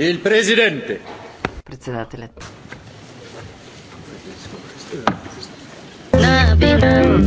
Il Presidente. Председателят. Love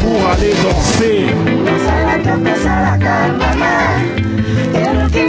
pour aller danser.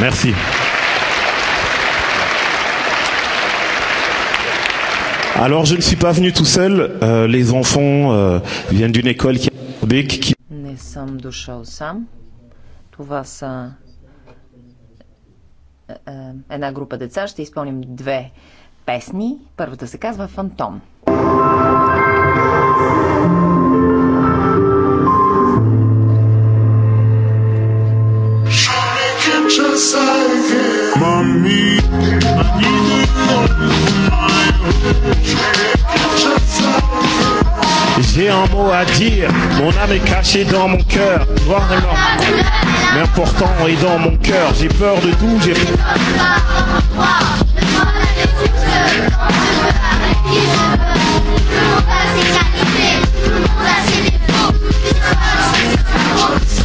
Merci Alors je ne suis pas venu tout seul. Euh, les enfants euh, viennent d'une école qui est qui една група деца. Ще изпълним две песни. Първата се казва Фантом. J'ai un mot à dire, mon âme est cachée dans mon cœur, noir et blanc. Mais important est dans mon cœur, j'ai peur de tout, j'ai peur.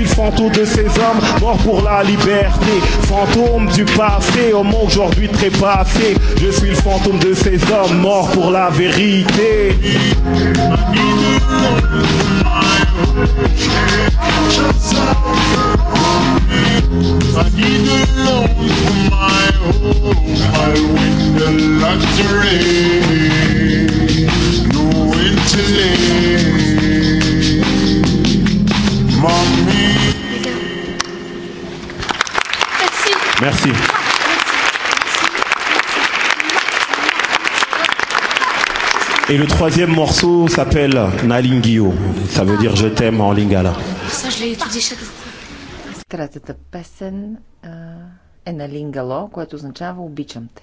suis le fantôme de ces hommes morts pour la liberté. Fantôme du passé, homme aujourd'hui trépassé. Je suis le fantôme de ces hommes morts pour la vérité. Mommy. Merci. Et le troisième morceau s'appelle Nalingio. Ça veut dire je t'aime en lingala. Ça, je l'ai étudié chaque fois. jour. Третата песен е на лингало, което означава обичам те.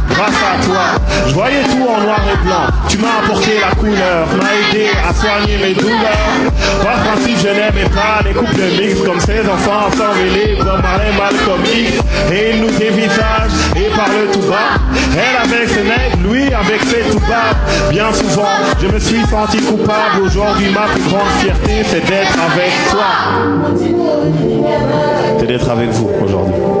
grâce à toi. Je voyais tout en noir et blanc. Tu m'as apporté la couleur, m'as aidé à soigner mes douleurs. Par principe, je n'aimais pas les couples mixtes comme ces enfants sans vélé, comme Marin mal Et il nous dévisage et parle tout bas. Elle avec ses nègres, lui avec ses tout bas. Bien souvent, je me suis senti coupable. Aujourd'hui, ma plus grande fierté, c'est d'être avec toi. C'est d'être avec vous aujourd'hui.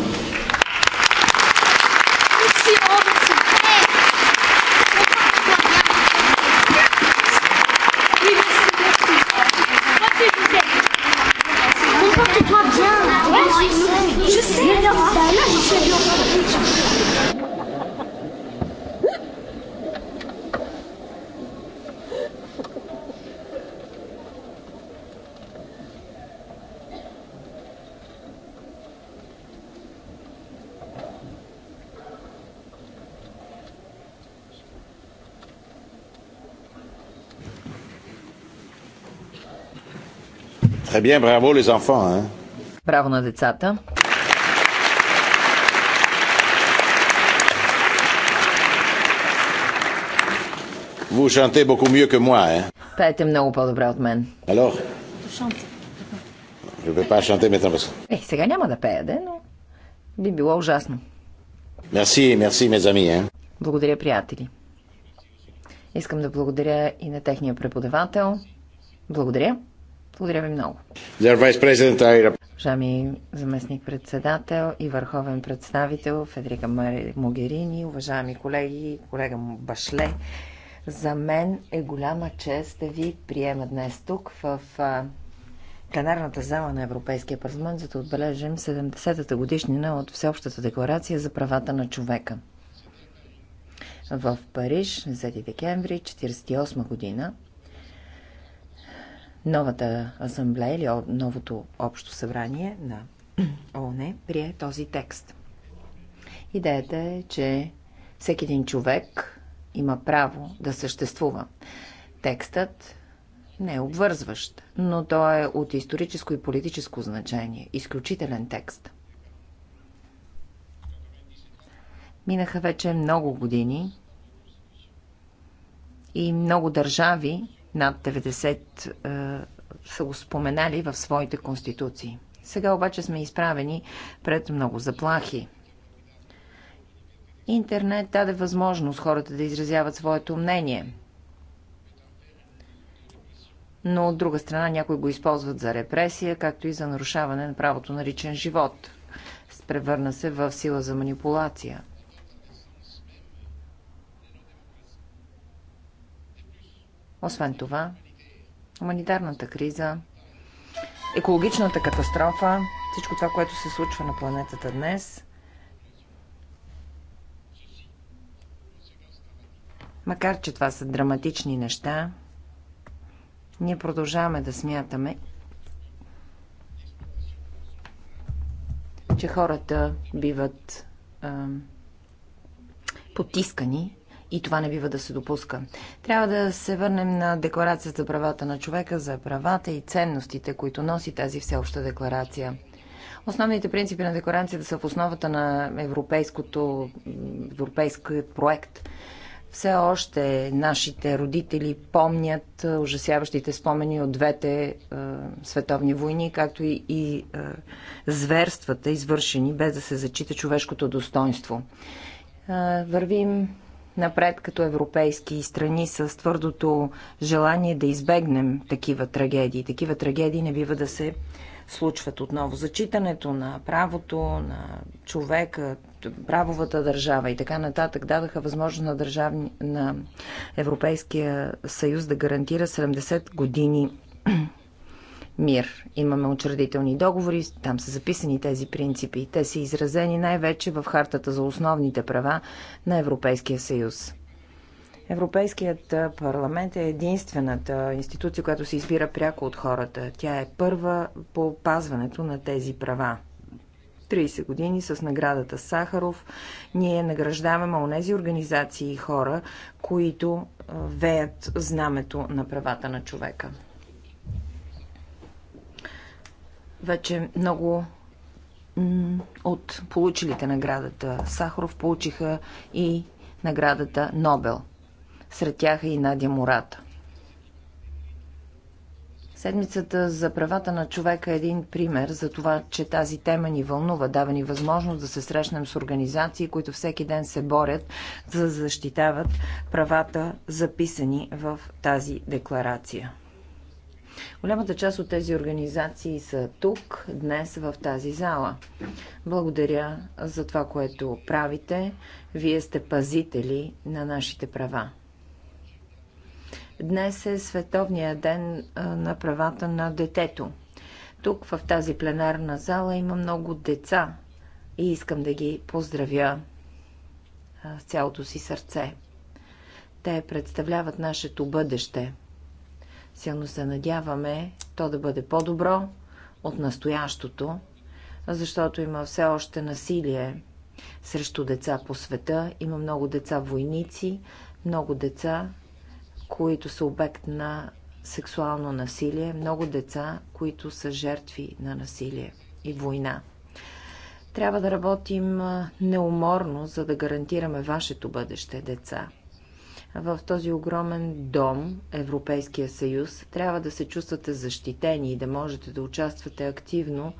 Très bien, bravo les enfants. Hein? Браво на децата. Vous chantez beaucoup mieux que moi, hein? Пеете много по-добре от мен. Alors? Je vais pas chanter maintenant parce que... Е, сега няма да пея, де, но би било ужасно. Merci, merci, mes amis, hein? Благодаря, приятели. Искам да благодаря и на техния преподавател. Благодаря. Благодаря ви много. Уважаеми заместник председател и върховен представител Федерика Могерини, уважаеми колеги, колега Башле, за мен е голяма чест да ви приема днес тук в Канарната зала на Европейския парламент, за да отбележим 70-та годишнина от Всеобщата декларация за правата на човека. В Париж, 10 декември 1948 година, новата асамблея или новото общо събрание на ООН прие този текст. Идеята е, че всеки един човек има право да съществува. Текстът не е обвързващ, но той е от историческо и политическо значение. Изключителен текст. Минаха вече много години и много държави над 90 е, са го споменали в своите конституции. Сега обаче сме изправени пред много заплахи. Интернет даде възможност хората да изразяват своето мнение. Но от друга страна някои го използват за репресия, както и за нарушаване на правото на личен живот. Превърна се в сила за манипулация. Освен това, хуманитарната криза, екологичната катастрофа, всичко това, което се случва на планетата днес, макар че това са драматични неща, ние продължаваме да смятаме, че хората биват а, потискани и това не бива да се допуска. Трябва да се върнем на Декларацията за правата на човека, за правата и ценностите, които носи тази всеобща декларация. Основните принципи на декларацията са в основата на европейското, европейският проект. Все още нашите родители помнят ужасяващите спомени от двете е, световни войни, както и, и е, зверствата, извършени без да се зачита човешкото достоинство. Е, вървим напред като европейски страни с твърдото желание да избегнем такива трагедии. Такива трагедии не бива да се случват отново. Зачитането на правото, на човека, правовата държава и така нататък дадаха възможност на, държавни, на Европейския съюз да гарантира 70 години мир. Имаме учредителни договори, там са записани тези принципи. Те са изразени най-вече в Хартата за основните права на Европейския съюз. Европейският парламент е единствената институция, която се избира пряко от хората. Тя е първа по опазването на тези права. 30 години с наградата Сахаров ние награждаваме онези организации и хора, които веят знамето на правата на човека. Вече много от получилите наградата Сахаров получиха и наградата Нобел. Сред тях е и Надя Мората. Седмицата за правата на човека е един пример за това, че тази тема ни вълнува, дава ни възможност да се срещнем с организации, които всеки ден се борят за да защитават правата, записани в тази декларация. Голямата част от тези организации са тук, днес в тази зала. Благодаря за това, което правите. Вие сте пазители на нашите права. Днес е Световния ден на правата на детето. Тук в тази пленарна зала има много деца и искам да ги поздравя с цялото си сърце. Те представляват нашето бъдеще. Силно се надяваме то да бъде по-добро от настоящото, защото има все още насилие срещу деца по света. Има много деца войници, много деца, които са обект на сексуално насилие, много деца, които са жертви на насилие и война. Трябва да работим неуморно, за да гарантираме вашето бъдеще, деца – в този огромен дом, Европейския съюз, трябва да се чувствате защитени и да можете да участвате активно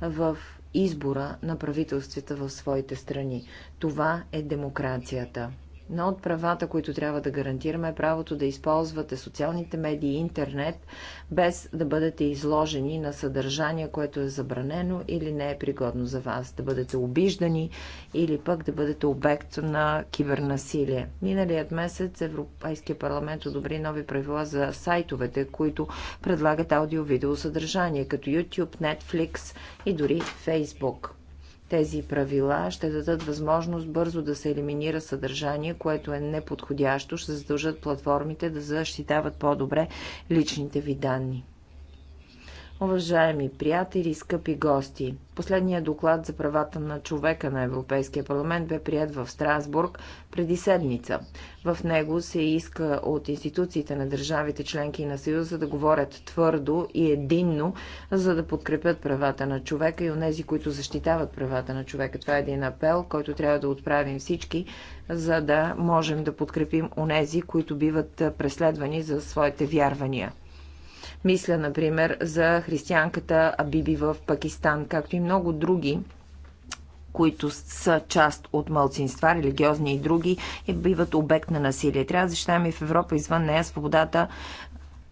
в избора на правителствата в своите страни. Това е демокрацията. Едно от правата, които трябва да гарантираме е правото да използвате социалните медии и интернет, без да бъдете изложени на съдържание, което е забранено или не е пригодно за вас, да бъдете обиждани или пък да бъдете обект на кибернасилие. Миналият месец Европейския парламент одобри нови правила за сайтовете, които предлагат аудио-видео съдържание, като YouTube, Netflix и дори Facebook. Тези правила ще дадат възможност бързо да се елиминира съдържание, което е неподходящо, ще задължат платформите да защитават по-добре личните ви данни. Уважаеми приятели, скъпи гости, последният доклад за правата на човека на Европейския парламент бе прият в Страсбург преди седмица. В него се иска от институциите на държавите членки на Съюза да говорят твърдо и единно, за да подкрепят правата на човека и онези, които защитават правата на човека. Това е един апел, който трябва да отправим всички, за да можем да подкрепим онези, които биват преследвани за своите вярвания. Мисля, например, за християнката Абиби в Пакистан, както и много други които са част от мълцинства, религиозни и други, и биват обект на насилие. Трябва да защитаваме в Европа извън нея свободата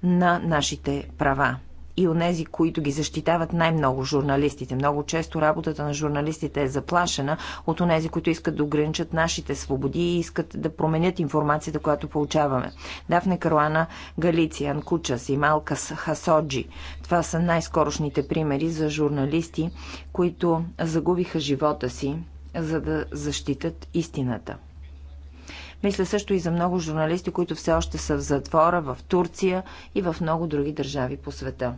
на нашите права и онези, които ги защитават най-много журналистите. Много често работата на журналистите е заплашена от онези, които искат да ограничат нашите свободи и искат да променят информацията, която получаваме. Дафне Каруана Галиция, Анкучас и Хасоджи. Това са най-скорошните примери за журналисти, които загубиха живота си, за да защитат истината. Мисля също и за много журналисти, които все още са в затвора в Турция и в много други държави по света.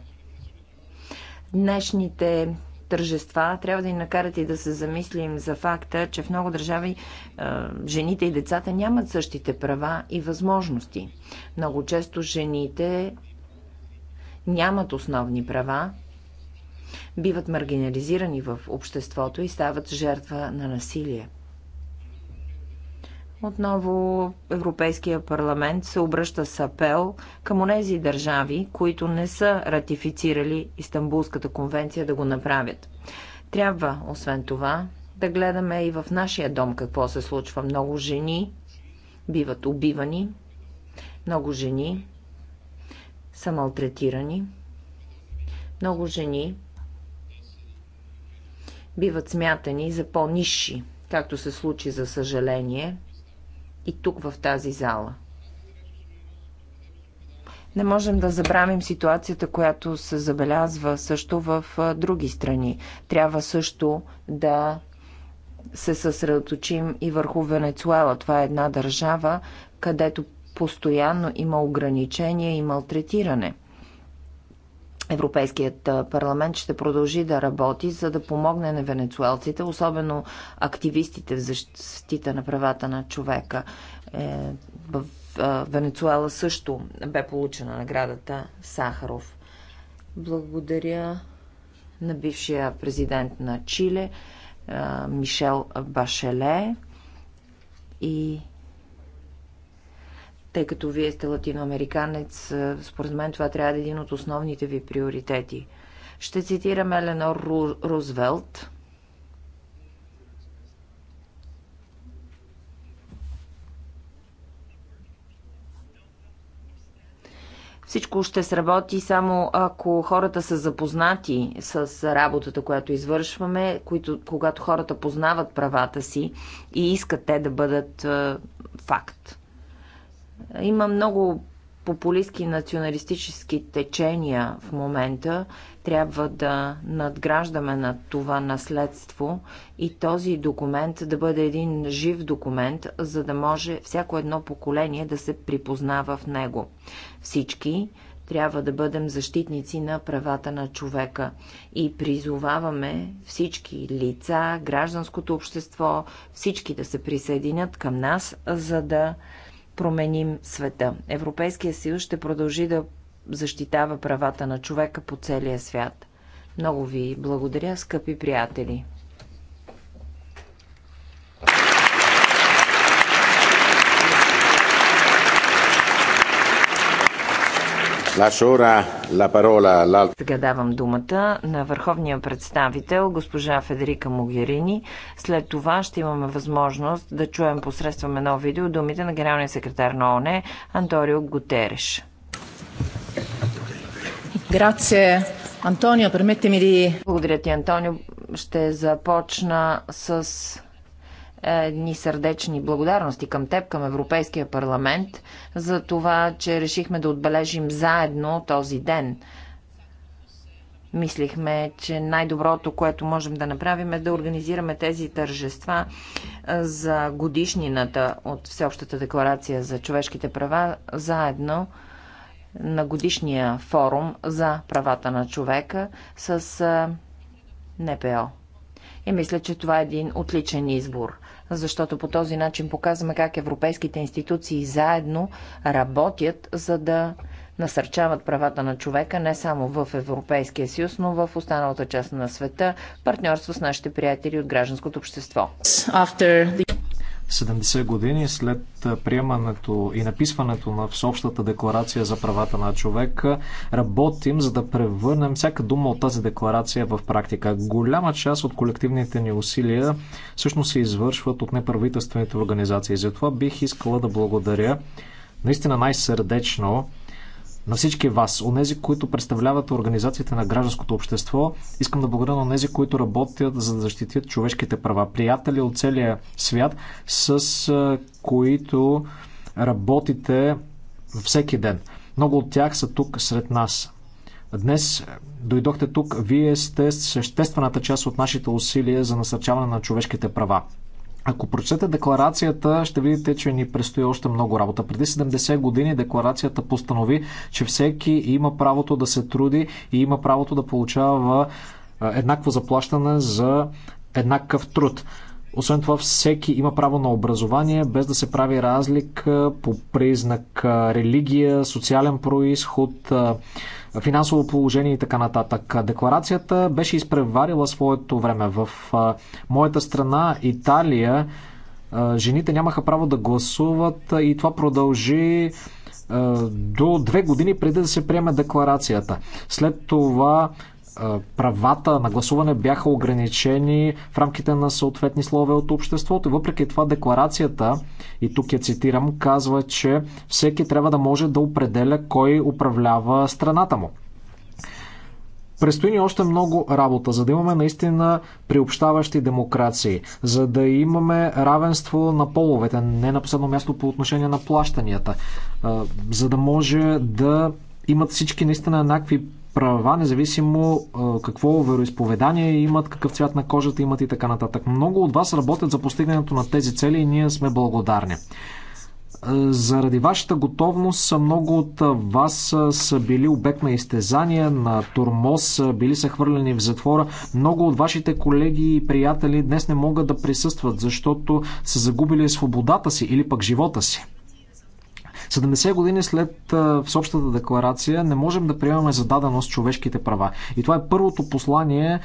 Днешните тържества трябва да ни накарат и да се замислим за факта, че в много държави е, жените и децата нямат същите права и възможности. Много често жените нямат основни права, биват маргинализирани в обществото и стават жертва на насилие. Отново Европейския парламент се обръща с апел към онези държави, които не са ратифицирали Истанбулската конвенция да го направят. Трябва, освен това, да гледаме и в нашия дом какво се случва. Много жени биват убивани, много жени са малтретирани, много жени биват смятани за по-низши, както се случи за съжаление – и тук в тази зала. Не можем да забравим ситуацията, която се забелязва също в други страни. Трябва също да се съсредоточим и върху Венецуела. Това е една държава, където постоянно има ограничения и малтретиране. Европейският парламент ще продължи да работи, за да помогне на венецуелците, особено активистите в защита на правата на човека. Е, в Венецуела също бе получена наградата Сахаров. Благодаря на бившия президент на Чиле Мишел Башеле и тъй като вие сте латиноамериканец, според мен това трябва да е един от основните ви приоритети. Ще цитирам Еленор Рузвелт. Всичко ще сработи само ако хората са запознати с работата, която извършваме, които, когато хората познават правата си и искат те да бъдат е, факт. Има много популистски националистически течения в момента. Трябва да надграждаме на това наследство и този документ да бъде един жив документ, за да може всяко едно поколение да се припознава в него. Всички трябва да бъдем защитници на правата на човека и призоваваме всички лица, гражданското общество, всички да се присъединят към нас, за да променим света. Европейския съюз ще продължи да защитава правата на човека по целия свят. Много ви благодаря, скъпи приятели! Сега давам думата на върховния представител госпожа Федерика Могерини. След това ще имаме възможност да чуем посредством едно видео думите на генералния секретар на ОНЕ Анторио Гутереш. Грация, Антонио, ми di... Благодаря ти, Антонио. Ще започна с едни сърдечни благодарности към теб, към Европейския парламент, за това, че решихме да отбележим заедно този ден. Мислихме, че най-доброто, което можем да направим е да организираме тези тържества за годишнината от Всеобщата декларация за човешките права заедно на годишния форум за правата на човека с НПО. И мисля, че това е един отличен избор защото по този начин показваме как европейските институции заедно работят, за да насърчават правата на човека не само в Европейския съюз, но в останалата част на света, партньорство с нашите приятели от гражданското общество. The... 70 години след приемането и написването на Всеобщата декларация за правата на човека, работим за да превърнем всяка дума от тази декларация в практика. Голяма част от колективните ни усилия всъщност се извършват от неправителствените организации. Затова бих искала да благодаря наистина най-сърдечно на всички вас, онези, които представляват организациите на гражданското общество. Искам да благодаря на онези, които работят за да защитят човешките права. Приятели от целия свят, с които работите всеки ден. Много от тях са тук сред нас. Днес е, дойдохте тук. Вие сте съществената част от нашите усилия за насърчаване на човешките права. Ако прочете декларацията, ще видите, че ни предстои още много работа. Преди 70 години декларацията постанови, че всеки има правото да се труди и има правото да получава еднакво заплащане за еднакъв труд. Освен това, всеки има право на образование, без да се прави разлик по признак религия, социален происход, финансово положение и така нататък. Декларацията беше изпреварила своето време. В моята страна, Италия, жените нямаха право да гласуват и това продължи до две години преди да се приеме декларацията. След това правата на гласуване бяха ограничени в рамките на съответни слове от обществото. Въпреки това декларацията, и тук я цитирам, казва, че всеки трябва да може да определя кой управлява страната му. Престои ни още много работа, за да имаме наистина приобщаващи демокрации, за да имаме равенство на половете, не на последно място по отношение на плащанията, за да може да имат всички наистина еднакви права, независимо какво вероисповедание имат, какъв цвят на кожата имат и така нататък. Много от вас работят за постигането на тези цели и ние сме благодарни. Заради вашата готовност много от вас са били обект на изтезания, на турмоз, били са хвърлени в затвора. Много от вашите колеги и приятели днес не могат да присъстват, защото са загубили свободата си или пък живота си. 70 години след Всеобщата декларация не можем да приемаме зададеност човешките права. И това е първото послание,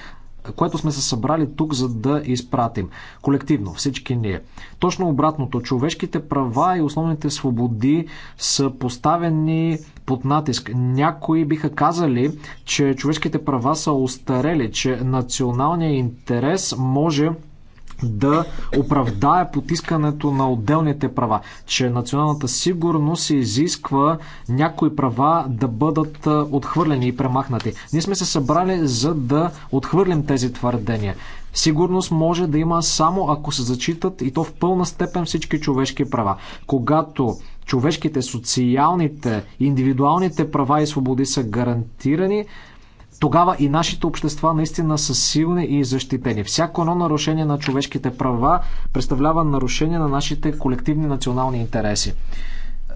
което сме се събрали тук, за да изпратим. Колективно, всички ние. Точно обратното, човешките права и основните свободи са поставени под натиск. Някои биха казали, че човешките права са устарели, че националният интерес може да оправдае потискането на отделните права, че националната сигурност изисква някои права да бъдат отхвърлени и премахнати. Ние сме се събрали за да отхвърлим тези твърдения. Сигурност може да има само ако се зачитат и то в пълна степен всички човешки права. Когато човешките, социалните, индивидуалните права и свободи са гарантирани, тогава и нашите общества наистина са силни и защитени. Всяко едно нарушение на човешките права представлява нарушение на нашите колективни национални интереси.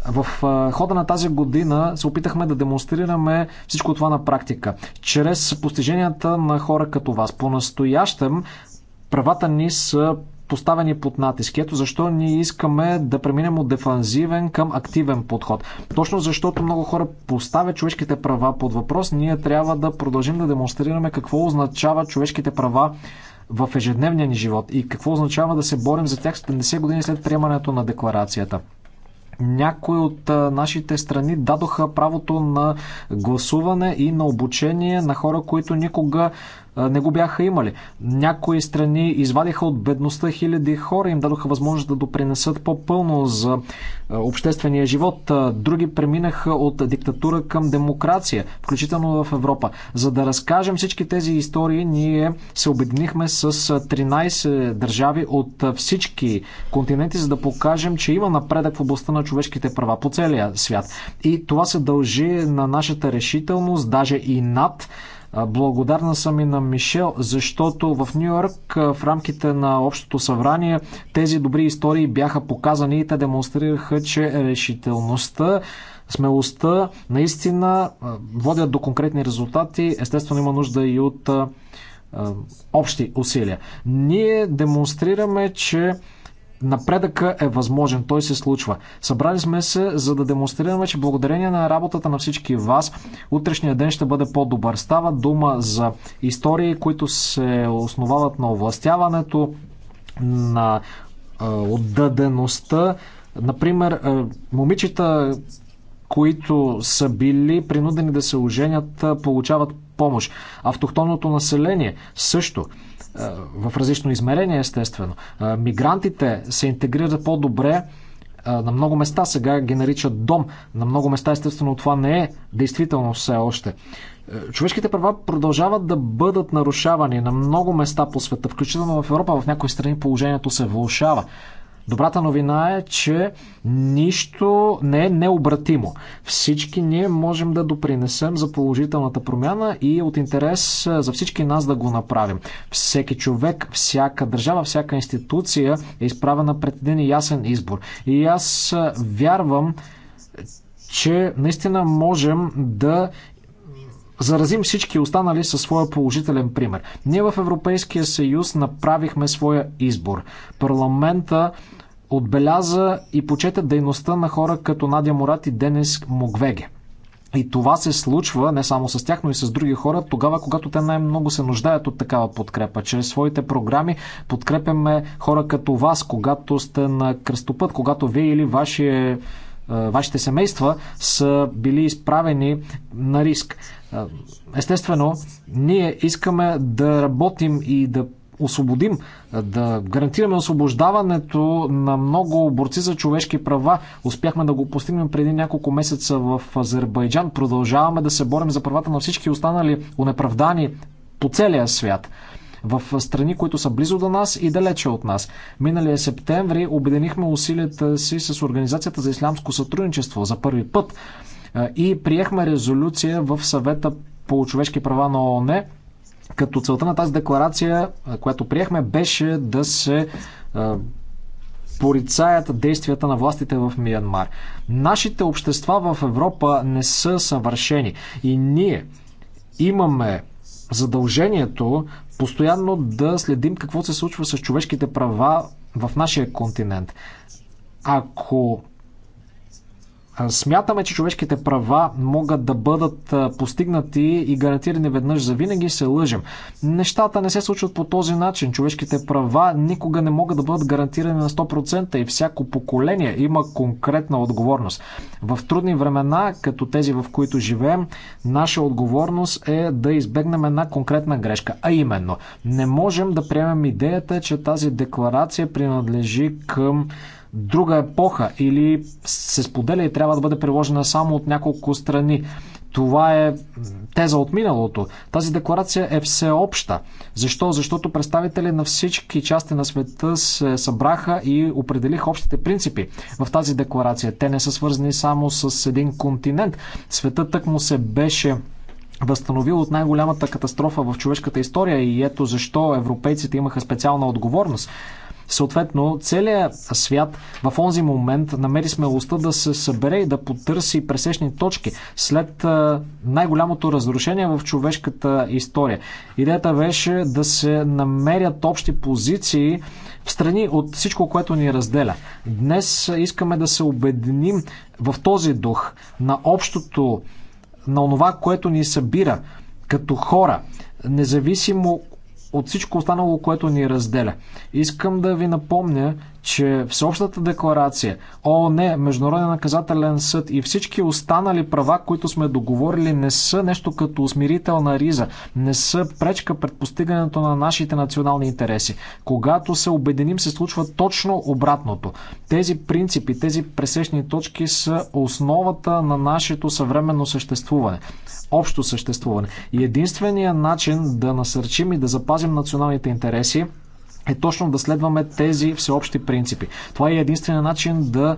В хода на тази година се опитахме да демонстрираме всичко това на практика, чрез постиженията на хора като вас. По-настоящем правата ни са поставени под натиск. Ето защо ние искаме да преминем от дефанзивен към активен подход. Точно защото много хора поставят човешките права под въпрос, ние трябва да продължим да демонстрираме какво означава човешките права в ежедневния ни живот и какво означава да се борим за тях 70 години след приемането на декларацията. Някои от нашите страни дадоха правото на гласуване и на обучение на хора, които никога не го бяха имали. Някои страни извадиха от бедността хиляди хора, им дадоха възможност да допринесат по-пълно за обществения живот. Други преминаха от диктатура към демокрация, включително в Европа. За да разкажем всички тези истории, ние се обединихме с 13 държави от всички континенти, за да покажем, че има напредък в областта на човешките права по целия свят. И това се дължи на нашата решителност, даже и над Благодарна съм и на Мишел, защото в Нью Йорк в рамките на Общото събрание тези добри истории бяха показани и те демонстрираха, че решителността смелостта наистина водят до конкретни резултати. Естествено има нужда и от общи усилия. Ние демонстрираме, че Напредъка е възможен, той се случва. Събрали сме се, за да демонстрираме, че благодарение на работата на всички вас, утрешния ден ще бъде по-добър. Става дума за истории, които се основават на овластяването, на отдадеността. Например, момичета, които са били принудени да се оженят, получават помощ. Автохтонното население също в различно измерение, естествено. Мигрантите се интегрират по-добре на много места, сега ги наричат дом. На много места, естествено, това не е действително все още. Човешките права продължават да бъдат нарушавани на много места по света, включително в Европа. В някои страни положението се влушава. Добрата новина е, че нищо не е необратимо. Всички ние можем да допринесем за положителната промяна и е от интерес е, за всички нас да го направим. Всеки човек, всяка държава, всяка институция е изправена пред един ясен избор. И аз е, вярвам, че наистина можем да заразим всички останали със своя положителен пример. Ние в Европейския съюз направихме своя избор. Парламента отбеляза и почета дейността на хора като Надя Мурат и Денис Мугвеге. И това се случва не само с тях, но и с други хора, тогава, когато те най-много се нуждаят от такава подкрепа. Чрез своите програми подкрепяме хора като вас, когато сте на кръстопът, когато вие или вашия вашите семейства са били изправени на риск. Естествено, ние искаме да работим и да освободим, да гарантираме освобождаването на много борци за човешки права. Успяхме да го постигнем преди няколко месеца в Азербайджан. Продължаваме да се борим за правата на всички останали унеправдани по целия свят в страни, които са близо до нас и далече от нас. Миналия септември обединихме усилията си с Организацията за ислямско сътрудничество за първи път и приехме резолюция в съвета по човешки права на ООН, като целта на тази декларация, която приехме, беше да се порицаят действията на властите в Миянмар. Нашите общества в Европа не са съвършени и ние имаме задължението постоянно да следим какво се случва с човешките права в нашия континент. Ако смятаме, че човешките права могат да бъдат постигнати и гарантирани веднъж за винаги, се лъжим. Нещата не се случват по този начин. Човешките права никога не могат да бъдат гарантирани на 100% и всяко поколение има конкретна отговорност. В трудни времена, като тези в които живеем, наша отговорност е да избегнем една конкретна грешка, а именно не можем да приемем идеята, че тази декларация принадлежи към друга епоха или се споделя и трябва да бъде приложена само от няколко страни. Това е теза от миналото. Тази декларация е всеобща. Защо? Защото представители на всички части на света се събраха и определиха общите принципи в тази декларация. Те не са свързани само с един континент. Светът тък му се беше възстановил от най-голямата катастрофа в човешката история и ето защо европейците имаха специална отговорност. Съответно, целият свят в онзи момент намери смелостта да се събере и да потърси пресечни точки след най-голямото разрушение в човешката история. Идеята беше да се намерят общи позиции в страни от всичко, което ни разделя. Днес искаме да се обединим в този дух на общото, на онова, което ни събира като хора, независимо от всичко останало, което ни разделя. Искам да ви напомня, че Всеобщата декларация, ООН, Международен наказателен съд и всички останали права, които сме договорили, не са нещо като усмирителна риза, не са пречка пред постигането на нашите национални интереси. Когато се обединим, се случва точно обратното. Тези принципи, тези пресечни точки са основата на нашето съвременно съществуване общо съществуване. И единствения начин да насърчим и да запазим националните интереси е точно да следваме тези всеобщи принципи. Това е единствения начин да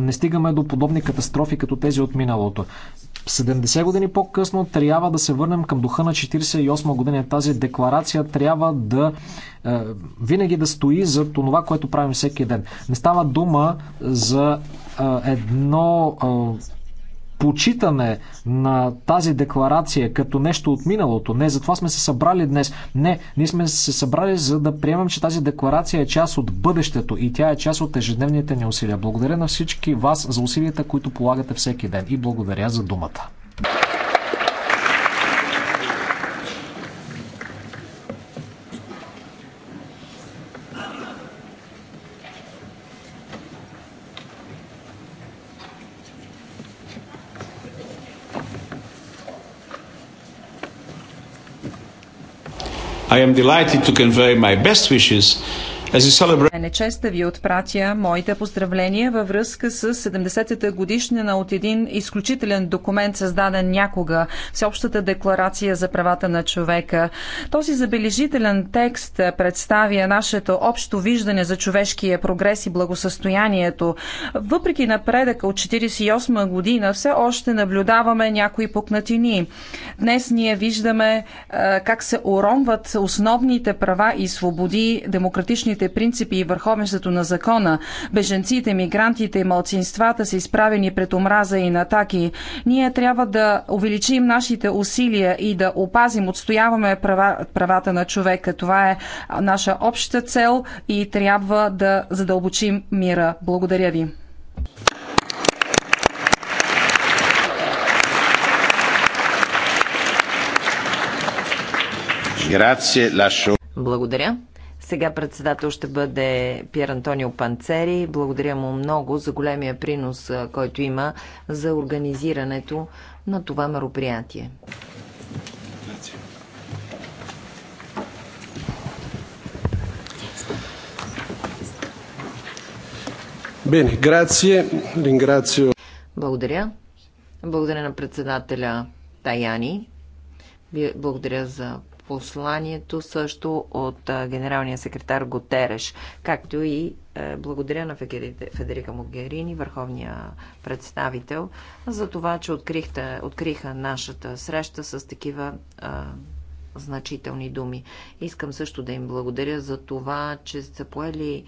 не стигаме до подобни катастрофи като тези от миналото. 70 години по-късно трябва да се върнем към духа на 48 година. Тази декларация трябва да е, винаги да стои за това, което правим всеки ден. Не става дума за е, едно е, почитане на тази декларация като нещо от миналото. Не, затова сме се събрали днес. Не, ние сме се събрали за да приемем, че тази декларация е част от бъдещето и тя е част от ежедневните ни усилия. Благодаря на всички вас за усилията, които полагате всеки ден и благодаря за думата. I am delighted to convey my best wishes мен да ви отпратя моите поздравления във връзка с 70-та годишнина от един изключителен документ, създаден някога Всеобщата декларация за правата на човека. Този забележителен текст представя нашето общо виждане за човешкия прогрес и благосъстоянието. Въпреки напредъка от 48-ма година, все още наблюдаваме някои пукнатини. Днес ние виждаме е, как се уронват основните права и свободи, демократичните демократичните принципи и върховенството на закона. Беженците, мигрантите и малцинствата са изправени пред омраза и натаки. Ние трябва да увеличим нашите усилия и да опазим, отстояваме права, правата на човека. Това е наша обща цел и трябва да задълбочим мира. Благодаря ви. Благодаря. Сега председател ще бъде Пьер Антонио Панцери. Благодаря му много за големия принос, който има за организирането на това мероприятие. Бене, грация, ringrazio. Благодаря. Благодаря на председателя Таяни. Благодаря за посланието също от генералния секретар Готереш, както и е, благодаря на Федерика Могерини, върховния представител, за това, че открихте, откриха нашата среща с такива а, значителни думи. Искам също да им благодаря за това, че са поели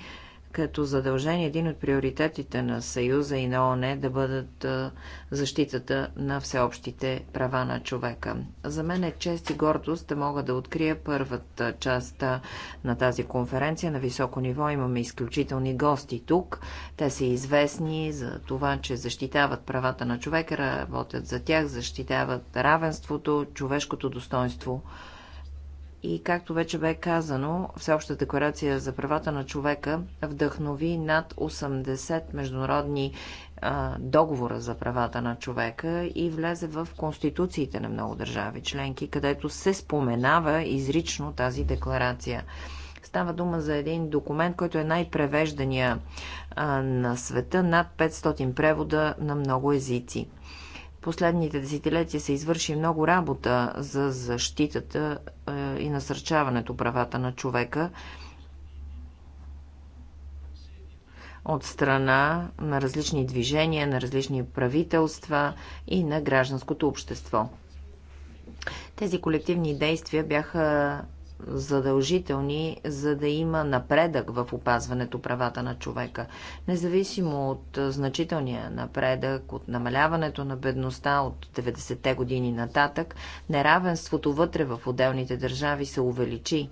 като задължение един от приоритетите на Съюза и на ОНЕ да бъдат защитата на всеобщите права на човека. За мен е чест и гордост да мога да открия първата част на тази конференция на високо ниво. Имаме изключителни гости тук. Те са известни за това, че защитават правата на човека, работят за тях, защитават равенството, човешкото достоинство – и както вече бе казано, Всеобща декларация за правата на човека вдъхнови над 80 международни а, договора за правата на човека и влезе в конституциите на много държави членки, където се споменава изрично тази декларация. Става дума за един документ, който е най-превеждания на света, над 500 превода на много езици последните десетилетия се извърши много работа за защитата е, и насърчаването правата на човека от страна на различни движения, на различни правителства и на гражданското общество. Тези колективни действия бяха задължителни, за да има напредък в опазването правата на човека. Независимо от значителния напредък, от намаляването на бедността от 90-те години нататък, неравенството вътре в отделните държави се увеличи.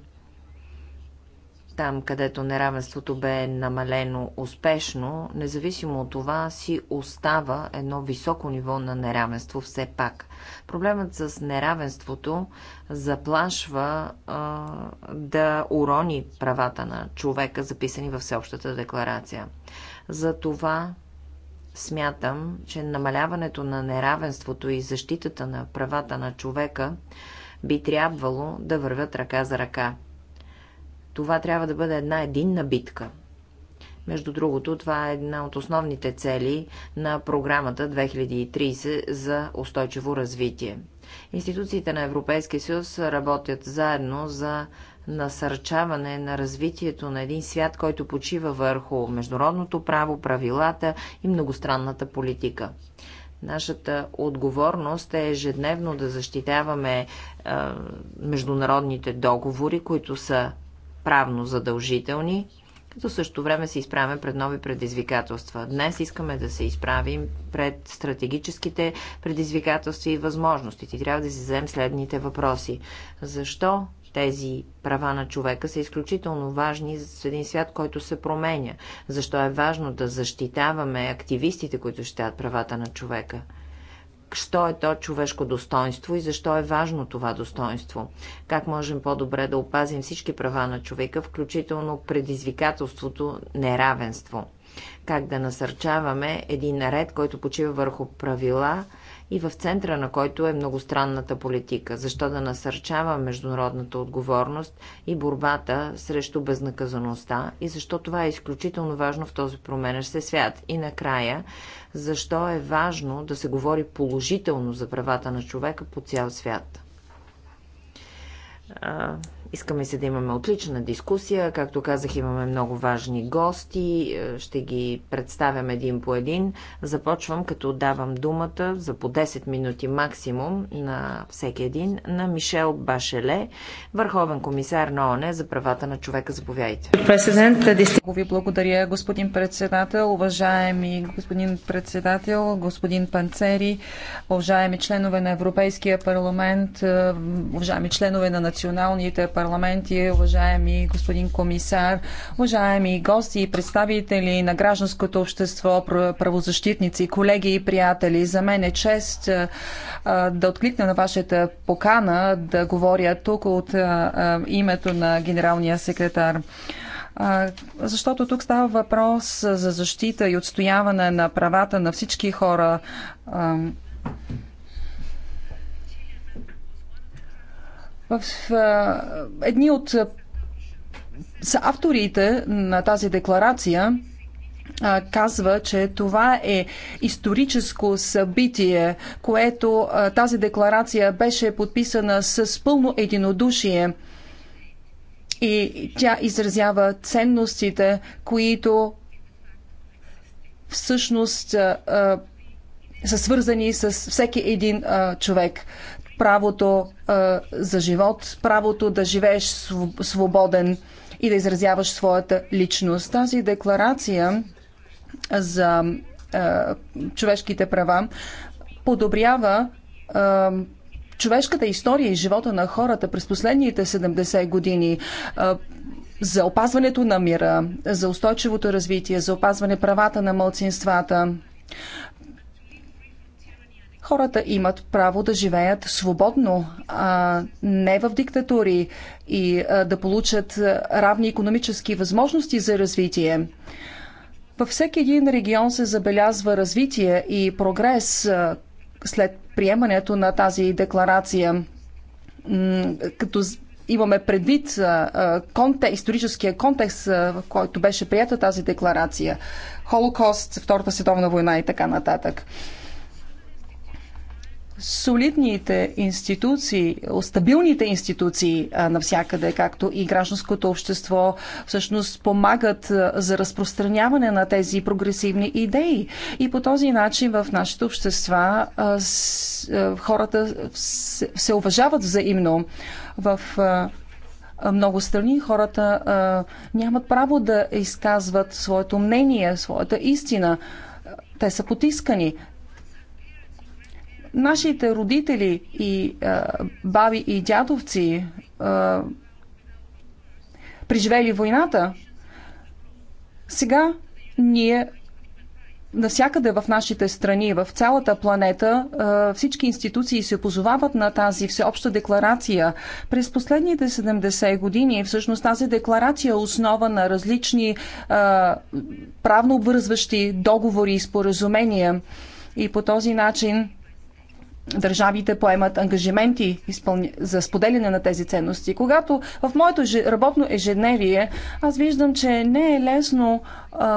Там, където неравенството бе намалено успешно, независимо от това си остава едно високо ниво на неравенство все пак. Проблемът с неравенството заплашва а, да урони правата на човека, записани във Всеобщата декларация. Затова смятам, че намаляването на неравенството и защитата на правата на човека би трябвало да вървят ръка за ръка. Това трябва да бъде една единна битка – между другото, това е една от основните цели на програмата 2030 за устойчиво развитие. Институциите на Европейския съюз работят заедно за насърчаване на развитието на един свят, който почива върху международното право, правилата и многостранната политика. Нашата отговорност е ежедневно да защитаваме е, международните договори, които са правно задължителни като също време се изправяме пред нови предизвикателства. Днес искаме да се изправим пред стратегическите предизвикателства и възможностите. Трябва да си вземем следните въпроси. Защо тези права на човека са изключително важни за един свят, който се променя. Защо е важно да защитаваме активистите, които щитават правата на човека? що е то човешко достоинство и защо е важно това достоинство. Как можем по-добре да опазим всички права на човека, включително предизвикателството неравенство. Как да насърчаваме един наред, който почива върху правила, и в центъра на който е многостранната политика. Защо да насърчава международната отговорност и борбата срещу безнаказаността и защо това е изключително важно в този променещ се свят. И накрая, защо е важно да се говори положително за правата на човека по цял свят Искаме се да имаме отлична дискусия. Както казах, имаме много важни гости. Е, ще ги представям един по един. Започвам като давам думата за по 10 минути максимум на всеки един на Мишел Башеле, върховен комисар на ОНЕ за правата на човека. Заповядайте. Много ви благодаря, господин председател, уважаеми господин председател, господин Панцери, уважаеми членове на Европейския парламент, е, уважаеми членове на националните парламенти, парламенти, уважаеми господин комисар, уважаеми гости и представители на гражданското общество, правозащитници, колеги и приятели. За мен е чест да откликна на вашата покана да говоря тук от името на генералния секретар защото тук става въпрос за защита и отстояване на правата на всички хора В едни от са авторите на тази декларация казва, че това е историческо събитие, което тази декларация беше подписана с пълно единодушие и тя изразява ценностите, които всъщност са свързани с всеки един човек правото а, за живот, правото да живееш свободен и да изразяваш своята личност. Тази декларация за а, човешките права подобрява а, човешката история и живота на хората през последните 70 години за опазването на мира, за устойчивото развитие, за опазване правата на мълцинствата. Хората имат право да живеят свободно, а не в диктатури и да получат равни економически възможности за развитие. Във всеки един регион се забелязва развитие и прогрес след приемането на тази декларация. като имаме предвид контекст, историческия контекст, в който беше прията тази декларация. Холокост, Втората световна война и така нататък солидните институции, стабилните институции навсякъде, както и гражданското общество, всъщност помагат за разпространяване на тези прогресивни идеи. И по този начин в нашите общества хората се уважават взаимно. В много страни хората нямат право да изказват своето мнение, своята истина. Те са потискани. Нашите родители и а, баби и дядовци, а, преживели войната, сега ние навсякъде в нашите страни, в цялата планета, всички институции се позовават на тази всеобща декларация. През последните 70 години всъщност тази декларация е основа на различни правно обвързващи договори и споразумения. И по този начин държавите поемат ангажименти за споделяне на тези ценности. Когато в моето работно ежедневие аз виждам, че не е лесно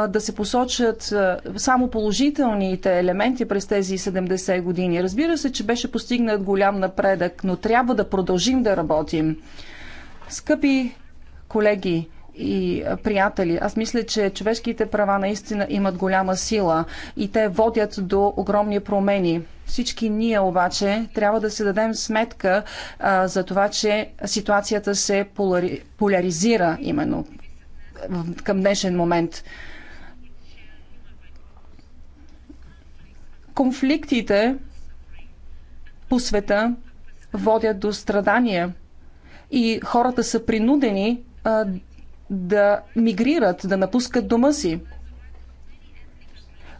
да се посочат само положителните елементи през тези 70 години. Разбира се, че беше постигнат голям напредък, но трябва да продължим да работим. Скъпи колеги, и приятели. Аз мисля, че човешките права наистина имат голяма сила и те водят до огромни промени. Всички ние обаче трябва да се дадем сметка а, за това, че ситуацията се полари... поляризира именно към днешен момент. Конфликтите по света водят до страдания и хората са принудени да мигрират, да напускат дома си.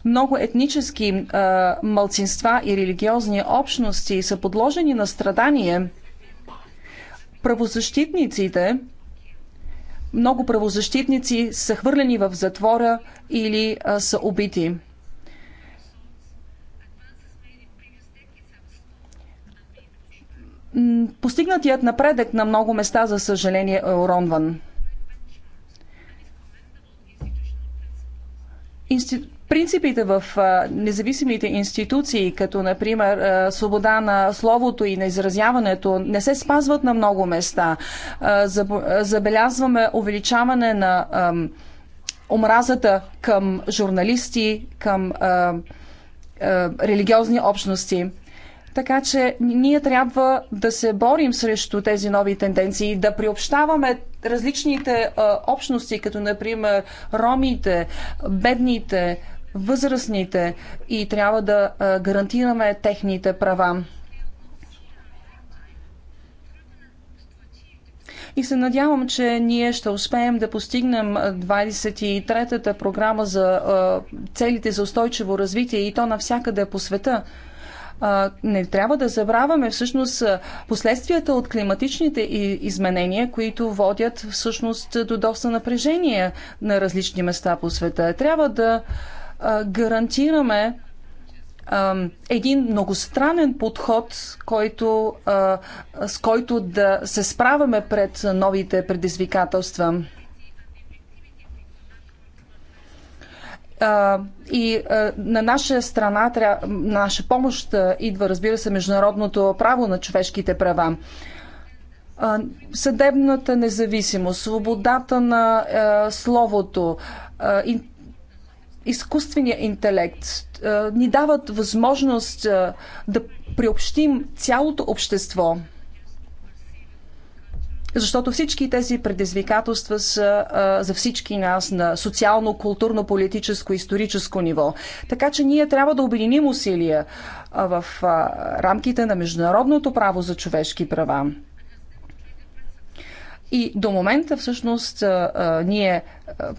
Много етнически а, мълцинства и религиозни общности са подложени на страдание. Правозащитниците, много правозащитници са хвърлени в затвора или са убити. Постигнатият напредък на много места, за съжаление, е уронван. принципите в независимите институции, като например свобода на словото и на изразяването, не се спазват на много места. Забелязваме увеличаване на омразата към журналисти, към религиозни общности. Така че ние трябва да се борим срещу тези нови тенденции, да приобщаваме различните а, общности, като например ромите, бедните, възрастните и трябва да а, гарантираме техните права. и се надявам, че ние ще успеем да постигнем 23-та програма за целите за устойчиво развитие и то навсякъде по света не трябва да забравяме всъщност последствията от климатичните изменения, които водят всъщност до доста напрежение на различни места по света. Трябва да гарантираме един многостранен подход, който, с който да се справяме пред новите предизвикателства. и на наша страна, наша помощ идва, разбира се, международното право на човешките права. Съдебната независимост, свободата на словото, изкуственият интелект ни дават възможност да приобщим цялото общество – защото всички тези предизвикателства са а, за всички нас на социално, културно, политическо, историческо ниво. Така че ние трябва да обединим усилия а, в а, рамките на международното право за човешки права. И до момента всъщност ние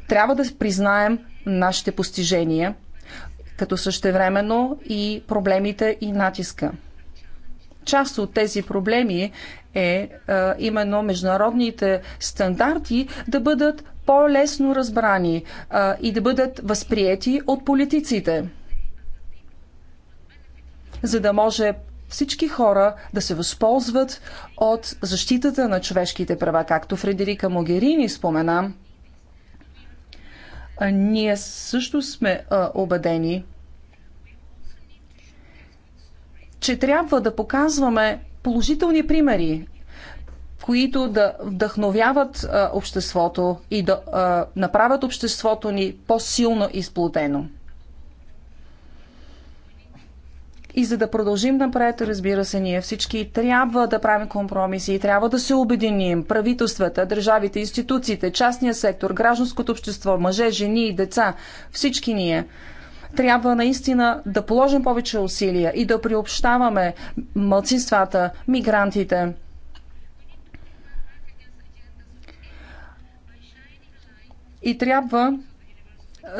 трябва да признаем нашите постижения, като същевременно и проблемите и натиска. Част от тези проблеми е а, именно международните стандарти да бъдат по-лесно разбрани а, и да бъдат възприяти от политиците, за да може всички хора да се възползват от защитата на човешките права, както Фредерика Могерини спомена. А, ние също сме а, убедени, че трябва да показваме положителни примери, които да вдъхновяват а, обществото и да а, направят обществото ни по-силно изплутено. И за да продължим напред, разбира се, ние всички трябва да правим компромиси и трябва да се обединим. Правителствата, държавите, институциите, частния сектор, гражданското общество, мъже, жени и деца, всички ние. Трябва наистина да положим повече усилия и да приобщаваме мълцинствата, мигрантите. И трябва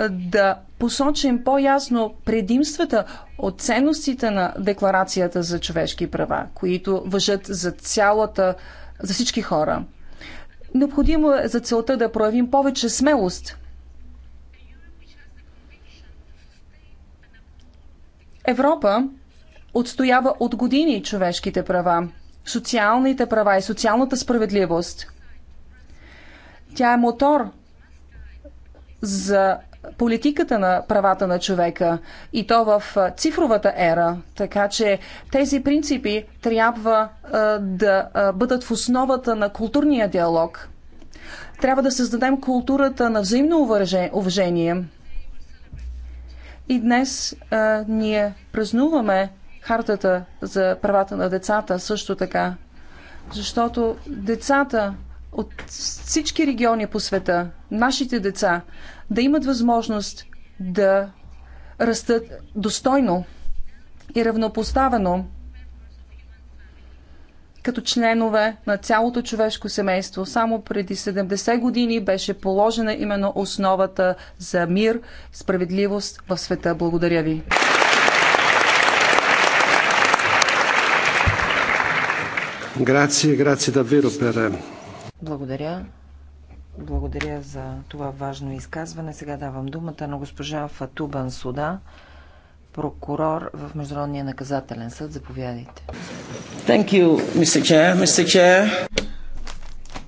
да посочим по-ясно предимствата от ценностите на Декларацията за човешки права, които въжат за цялата, за всички хора. Необходимо е за целта да проявим повече смелост Европа отстоява от години човешките права, социалните права и социалната справедливост. Тя е мотор за политиката на правата на човека и то в цифровата ера. Така че тези принципи трябва а, да бъдат в основата на културния диалог. Трябва да създадем културата на взаимно уважение и днес а, ние празнуваме хартата за правата на децата също така, защото децата от всички региони по света, нашите деца, да имат възможност да растат достойно и равнопоставено като членове на цялото човешко семейство. Само преди 70 години беше положена именно основата за мир, справедливост в света. Благодаря ви. Грация, грация да Благодаря. Благодаря за това важно изказване. Сега давам думата на госпожа Фатубан Суда прокурор в Международния наказателен съд. Заповядайте. Thank you, Mr. Chair. Mr. Chair.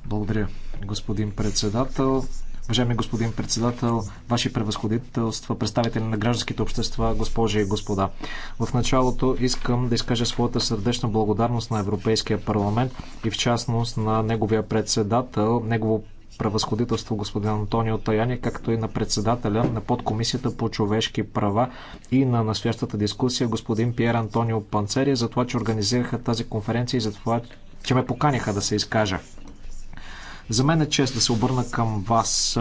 Благодаря, господин председател. Уважаеми господин председател, ваши превъзходителства, представители на гражданските общества, госпожи и господа. В началото искам да изкажа своята сърдечна благодарност на Европейския парламент и в частност на неговия председател, негово превъзходителство господин Антонио Таяни, както и на председателя на подкомисията по човешки права и на настоящата дискусия господин Пьер Антонио Панцери за това, че организираха тази конференция и за това, че ме поканиха да се изкажа. За мен е чест да се обърна към вас.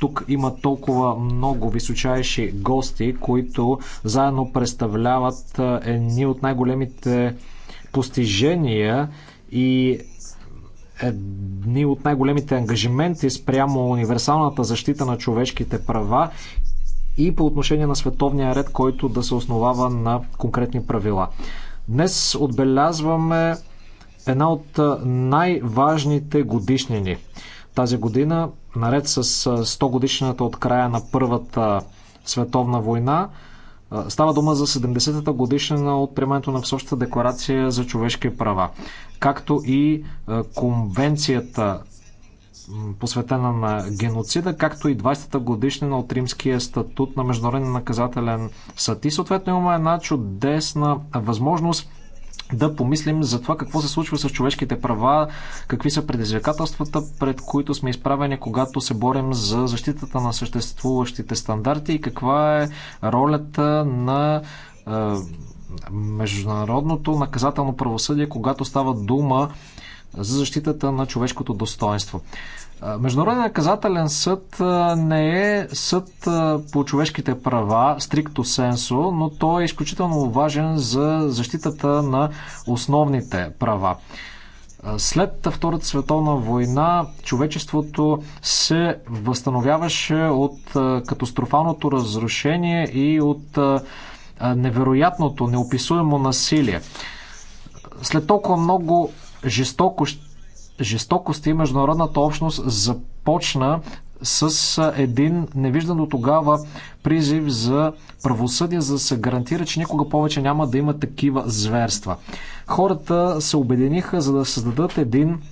Тук има толкова много височайши гости, които заедно представляват едни от най-големите постижения и едни от най-големите ангажименти спрямо универсалната защита на човешките права и по отношение на световния ред, който да се основава на конкретни правила. Днес отбелязваме една от най-важните годишнини. Тази година, наред с 100 годишната от края на Първата световна война, Става дума за 70-та годишнина от приемането на Всъщата декларация за човешки права, както и конвенцията посветена на геноцида, както и 20-та годишнина от римския статут на Международен наказателен съд. И съответно имаме една чудесна възможност да помислим за това какво се случва с човешките права, какви са предизвикателствата, пред които сме изправени, когато се борим за защитата на съществуващите стандарти и каква е ролята на е, международното наказателно правосъдие, когато става дума за защитата на човешкото достоинство. Международен наказателен съд не е съд по човешките права, стрикто сенсо, но той е изключително важен за защитата на основните права. След Втората световна война човечеството се възстановяваше от катастрофалното разрушение и от невероятното, неописуемо насилие. След толкова много жестоко жестокости международната общност започна с един невиждан до тогава призив за правосъдие, за да се гарантира, че никога повече няма да има такива зверства. Хората се обединиха, за да създадат един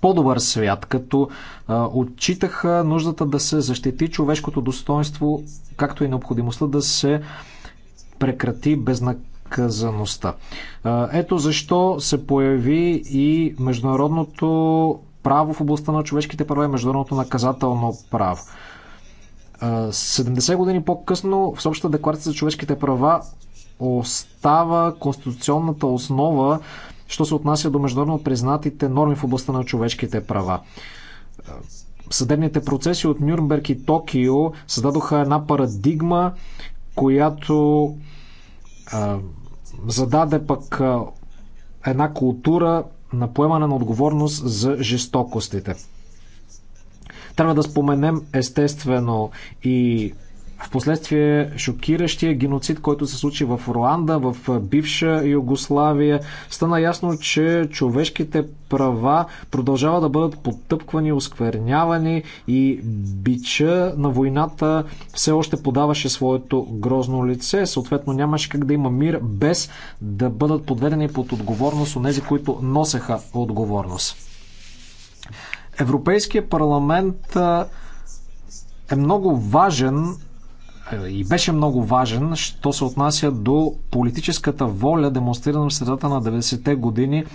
по-добър свят, като а, отчитаха нуждата да се защити човешкото достоинство, както и необходимостта да се прекрати безнак наказаността. Ето защо се появи и международното право в областта на човешките права и международното наказателно право. 70 години по-късно в Съобщата декларация за човешките права остава конституционната основа, що се отнася до международно признатите норми в областта на човешките права. Съдебните процеси от Нюрнберг и Токио създадоха една парадигма, която зададе пък една култура на поемане на отговорност за жестокостите. Трябва да споменем естествено и в последствие шокиращия геноцид, който се случи в Руанда, в бивша Югославия. Стана ясно, че човешките права продължават да бъдат потъпквани, осквернявани и бича на войната все още подаваше своето грозно лице. Съответно нямаше как да има мир без да бъдат подведени под отговорност от тези, които носеха отговорност. Европейския парламент е много важен е, и беше много важен, що се отнася до политическата воля, демонстрирана в средата на 90-те години е,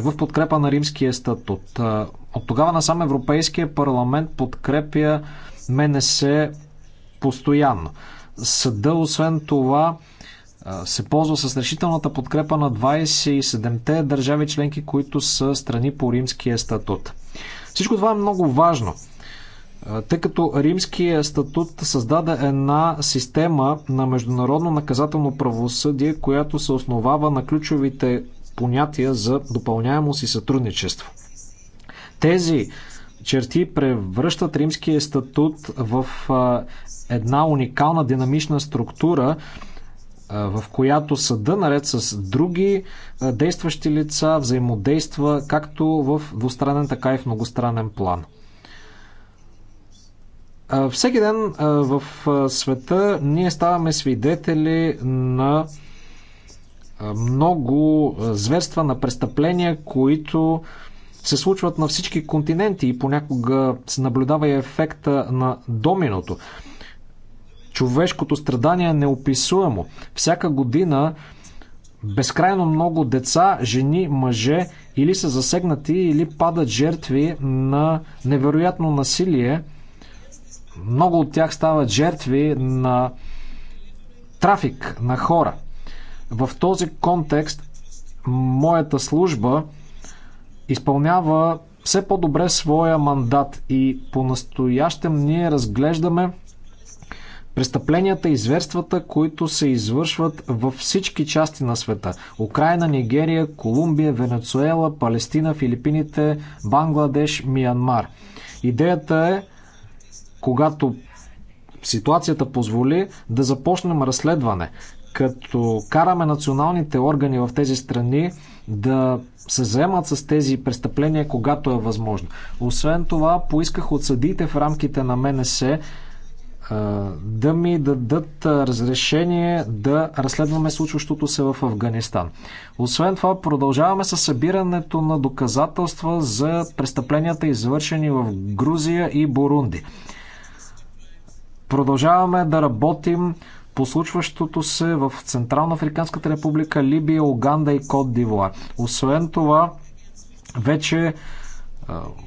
в подкрепа на римския статут. Е, от тогава насам Европейския парламент подкрепя МНС постоянно. Съда, освен това, се ползва с решителната подкрепа на 27-те държави членки, които са страни по римския статут. Всичко това е много важно. Тъй като Римския статут създаде една система на международно наказателно правосъдие, която се основава на ключовите понятия за допълняемост и сътрудничество. Тези черти превръщат римския статут в една уникална динамична структура, в която съда, наред с други действащи лица, взаимодейства както в двустранен, така и в многостранен план. Всеки ден в света ние ставаме свидетели на много зверства, на престъпления, които се случват на всички континенти и понякога се наблюдава и ефекта на доминото. Човешкото страдание е неописуемо. Всяка година безкрайно много деца, жени, мъже или са засегнати, или падат жертви на невероятно насилие – много от тях стават жертви на трафик на хора. В този контекст моята служба изпълнява все по-добре своя мандат и по-настоящем ние разглеждаме престъпленията и зверствата, които се извършват във всички части на света. Украина, Нигерия, Колумбия, Венецуела, Палестина, Филипините, Бангладеш, Миянмар. Идеята е когато ситуацията позволи, да започнем разследване, като караме националните органи в тези страни да се заемат с тези престъпления, когато е възможно. Освен това, поисках от съдиите в рамките на МНС е, да ми дадат е, разрешение да разследваме случващото се в Афганистан. Освен това, продължаваме с събирането на доказателства за престъпленията, извършени в Грузия и Бурунди. Продължаваме да работим по случващото се в Централна Африканската република, Либия, Уганда и Кот Дивуар. Освен това, вече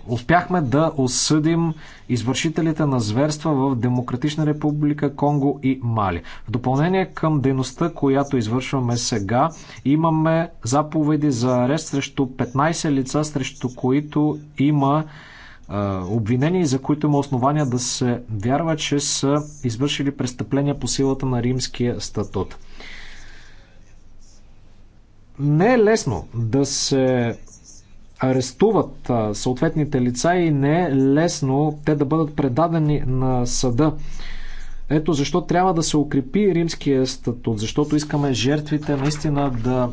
успяхме да осъдим извършителите на зверства в Демократична република Конго и Мали. В допълнение към дейността, която извършваме сега, имаме заповеди за арест срещу 15 лица, срещу които има Обвинения, за които има основания да се вярва, че са извършили престъпления по силата на римския статут. Не е лесно да се арестуват съответните лица и не е лесно те да бъдат предадени на съда. Ето защо трябва да се укрепи римския статут, защото искаме жертвите наистина да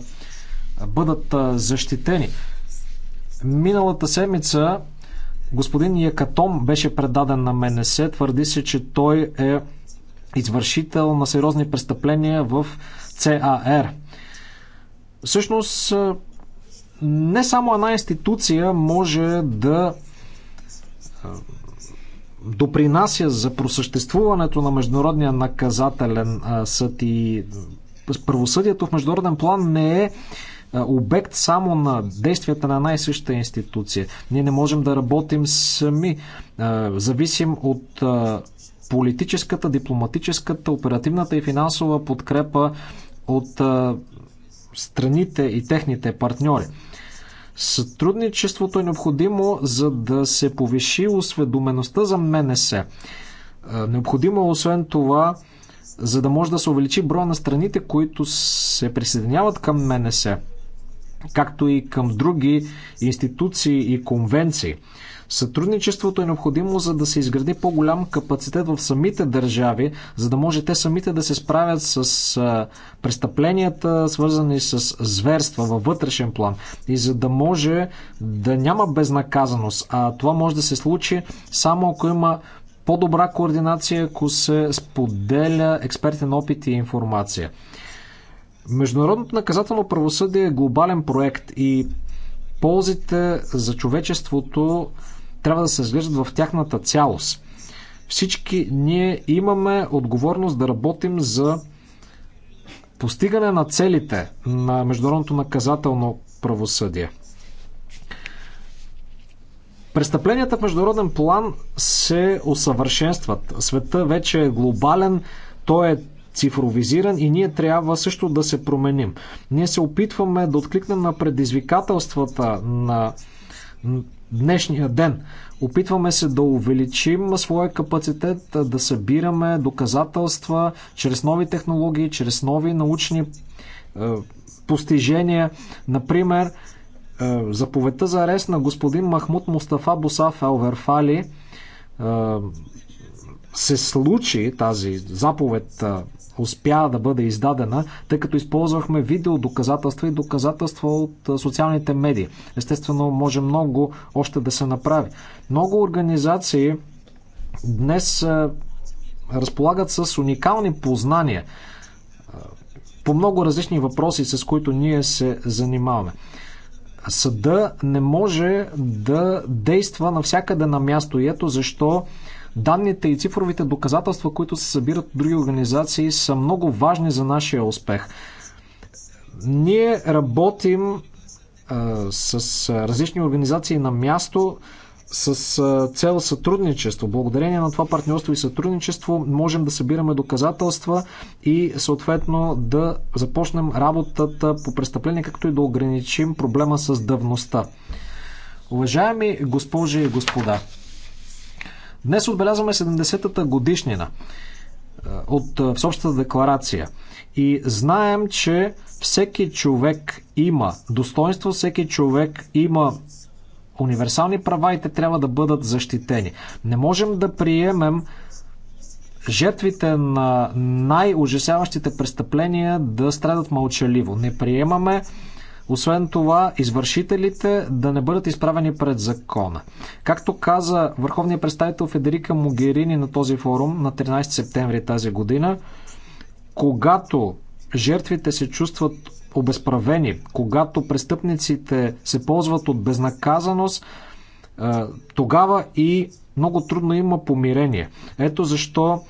бъдат защитени. Миналата седмица Господин Якатом беше предаден на МНС. Твърди се, че той е извършител на сериозни престъпления в ЦАР. Всъщност, не само една институция може да допринася за просъществуването на Международния наказателен съд и правосъдието в международен план не е обект само на действията на най същата институция. Ние не можем да работим сами. Зависим от политическата, дипломатическата, оперативната и финансова подкрепа от страните и техните партньори. Сътрудничеството е необходимо, за да се повиши осведомеността за МНС. Необходимо е освен това, за да може да се увеличи броя на страните, които се присъединяват към МНС както и към други институции и конвенции. Сътрудничеството е необходимо, за да се изгради по-голям капацитет в самите държави, за да може те самите да се справят с престъпленията, свързани с зверства във вътрешен план и за да може да няма безнаказаност. А това може да се случи само ако има по-добра координация, ако се споделя експертен опит и информация. Международното наказателно правосъдие е глобален проект и ползите за човечеството трябва да се изглеждат в тяхната цялост. Всички ние имаме отговорност да работим за постигане на целите на международното наказателно правосъдие. Престъпленията в международен план се усъвършенстват. Света вече е глобален, той е цифровизиран и ние трябва също да се променим. Ние се опитваме да откликнем на предизвикателствата на днешния ден. Опитваме се да увеличим своя капацитет, да събираме доказателства чрез нови технологии, чрез нови научни е, постижения. Например, е, заповедта за арест на господин Махмуд Мустафа Босаф Алверфали е, се случи тази заповед успя да бъде издадена, тъй като използвахме видеодоказателства и доказателства от социалните медии. Естествено, може много още да се направи. Много организации днес разполагат с уникални познания по много различни въпроси, с които ние се занимаваме. Съда не може да действа навсякъде на място. И ето защо Данните и цифровите доказателства, които се събират от други организации, са много важни за нашия успех. Ние работим с различни организации на място с цел сътрудничество. Благодарение на това партньорство и сътрудничество можем да събираме доказателства и съответно да започнем работата по престъпление, както и да ограничим проблема с давността. Уважаеми госпожи и господа, Днес отбелязваме 70-та годишнина от Всеобщата декларация. И знаем, че всеки човек има достоинство, всеки човек има универсални права и те трябва да бъдат защитени. Не можем да приемем жертвите на най-ужасяващите престъпления да страдат мълчаливо. Не приемаме освен това, извършителите да не бъдат изправени пред закона. Както каза върховният представител Федерика Могерини на този форум на 13 септември тази година, когато жертвите се чувстват обезправени, когато престъпниците се ползват от безнаказаност, е, тогава и много трудно има помирение. Ето защо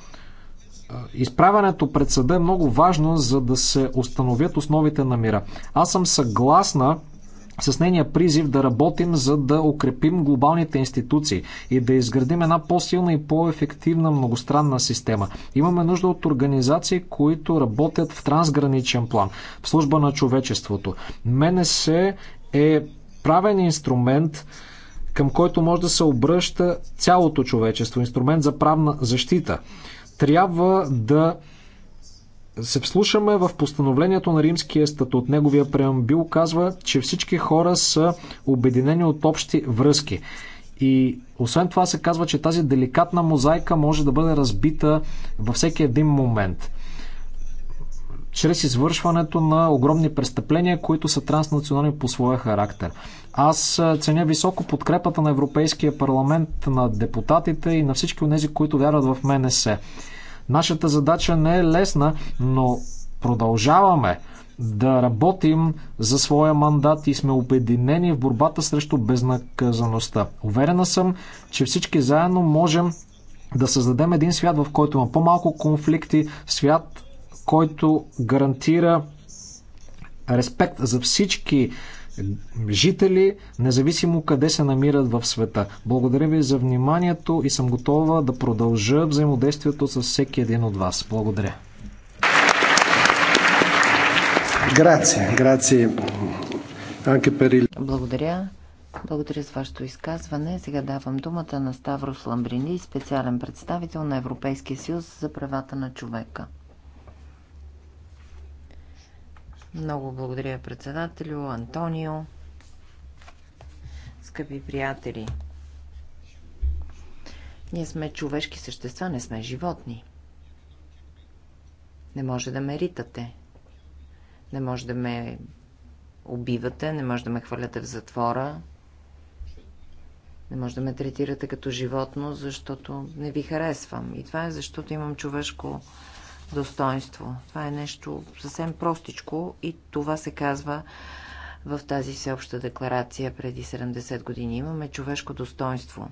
изправянето пред съда е много важно, за да се установят основите на мира. Аз съм съгласна с нейния призив да работим, за да укрепим глобалните институции и да изградим една по-силна и по-ефективна многостранна система. Имаме нужда от организации, които работят в трансграничен план, в служба на човечеството. МНС е правен инструмент, към който може да се обръща цялото човечество, инструмент за правна защита. Трябва да се вслушаме в постановлението на Римския статут. Неговия преамбил казва, че всички хора са обединени от общи връзки. И освен това се казва, че тази деликатна мозайка може да бъде разбита във всеки един момент. Чрез извършването на огромни престъпления, които са транснационални по своя характер. Аз ценя високо подкрепата на Европейския парламент, на депутатите и на всички от тези, които вярват в МНС. Нашата задача не е лесна, но продължаваме да работим за своя мандат и сме обединени в борбата срещу безнаказаността. Уверена съм, че всички заедно можем да създадем един свят, в който има по-малко конфликти, свят, който гарантира респект за всички жители, независимо къде се намират в света. Благодаря ви за вниманието и съм готова да продължа взаимодействието с всеки един от вас. Благодаря. Благодаря. Благодаря за вашето изказване. Сега давам думата на Ставрос Ламбрини, специален представител на Европейския съюз за правата на човека. Много благодаря председателю, Антонио. Скъпи приятели, ние сме човешки същества, не сме животни. Не може да ме ритате. Не може да ме убивате, не може да ме хваляте в затвора. Не може да ме третирате като животно, защото не ви харесвам. И това е защото имам човешко достоинство. Това е нещо съвсем простичко и това се казва в тази всеобща декларация преди 70 години. Имаме човешко достоинство.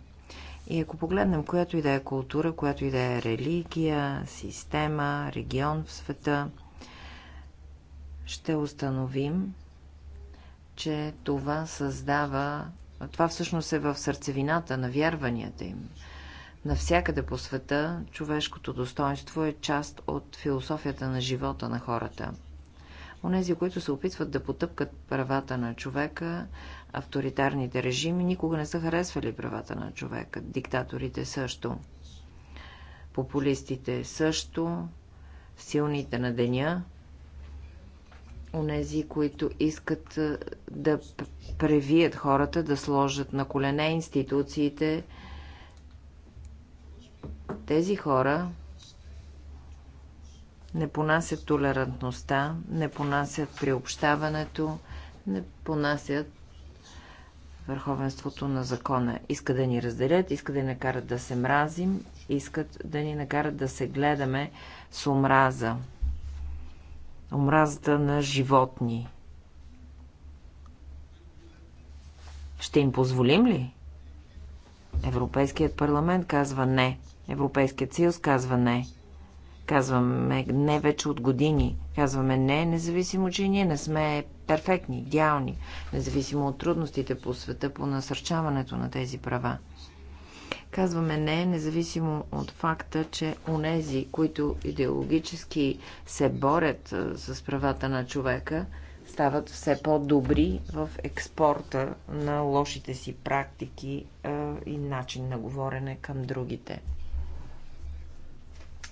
И ако погледнем която и да е култура, която и да е религия, система, регион в света, ще установим, че това създава, това всъщност е в сърцевината на вярванията им. Навсякъде по света човешкото достоинство е част от философията на живота на хората. Онези, които се опитват да потъпкат правата на човека, авторитарните режими никога не са харесвали правата на човека, диктаторите също, популистите също, силните на деня, онези, които искат да превият хората, да сложат на колене институциите, тези хора не понасят толерантността, не понасят приобщаването, не понасят върховенството на закона. Искат да ни разделят, искат да ни накарат да се мразим, искат да ни накарат да се гледаме с омраза. Омразата на животни. Ще им позволим ли? Европейският парламент казва не. Европейският съюз казва не. Казваме не вече от години. Казваме не, независимо, че ние не сме перфектни, идеални, независимо от трудностите по света по насърчаването на тези права. Казваме не, независимо от факта, че онези, които идеологически се борят с правата на човека, стават все по-добри в експорта на лошите си практики и начин на говорене към другите.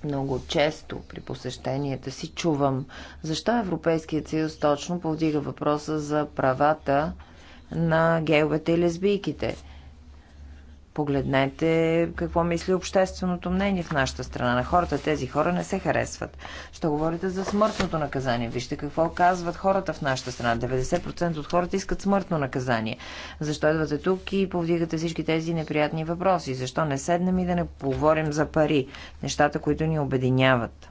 Много често при посещенията си чувам защо Европейският съюз точно повдига въпроса за правата на гейовете и лесбийките. Погледнете какво мисли общественото мнение в нашата страна на хората. Тези хора не се харесват. Що говорите за смъртното наказание? Вижте какво казват хората в нашата страна. 90% от хората искат смъртно наказание. Защо идвате тук и повдигате всички тези неприятни въпроси? Защо не седнем и да не поговорим за пари? Нещата, които ни обединяват.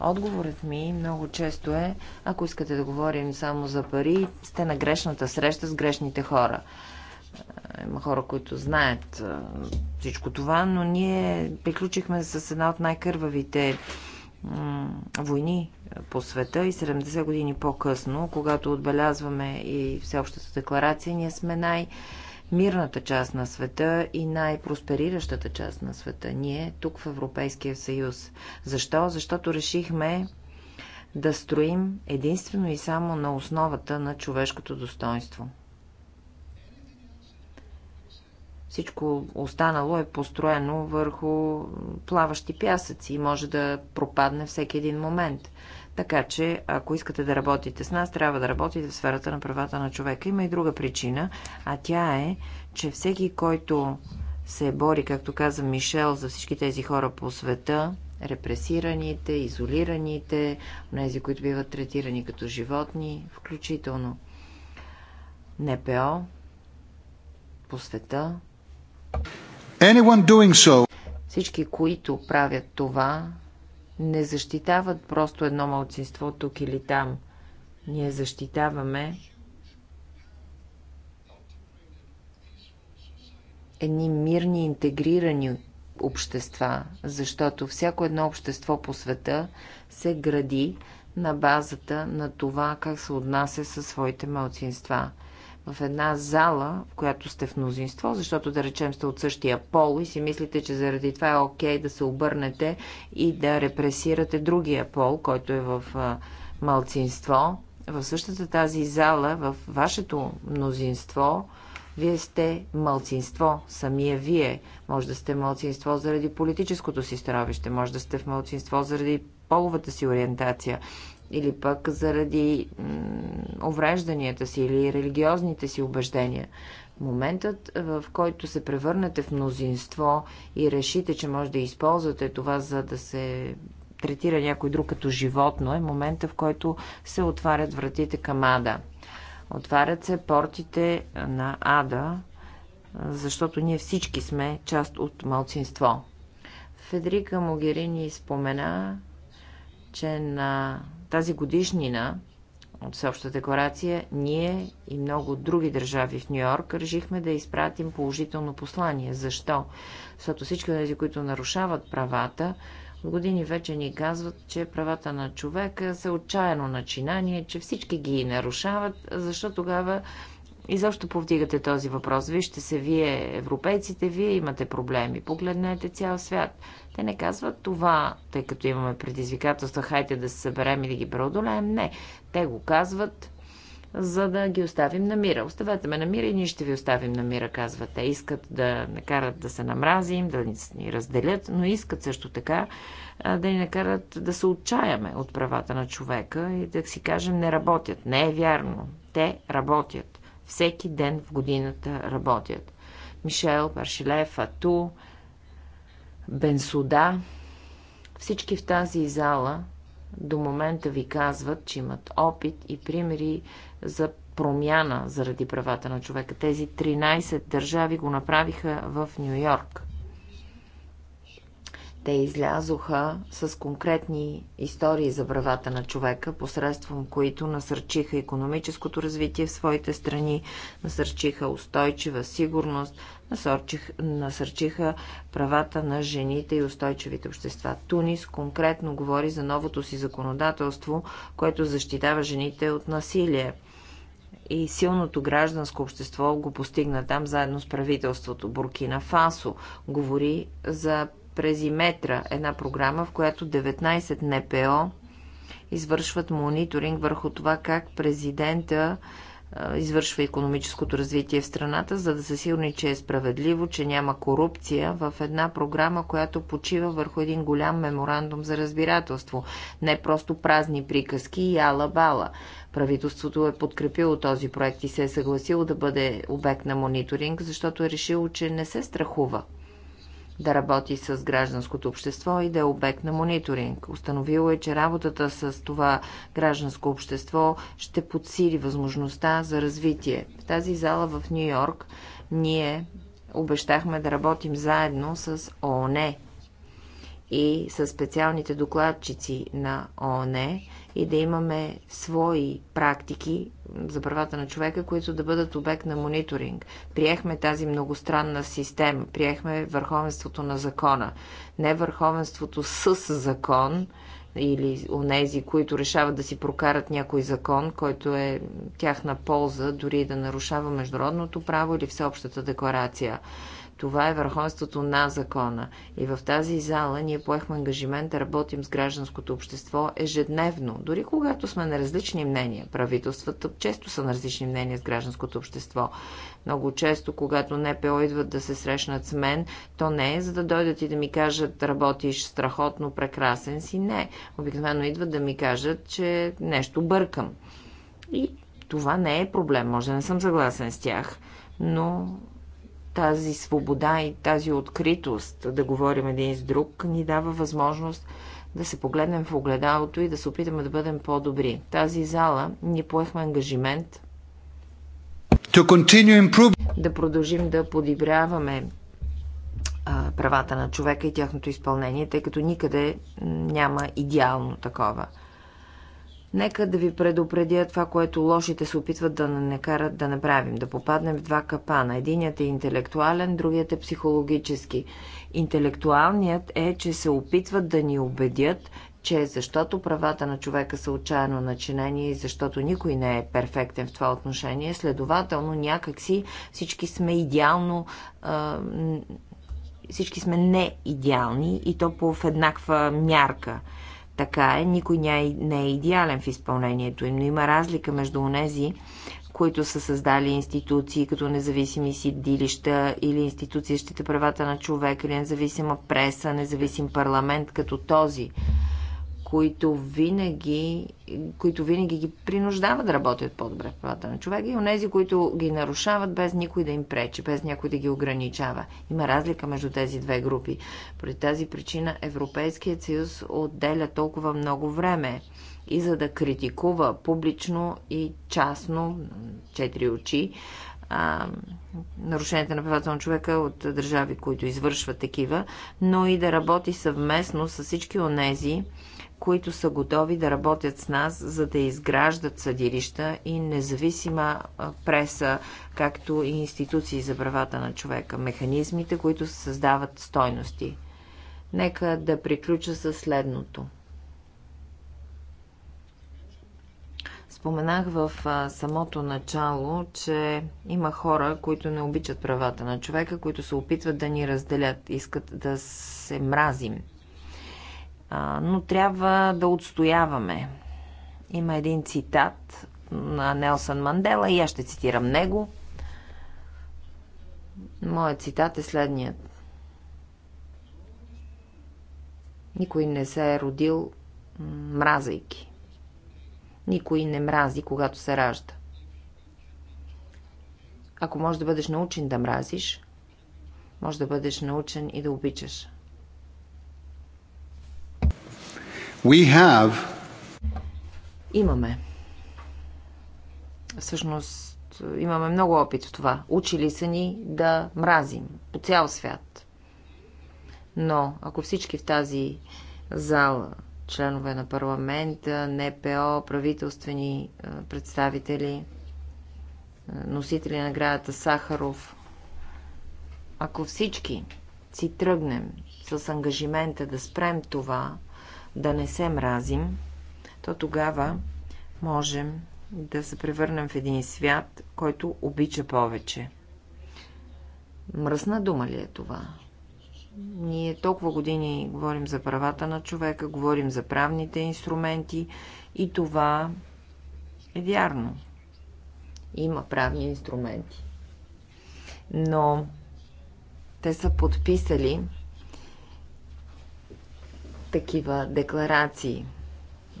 Отговорът ми много често е, ако искате да говорим само за пари, сте на грешната среща с грешните хора. Е, има хора, които знаят е, всичко това, но ние приключихме с една от най-кървавите войни е, по света и 70 години по-късно, когато отбелязваме и всеобщата декларация, ние сме най- мирната част на света и най-проспериращата част на света. Ние тук в Европейския съюз. Защо? Защото решихме да строим единствено и само на основата на човешкото достоинство. Всичко останало е построено върху плаващи пясъци и може да пропадне всеки един момент – така че, ако искате да работите с нас, трябва да работите в сферата на правата на човека. Има и друга причина, а тя е, че всеки, който се бори, както каза Мишел, за всички тези хора по света, репресираните, изолираните, тези, които биват третирани като животни, включително НПО по света. So. Всички, които правят това, не защитават просто едно мълцинство тук или там. Ние защитаваме едни мирни, интегрирани общества, защото всяко едно общество по света се гради на базата на това как се отнася със своите мълцинства в една зала, в която сте в мнозинство, защото да речем сте от същия пол и си мислите, че заради това е окей да се обърнете и да репресирате другия пол, който е в малцинство. В същата тази зала, в вашето мнозинство, вие сте мълцинство, самия вие. Може да сте мълцинство заради политическото си становище, може да сте в мълцинство заради половата си ориентация, или пък заради уврежданията си или религиозните си убеждения. Моментът, в който се превърнете в мнозинство и решите, че може да използвате това, за да се третира някой друг като животно, е момента, в който се отварят вратите към ада. Отварят се портите на ада, защото ние всички сме част от малцинство. Федрика Могерини спомена, че на тази годишнина от Съобща декларация, ние и много други държави в Нью Йорк решихме да изпратим положително послание. Защо? Защото всички тези, които нарушават правата, от години вече ни казват, че правата на човека са отчаяно начинание, че всички ги нарушават, защо тогава и защо повдигате този въпрос? Вижте се, вие, европейците, вие имате проблеми. Погледнете цял свят. Те не казват това, тъй като имаме предизвикателства, хайте да се съберем и да ги преодолеем. Не. Те го казват, за да ги оставим на мира. Оставете ме на мира и ние ще ви оставим на мира, казват. Те искат да накарат да се намразим, да ни разделят, но искат също така да ни накарат да се отчаяме от правата на човека и да си кажем не работят. Не е вярно. Те работят всеки ден в годината работят. Мишел, Паршиле, Ату, Бенсуда, всички в тази зала до момента ви казват, че имат опит и примери за промяна заради правата на човека. Тези 13 държави го направиха в Нью Йорк. Те излязоха с конкретни истории за правата на човека, посредством които насърчиха економическото развитие в своите страни, насърчиха устойчива сигурност, насърчиха правата на жените и устойчивите общества. Тунис конкретно говори за новото си законодателство, което защитава жените от насилие и силното гражданско общество го постигна там заедно с правителството. Буркина Фасо говори за Презиметра, една програма, в която 19 НПО извършват мониторинг върху това как президента извършва економическото развитие в страната, за да са сигурни, че е справедливо, че няма корупция в една програма, която почива върху един голям меморандум за разбирателство. Не просто празни приказки и ала-бала. Правителството е подкрепило този проект и се е съгласило да бъде обект на мониторинг, защото е решило, че не се страхува да работи с гражданското общество и да е обект на мониторинг. Установило е, че работата с това гражданско общество ще подсили възможността за развитие. В тази зала в Нью Йорк ние обещахме да работим заедно с ООН и с специалните докладчици на ООН и да имаме свои практики за правата на човека, които да бъдат обект на мониторинг. Приехме тази многостранна система, приехме върховенството на закона, не върховенството с закон или онези, които решават да си прокарат някой закон, който е тяхна полза, дори да нарушава международното право или всеобщата декларация. Това е върховенството на закона. И в тази зала ние поехме ангажимент да работим с гражданското общество ежедневно, дори когато сме на различни мнения. Правителствата често са на различни мнения с гражданското общество. Много често, когато НПО идват да се срещнат с мен, то не е за да дойдат и да ми кажат работиш страхотно, прекрасен си. Не. Обикновено идват да ми кажат, че нещо бъркам. И това не е проблем. Може да не съм съгласен с тях, но тази свобода и тази откритост да говорим един с друг ни дава възможност да се погледнем в огледалото и да се опитаме да бъдем по-добри. Тази зала ние поехме ангажимент да продължим да а, правата на човека и тяхното изпълнение, тъй като никъде няма идеално такова. Нека да ви предупредя това, което лошите се опитват да не карат да направим, да попаднем в два капана. Единият е интелектуален, другият е психологически. Интелектуалният е, че се опитват да ни убедят, че защото правата на човека са отчаяно начинение и защото никой не е перфектен в това отношение, следователно някакси всички сме идеално всички сме неидеални и то по в еднаква мярка. Така е, никой не е идеален в изпълнението им, но има разлика между онези, които са създали институции като независими сидилища, или институции правата на човека или независима преса, независим парламент като този, които винаги, които винаги ги принуждават да работят по-добре в правата на човека и онези, които ги нарушават без никой да им пречи, без някой да ги ограничава. Има разлика между тези две групи. При тази причина Европейският съюз отделя толкова много време и за да критикува публично и частно, четири очи, а, нарушенията на правата на човека от държави, които извършват такива, но и да работи съвместно с всички онези, които са готови да работят с нас, за да изграждат съдилища и независима преса, както и институции за правата на човека, механизмите, които създават стойности. Нека да приключа със следното. Споменах в самото начало, че има хора, които не обичат правата на човека, които се опитват да ни разделят, искат да се мразим – но трябва да отстояваме. Има един цитат на Нелсън Мандела и аз ще цитирам него. Моят цитат е следният. Никой не се е родил мразайки. Никой не мрази, когато се ражда. Ако можеш да бъдеш научен да мразиш, може да бъдеш научен и да обичаш. We have... Имаме. Всъщност, имаме много опит в това. Учили са ни да мразим по цял свят. Но, ако всички в тази зала, членове на парламента, НПО, правителствени е, представители, е, носители на наградата Сахаров, ако всички си тръгнем с ангажимента да спрем това, да не се мразим, то тогава можем да се превърнем в един свят, който обича повече. Мръсна дума ли е това? Ние толкова години говорим за правата на човека, говорим за правните инструменти и това е вярно. Има правни инструменти. Но те са подписали такива декларации.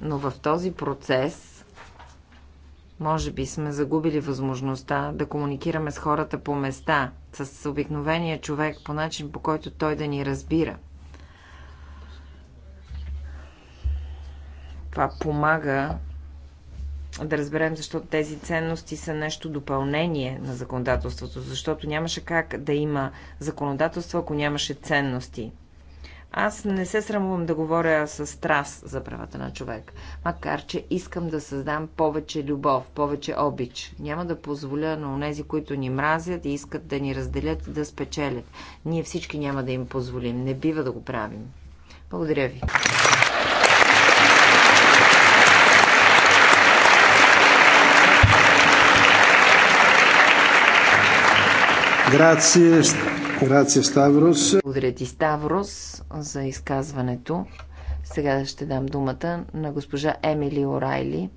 Но в този процес, може би сме загубили възможността да комуникираме с хората по места, с обикновения човек по начин, по който той да ни разбира. Това помага да разберем защо тези ценности са нещо допълнение на законодателството, защото нямаше как да има законодателство, ако нямаше ценности. Аз не се срамувам да говоря с страст за правата на човек, макар че искам да създам повече любов, повече обич. Няма да позволя на онези, които ни мразят и искат да ни разделят и да спечелят. Ние всички няма да им позволим. Не бива да го правим. Благодаря ви. Grazie. Грация, Ставрос. Благодаря ти, Ставрос, за изказването. Сега ще дам думата на госпожа Емили Орайли,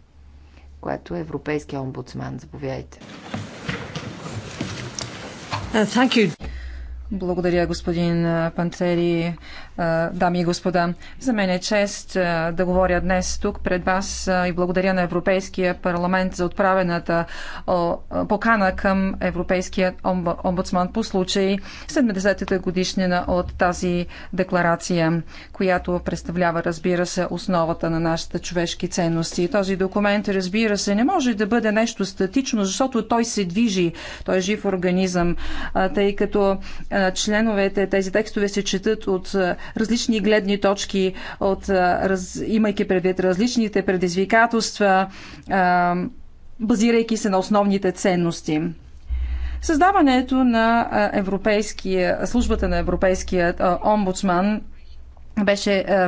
която е европейския омбудсман. Заповядайте. Uh, благодаря, господин Панцери, дами и господа. За мен е чест да говоря днес тук пред вас и благодаря на Европейския парламент за отправената покана към Европейския омбудсман по случай 70-та годишнина от тази декларация, която представлява, разбира се, основата на нашите човешки ценности. Този документ, разбира се, не може да бъде нещо статично, защото той се движи. Той е жив организъм, тъй като членовете, тези текстове се четат от различни гледни точки, от, раз, имайки предвид различните предизвикателства, базирайки се на основните ценности. Създаването на Европейския, службата на Европейския омбудсман беше е,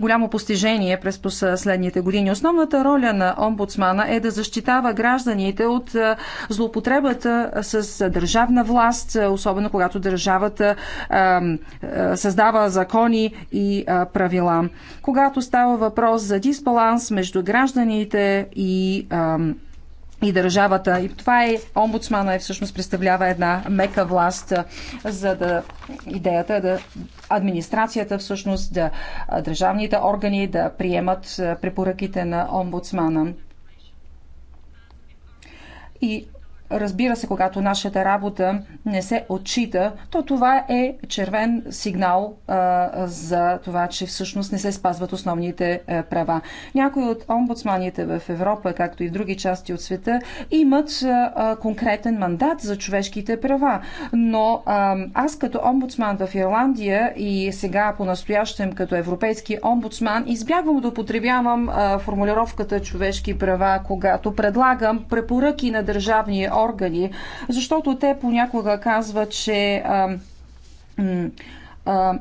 голямо постижение през последните години. Основната роля на омбудсмана е да защитава гражданите от е, злоупотребата с държавна власт, е, особено когато държавата е, е, създава закони и е, правила. Когато става въпрос за дисбаланс между гражданите и е, и държавата. И това е омбудсмана е всъщност представлява една мека власт, е, за да идеята е да администрацията, всъщност да, държавните органи да приемат препоръките на омбудсмана. И Разбира се, когато нашата работа не се отчита, то това е червен сигнал а, за това, че всъщност не се спазват основните а, права. Някои от омбудсманите в Европа, както и в други части от света, имат а, конкретен мандат за човешките права. Но а, аз като омбудсман в Ирландия и сега по-настоящем като европейски омбудсман избягвам да употребявам а, формулировката човешки права, когато предлагам препоръки на държавния органи, защото те понякога казват, че а, а,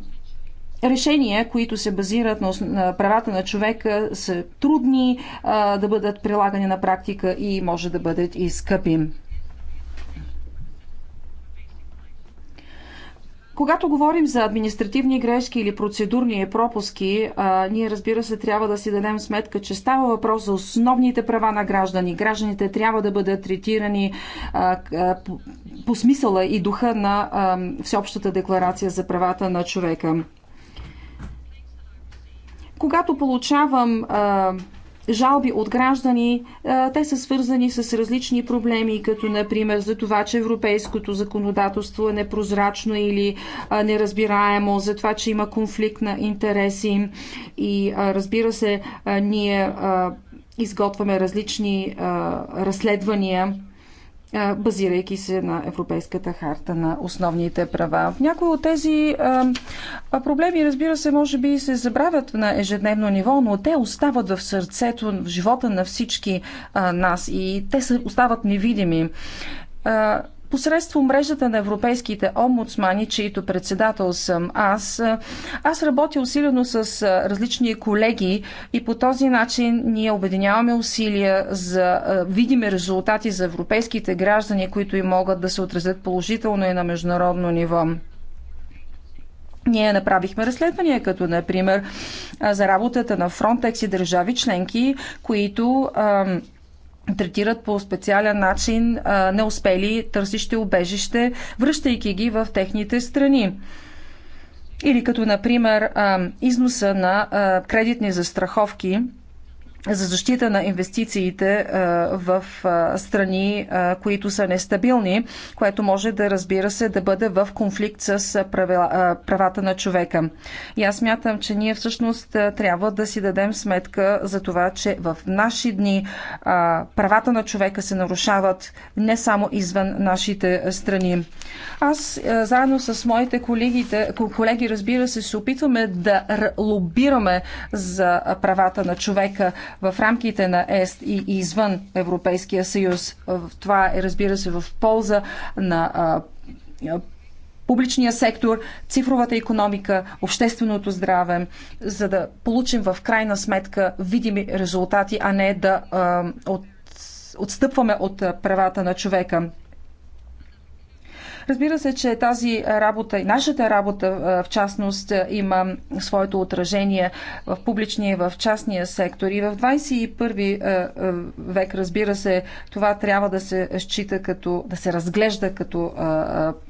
решения, които се базират на правата на човека, са трудни а, да бъдат прилагани на практика и може да бъдат и скъпи. Когато говорим за административни грешки или процедурни пропуски, а, ние разбира се трябва да си дадем сметка, че става въпрос за основните права на граждани. Гражданите трябва да бъдат третирани а, а, по, по смисъла и духа на а, Всеобщата декларация за правата на човека. Когато получавам а, жалби от граждани, е, те са свързани с различни проблеми, като например за това, че европейското законодателство е непрозрачно или е, неразбираемо, за това, че има конфликт на интереси и е, разбира се, ние изготвяме различни разследвания базирайки се на Европейската харта на основните права. Някои от тези а, проблеми, разбира се, може би се забравят на ежедневно ниво, но те остават в сърцето, в живота на всички а, нас и те остават невидими. Посредством мрежата на европейските омбудсмани, чието председател съм аз, аз работя усилено с различни колеги и по този начин ние обединяваме усилия за видими резултати за европейските граждани, които и могат да се отразят положително и на международно ниво. Ние направихме разследвания, като например за работата на Фронтекс и държави членки, които третират по специален начин неуспели търсещи обежище, връщайки ги в техните страни. Или като, например, износа на кредитни застраховки – за защита на инвестициите е, в е, страни, е, които са нестабилни, което може да разбира се да бъде в конфликт с правата на човека. И аз мятам, че ние всъщност трябва да си дадем сметка за това, че в наши дни правата на човека се нарушават не само извън нашите страни. Аз заедно с моите колегите, колеги, разбира се, се опитваме да лобираме за правата на човека в рамките на ЕС и извън Европейския съюз. Това е, разбира се, в полза на публичния сектор, цифровата економика, общественото здраве, за да получим в крайна сметка видими резултати, а не да от, отстъпваме от правата на човека. Разбира се, че тази работа и нашата работа в частност има своето отражение в публичния и в частния сектор. И в 21 век, разбира се, това трябва да се счита като, да се разглежда като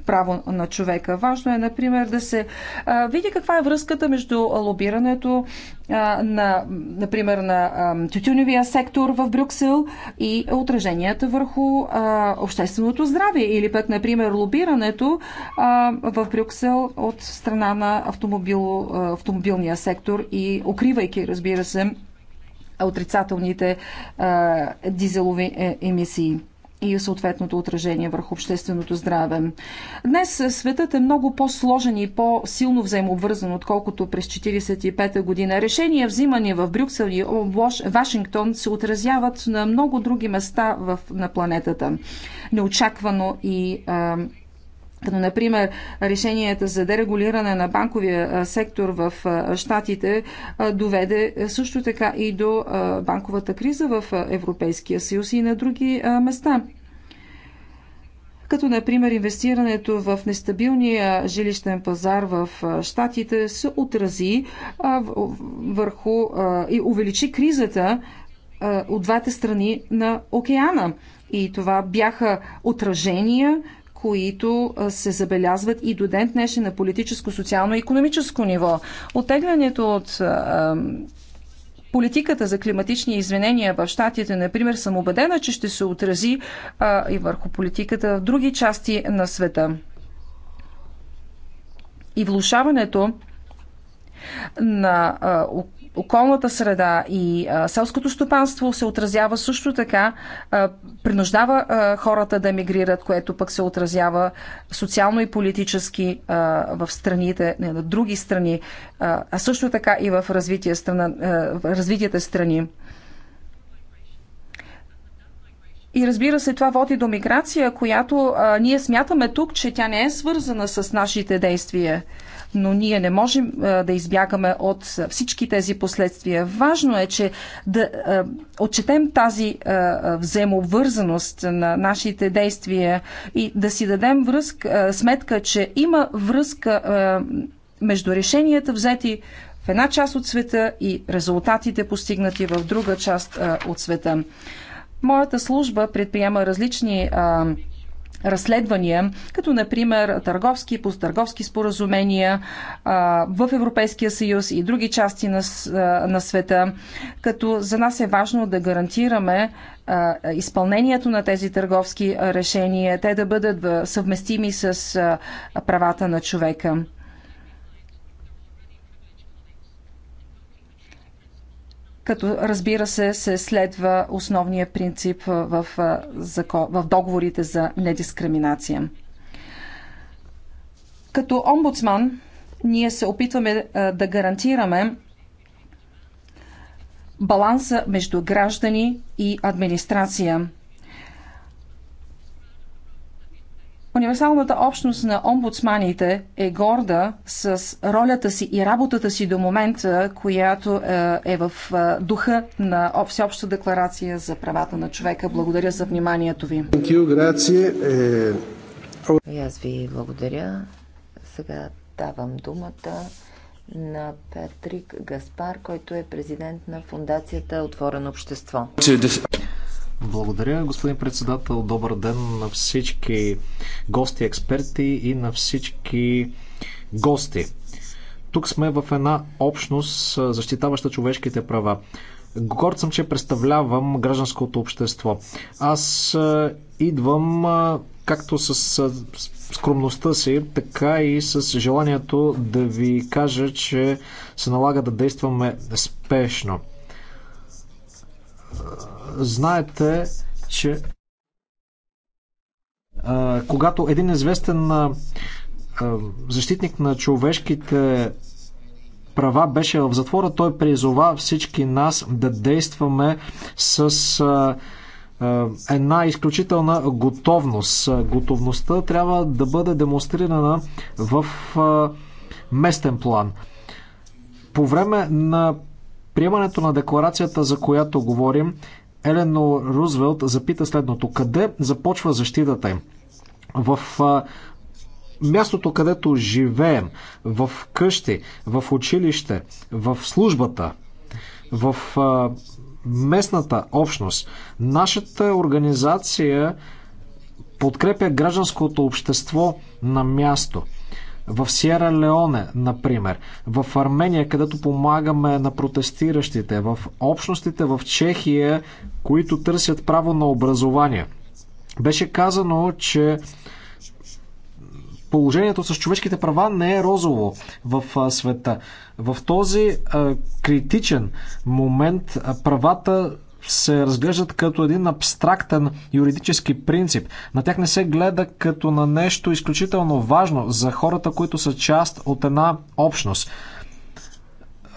право на човека. Важно е, например, да се а, види каква е връзката между лобирането а, на, например, на а, тютюневия сектор в Брюксел и отраженията върху а, общественото здраве. Или пък, например, лобирането а, в Брюксел от страна на автомобил, а, автомобилния сектор и укривайки, разбира се, отрицателните а, дизелови е, емисии и съответното отражение върху общественото здраве. Днес светът е много по-сложен и по-силно взаимообвързан, отколкото през 1945 година. Решения, взимани в Брюксел и Вашингтон, се отразяват на много други места в, на планетата. Неочаквано и а, като например решенията за дерегулиране на банковия сектор в Штатите доведе също така и до банковата криза в Европейския съюз и на други места като например инвестирането в нестабилния жилищен пазар в Штатите се отрази върху и увеличи кризата от двете страни на океана. И това бяха отражения които се забелязват и до ден днешен на политическо, социално и економическо ниво. Отеглянето от политиката за климатични извинения в щатите, например, съм убедена, че ще се отрази а, и върху политиката в други части на света. И влушаването на а, околната среда и а, селското стопанство се отразява също така, а, принуждава а, хората да емигрират, което пък се отразява социално и политически а, в страните, не, на други страни, а, а също така и в развитие страна, а, развитите страни. И разбира се, това води до миграция, която а, ние смятаме тук, че тя не е свързана с нашите действия но ние не можем да избягаме от всички тези последствия. Важно е, че да отчетем тази взаимовързаност на нашите действия и да си дадем връзка, сметка, че има връзка между решенията взети в една част от света и резултатите постигнати в друга част от света. Моята служба предприема различни а, разследвания, като например търговски, посттърговски споразумения а, в Европейския съюз и други части на, на света, като за нас е важно да гарантираме а, изпълнението на тези търговски решения, те да бъдат съвместими с а, правата на човека. като разбира се се следва основния принцип в, в договорите за недискриминация. Като омбудсман ние се опитваме да гарантираме баланса между граждани и администрация. Универсалната общност на омбудсманите е горда с ролята си и работата си до момента, която е, е в е, духа на Всеобща декларация за правата на човека. Благодаря за вниманието ви. Е, и аз ви благодаря. Сега давам думата на Петрик Гаспар, който е президент на фундацията Отворено общество. Благодаря, господин председател. Добър ден на всички гости, експерти и на всички гости. Тук сме в една общност, защитаваща човешките права. Горд съм, че представлявам гражданското общество. Аз идвам както с скромността си, така и с желанието да ви кажа, че се налага да действаме спешно знаете, че когато един известен защитник на човешките права беше в затвора, той призова всички нас да действаме с една изключителна готовност. Готовността трябва да бъде демонстрирана в местен план. По време на приемането на декларацията, за която говорим, Елено Рузвелт запита следното. Къде започва защитата им? В мястото, където живеем, в къщи, в училище, в службата, в местната общност. Нашата организация подкрепя гражданското общество на място – в Сиера Леоне, например, в Армения, където помагаме на протестиращите, в общностите в Чехия, които търсят право на образование. Беше казано, че положението с човешките права не е розово в света. В този критичен момент правата се разглеждат като един абстрактен юридически принцип. На тях не се гледа като на нещо изключително важно за хората, които са част от една общност.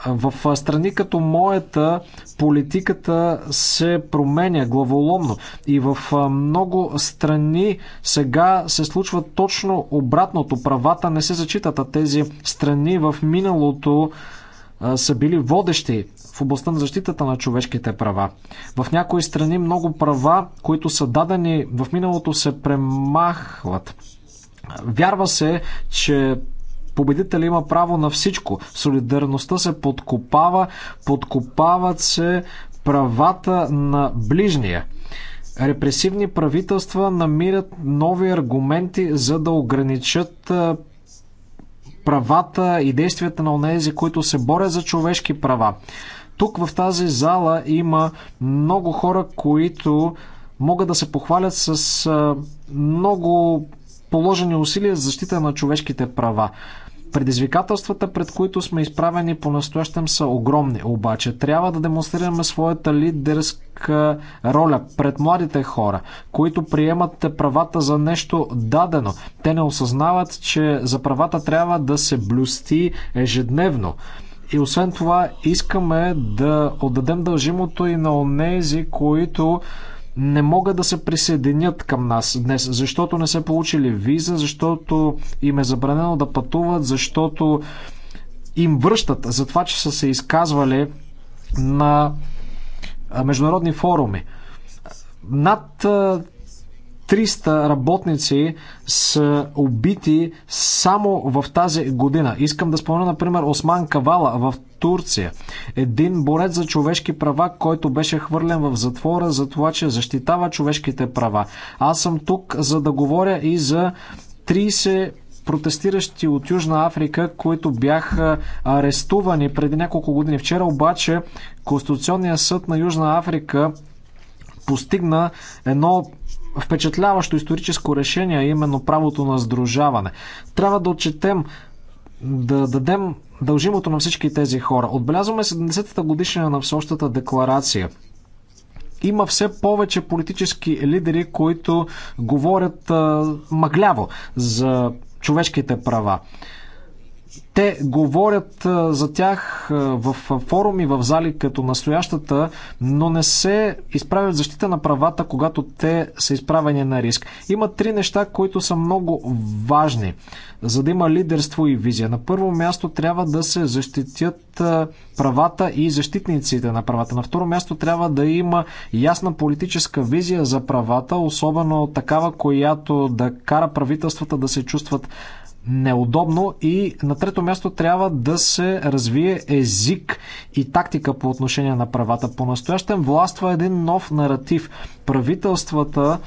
В страни като моята политиката се променя главоломно и в много страни сега се случва точно обратното. Правата не се зачитат, а тези страни в миналото са били водещи в областта на защитата на човешките права. В някои страни много права, които са дадени в миналото, се премахват. Вярва се, че победителя има право на всичко. Солидарността се подкопава, подкопават се правата на ближния. Репресивни правителства намират нови аргументи за да ограничат правата и действията на онези, които се борят за човешки права. Тук в тази зала има много хора, които могат да се похвалят с много положени усилия за защита на човешките права. Предизвикателствата, пред които сме изправени по-настоящем са огромни, обаче трябва да демонстрираме своята лидерска роля пред младите хора, които приемат правата за нещо дадено. Те не осъзнават, че за правата трябва да се блюсти ежедневно. И освен това искаме да отдадем дължимото и на онези, които не могат да се присъединят към нас днес, защото не са получили виза, защото им е забранено да пътуват, защото им връщат за това, че са се изказвали на международни форуми. Над 300 работници са убити само в тази година. Искам да спомена, например, Осман Кавала в Турция. Един борец за човешки права, който беше хвърлен в затвора за това, че защитава човешките права. Аз съм тук, за да говоря и за 30 протестиращи от Южна Африка, които бяха арестувани преди няколко години. Вчера обаче Конституционният съд на Южна Африка постигна едно впечатляващо историческо решение, а е именно правото на сдружаване. Трябва да отчетем, да дадем дължимото на всички тези хора. Отбелязваме 70-та годишнина на всеобщата декларация има все повече политически лидери, които говорят а, мъгляво за човешките права те говорят за тях в форуми, в зали като настоящата, но не се изправят защита на правата, когато те са изправени на риск. Има три неща, които са много важни, за да има лидерство и визия. На първо място трябва да се защитят правата и защитниците на правата. На второ място трябва да има ясна политическа визия за правата, особено такава, която да кара правителствата да се чувстват неудобно и на трето място трябва да се развие език и тактика по отношение на правата. по настоящен властва един нов наратив. Правителствата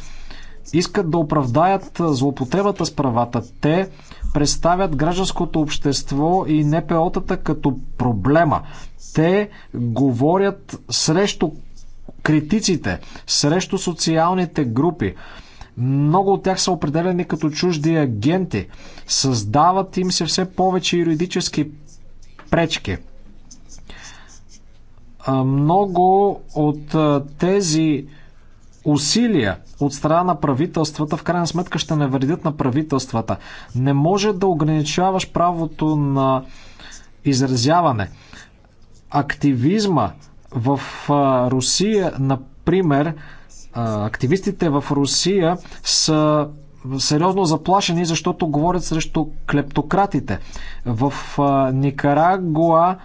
искат да оправдаят злоупотребата с правата. Те представят гражданското общество и НПО-тата като проблема. Те говорят срещу критиците, срещу социалните групи. Много от тях са определени като чужди агенти. Създават им се все повече юридически пречки. Много от тези усилия от страна на правителствата в крайна сметка ще не вредят на правителствата. Не може да ограничаваш правото на изразяване. Активизма в Русия, например, активистите в Русия са сериозно заплашени, защото говорят срещу клептократите. В Никарагуа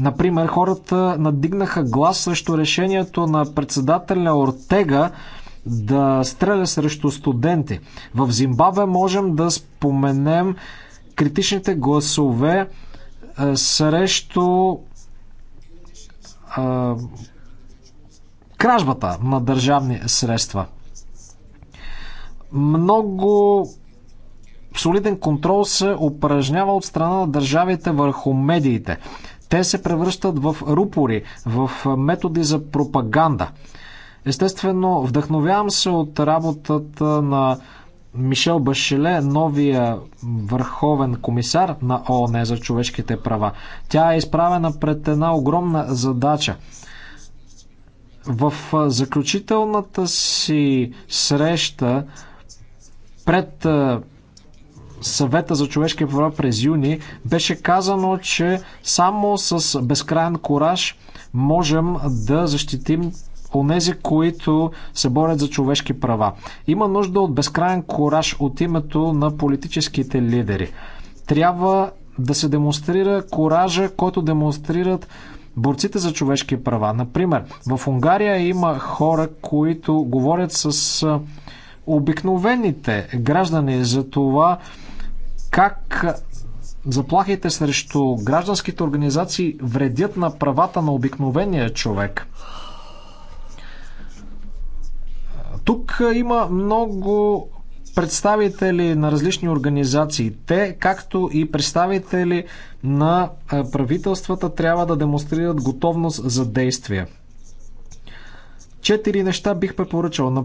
Например, хората надигнаха глас срещу решението на председателя Ортега да стреля срещу студенти. В Зимбабве можем да споменем критичните гласове срещу кражбата на държавни средства. Много солиден контрол се упражнява от страна на държавите върху медиите. Те се превръщат в рупори, в методи за пропаганда. Естествено, вдъхновявам се от работата на Мишел Башеле, новия върховен комисар на ООН за човешките права. Тя е изправена пред една огромна задача в заключителната си среща пред съвета за човешки права през юни беше казано, че само с безкрайен кораж можем да защитим онези, които се борят за човешки права. Има нужда от безкрайен кораж от името на политическите лидери. Трябва да се демонстрира коража, който демонстрират борците за човешки права. Например, в Унгария има хора, които говорят с обикновените граждани за това как заплахите срещу гражданските организации вредят на правата на обикновения човек. Тук има много представители на различни организации. Те, както и представители на правителствата, трябва да демонстрират готовност за действие. Четири неща бих препоръчал. На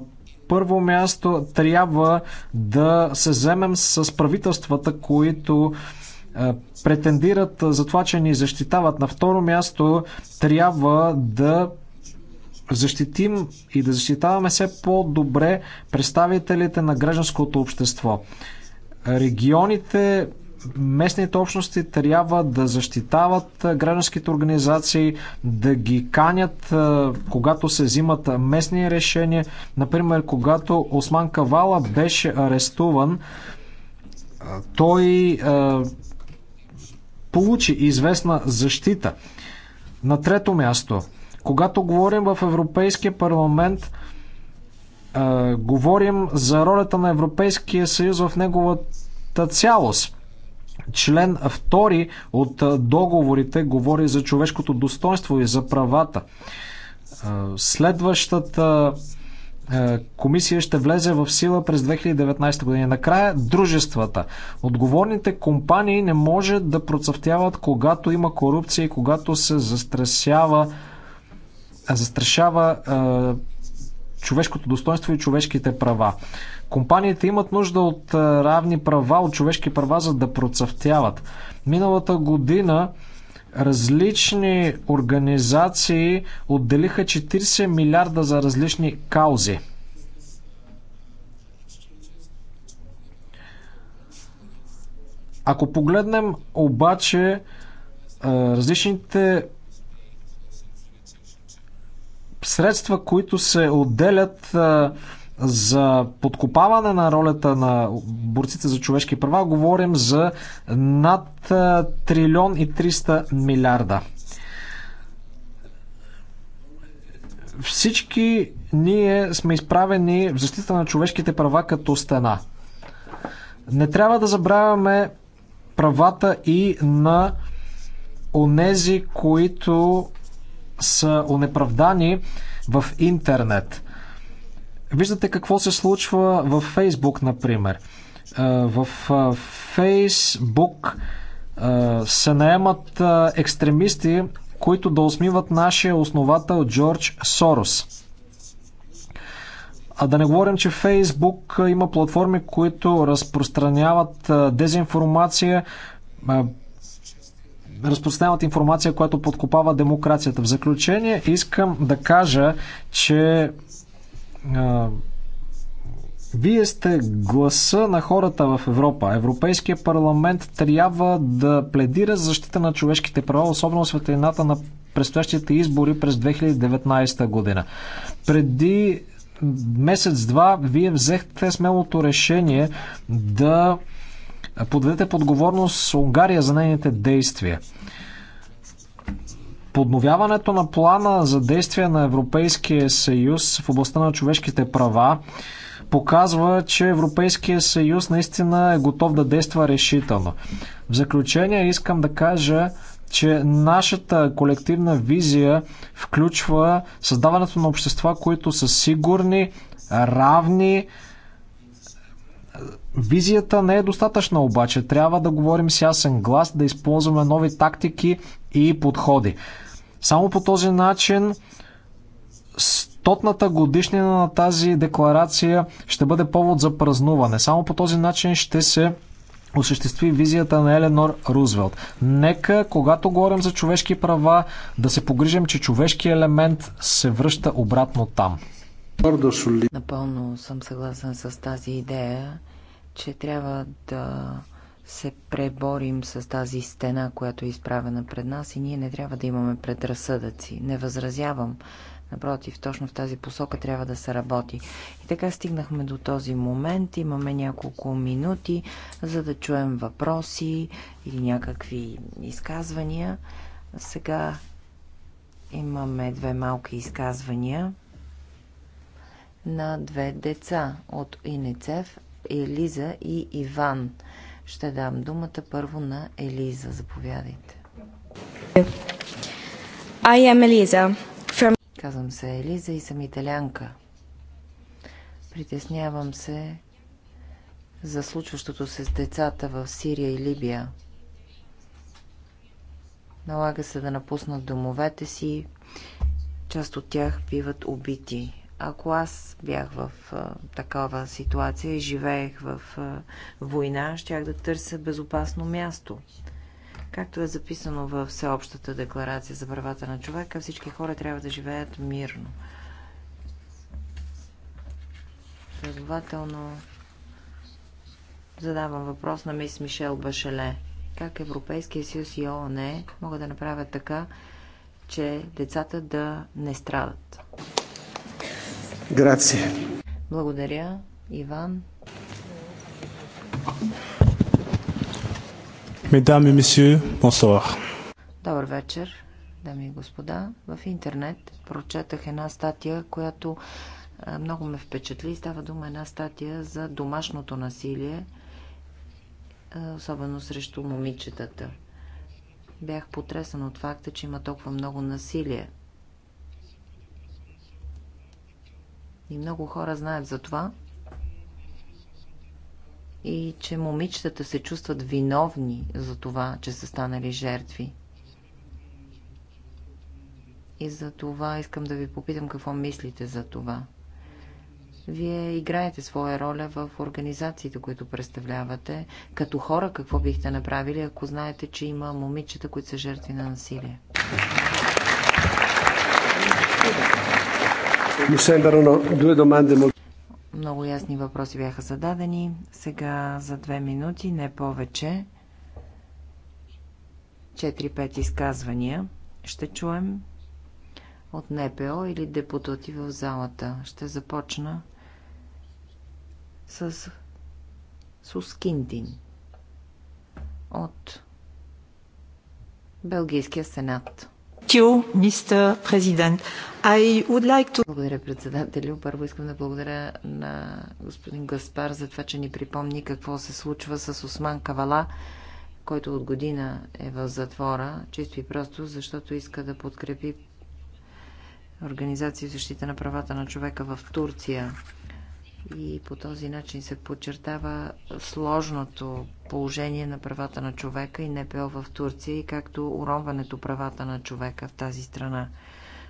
първо място трябва да се вземем с правителствата, които претендират за това, че ни защитават. На второ място трябва да защитим и да защитаваме все по-добре представителите на гражданското общество. Регионите, местните общности трябва да защитават гражданските организации, да ги канят, когато се взимат местни решения. Например, когато Осман Кавала беше арестуван, той получи известна защита. На трето място, когато говорим в Европейския парламент, а, говорим за ролята на Европейския съюз в неговата цялост. Член 2 от договорите говори за човешкото достоинство и за правата. следващата комисия ще влезе в сила през 2019 година. Накрая дружествата. Отговорните компании не може да процъфтяват когато има корупция и когато се застрасява застрашава човешкото достоинство и човешките права. Компаниите имат нужда от равни права, от човешки права, за да процъфтяват. Миналата година различни организации отделиха 40 милиарда за различни каузи. Ако погледнем обаче различните средства, които се отделят за подкопаване на ролята на борците за човешки права, говорим за над трилион и 300 милиарда. Всички ние сме изправени в защита на човешките права като стена. Не трябва да забравяме правата и на онези, които са онеправдани в интернет. Виждате какво се случва в Фейсбук, например. Е, в Фейсбук е, се наемат е, екстремисти, които да усмиват нашия основател Джордж Сорос. А да не говорим, че Фейсбук има платформи, които разпространяват дезинформация, разпространяват информация, която подкопава демокрацията. В заключение искам да кажа, че а, вие сте гласа на хората в Европа. Европейския парламент трябва да пледира защита на човешките права, особено светлината на предстоящите избори през 2019 година. Преди месец-два вие взехте смелото решение да подведете подговорност Унгария за нейните действия. Подновяването на плана за действие на Европейския съюз в областта на човешките права показва, че Европейския съюз наистина е готов да действа решително. В заключение искам да кажа, че нашата колективна визия включва създаването на общества, които са сигурни, равни, Визията не е достатъчна обаче. Трябва да говорим с ясен глас, да използваме нови тактики и подходи. Само по този начин стотната годишнина на тази декларация ще бъде повод за празнуване. Само по този начин ще се осъществи визията на Еленор Рузвелт. Нека, когато говорим за човешки права, да се погрижим, че човешки елемент се връща обратно там. Напълно съм съгласен с тази идея че трябва да се преборим с тази стена, която е изправена пред нас и ние не трябва да имаме предразсъдъци. Не възразявам. Напротив, точно в тази посока трябва да се работи. И така стигнахме до този момент. Имаме няколко минути, за да чуем въпроси или някакви изказвания. Сега имаме две малки изказвания на две деца от Инецев Елиза и Иван. Ще дам думата първо на Елиза. Заповядайте. I am Eliza. From... Казвам се Елиза и съм италянка. Притеснявам се за случващото се с децата в Сирия и Либия. Налага се да напуснат домовете си. Част от тях биват убити. Ако аз бях в а, такава ситуация и живеех в а, война, щях да търся безопасно място. Както е записано в Всеобщата декларация за правата на човека, всички хора трябва да живеят мирно. Следователно, задавам въпрос на мис Мишел Башеле. Как Европейския съюз и ООН могат да направят така, че децата да не страдат? Грация. Благодаря, Иван. Медами и месье, бонсуар. Добър вечер, дами и господа. В интернет прочетах една статия, която много ме впечатли. Става дума една статия за домашното насилие, особено срещу момичетата. Бях потресен от факта, че има толкова много насилие И много хора знаят за това. И че момичетата се чувстват виновни за това, че са станали жертви. И за това искам да ви попитам какво мислите за това. Вие играете своя роля в организациите, които представлявате. Като хора, какво бихте направили, ако знаете, че има момичета, които са жертви на насилие? Ми сембрано две domande molto... Много ясни въпроси бяха зададени. Сега за две минути, не повече. 4-5 изказвания ще чуем от НПО или депутати в залата. Ще започна с Сускинтин от Белгийския сенат you, Mr. President. I would like to... Благодаря, председателю. Първо искам да благодаря на господин Гаспар за това, че ни припомни какво се случва с Осман Кавала, който от година е в затвора, чисто и просто, защото иска да подкрепи Организация защита на правата на човека в Турция и по този начин се подчертава сложното положение на правата на човека и НПО в Турция и както уронването правата на човека в тази страна.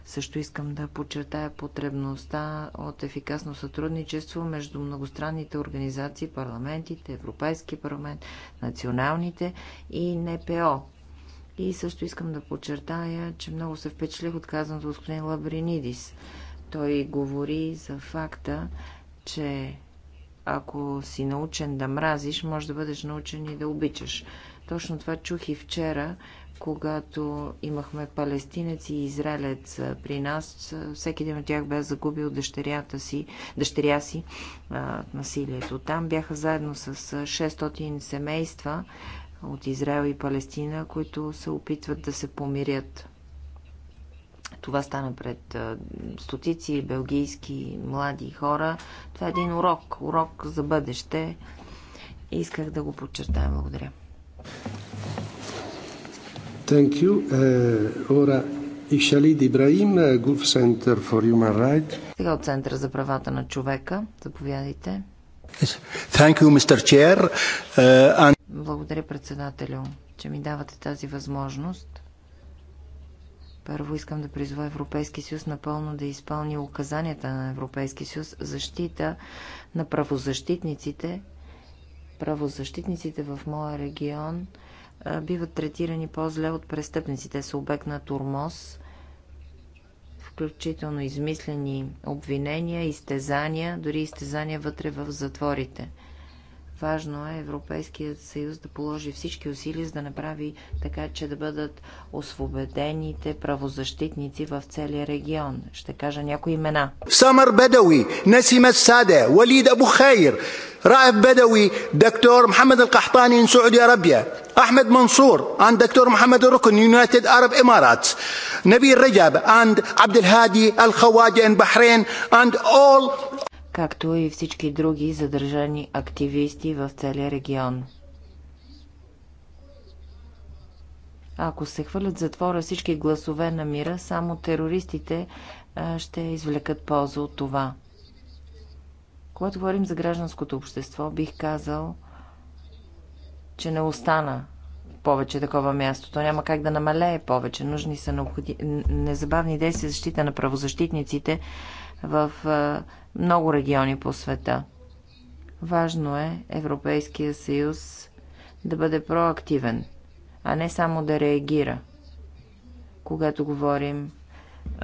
Също искам да подчертая потребността от ефикасно сътрудничество между многостранните организации, парламентите, Европейския парламент, националните и НПО. И също искам да подчертая, че много се впечатлих от казаното господин Лабринидис. Той говори за факта, че ако си научен да мразиш, може да бъдеш научен и да обичаш. Точно това чух и вчера, когато имахме палестинец и израелец при нас. Всеки един от тях бе загубил дъщерята си, дъщеря си от насилието. Там бяха заедно с 600 семейства от Израел и Палестина, които се опитват да се помирят. Това стана пред стотици белгийски млади хора. Това е един урок, урок за бъдеще. И исках да го подчертая. Благодаря. Thank you. Uh, е, ora Ишалид Ибраим, е, Gulf Center for Human Rights. Сега от Центъра за правата на човека. Заповядайте. Thank you, Mr. Chair. Uh, and... Благодаря, председателю, че ми давате тази възможност първо искам да призова Европейски съюз напълно да изпълни указанията на Европейски съюз защита на правозащитниците. Правозащитниците в моя регион биват третирани по-зле от престъпниците. Са обект на турмоз, включително измислени обвинения, изтезания, дори изтезания вътре в затворите – Важно е Европейският съюз да положи всички усилия, за да направи така, че да бъдат освободените правозащитници в целия регион. Ще кажа някои имена. Самар Бедауи, Насима Саде, Валид Абу Хайр, Раев Бедауи, доктор Мохамед Алкахтани, Сауди Арабия, Ахмед Мансур, ан доктор محمد الركن Юнайтед Араб Емарат, Наби Раджаб, ан Abdelhadi Al-Khawaja Бахрейн, ан ол както и всички други задържани активисти в целия регион. Ако се хвърлят затвора всички гласове на мира, само терористите ще извлекат полза от това. Когато говорим за гражданското общество, бих казал, че не остана повече такова място. То няма как да намалее повече. Нужни са необходи... незабавни действия защита на правозащитниците, в много региони по света. Важно е Европейския съюз да бъде проактивен, а не само да реагира, когато говорим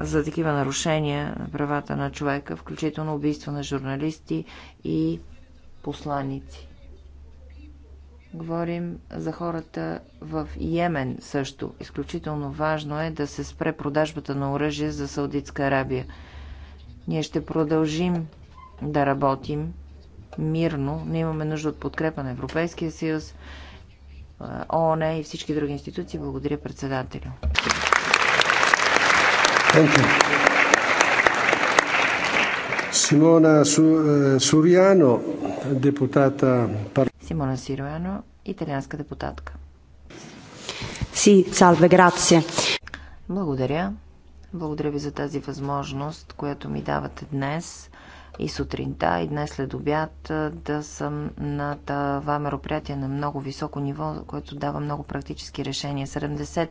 за такива нарушения на правата на човека, включително убийства на журналисти и посланици. Говорим за хората в Йемен също. Изключително важно е да се спре продажбата на оръжие за Саудитска Арабия – ние ще продължим да работим мирно, но имаме нужда от подкрепа на Европейския съюз, ООН и всички други институции. Благодаря председателю. Симона Суриано, депутата... Симона Сируяно, италианска депутатка. Си, салве, грация. Благодаря. Благодаря ви за тази възможност, която ми давате днес и сутринта, и днес след обяд да съм на това мероприятие на много високо ниво, което дава много практически решения. 70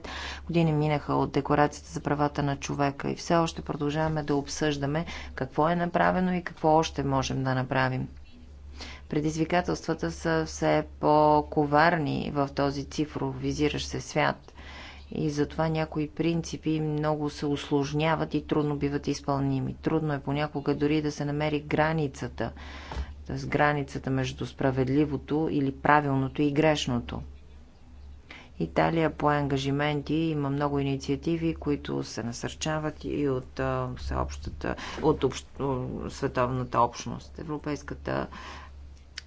години минаха от Декларацията за правата на човека и все още продължаваме да обсъждаме какво е направено и какво още можем да направим. Предизвикателствата са все по-коварни в този цифровизиращ се свят – и затова някои принципи много се усложняват и трудно биват изпълними. Трудно е понякога дори да се намери границата, т.е. границата между справедливото или правилното и грешното. Италия по ангажименти има много инициативи, които се насърчават и от, всеобщата, от общ, световната общност. Европейската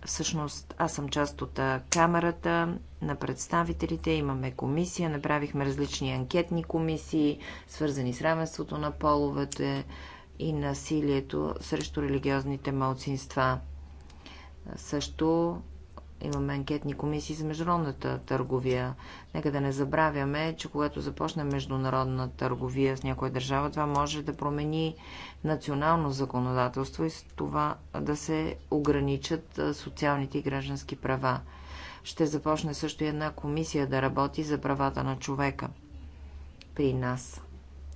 Всъщност аз съм част от камерата на представителите, имаме комисия, направихме различни анкетни комисии, свързани с равенството на половете и насилието срещу религиозните малцинства. Също имаме анкетни комисии за международната търговия. Нека да не забравяме, че когато започне международна търговия с някоя държава, това може да промени национално законодателство и с това да се ограничат социалните и граждански права. Ще започне също и една комисия да работи за правата на човека при нас.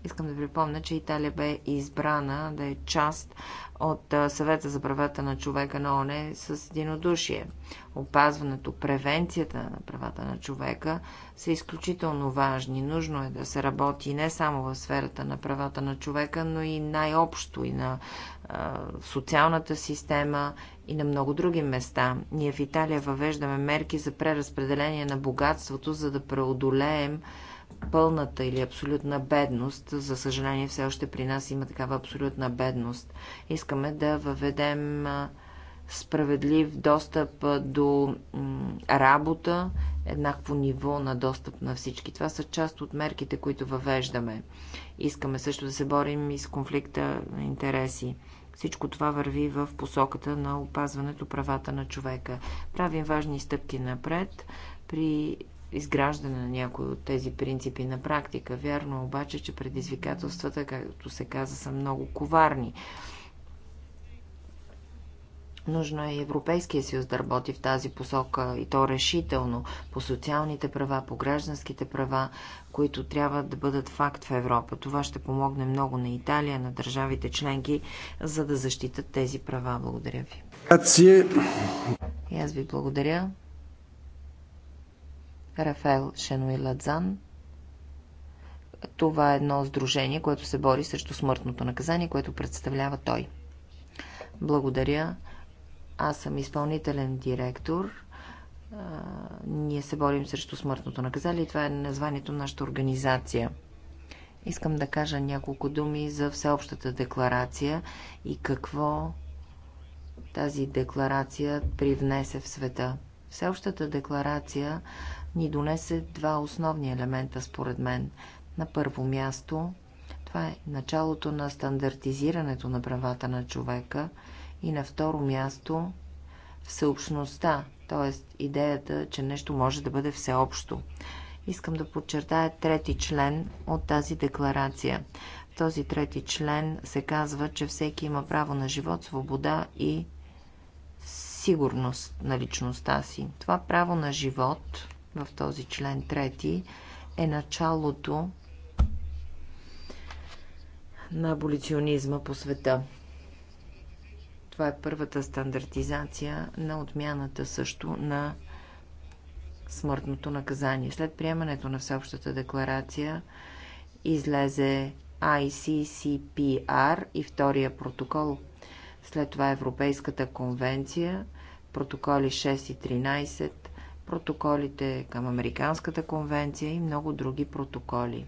Искам да припомня, че Италия бе избрана да е част от Съвета за правата на човека на ОНЕ с единодушие. Опазването, превенцията на правата на човека са изключително важни. Нужно е да се работи не само в сферата на правата на човека, но и най-общо и на а, социалната система и на много други места. Ние в Италия въвеждаме мерки за преразпределение на богатството, за да преодолеем пълната или абсолютна бедност. За съжаление, все още при нас има такава абсолютна бедност. Искаме да въведем справедлив достъп до работа, еднакво ниво на достъп на всички. Това са част от мерките, които въвеждаме. Искаме също да се борим и с конфликта на интереси. Всичко това върви в посоката на опазването правата на човека. Правим важни стъпки напред при изграждане на някои от тези принципи на практика. Вярно обаче, че предизвикателствата, както се каза, са много коварни. Нужно е Европейския съюз да работи в тази посока и то решително по социалните права, по гражданските права, които трябва да бъдат факт в Европа. Това ще помогне много на Италия, на държавите членки, за да защитат тези права. Благодаря ви. И аз ви благодаря. Рафаел Шенуи Ладзан. Това е едно сдружение, което се бори срещу смъртното наказание, което представлява той. Благодаря. Аз съм изпълнителен директор. А, ние се борим срещу смъртното наказание и това е названието на нашата организация. Искам да кажа няколко думи за всеобщата декларация и какво тази декларация привнесе в света. Всеобщата декларация ни донесе два основни елемента, според мен. На първо място, това е началото на стандартизирането на правата на човека и на второ място всеобщността, т.е. идеята, че нещо може да бъде всеобщо. Искам да подчертая трети член от тази декларация. В този трети член се казва, че всеки има право на живот, свобода и сигурност на личността си. Това право на живот в този член 3 е началото на аболиционизма по света. Това е първата стандартизация на отмяната също на смъртното наказание. След приемането на Всеобщата декларация излезе ICCPR и втория протокол. След това Европейската конвенция, протоколи 6 и протоколите към Американската конвенция и много други протоколи.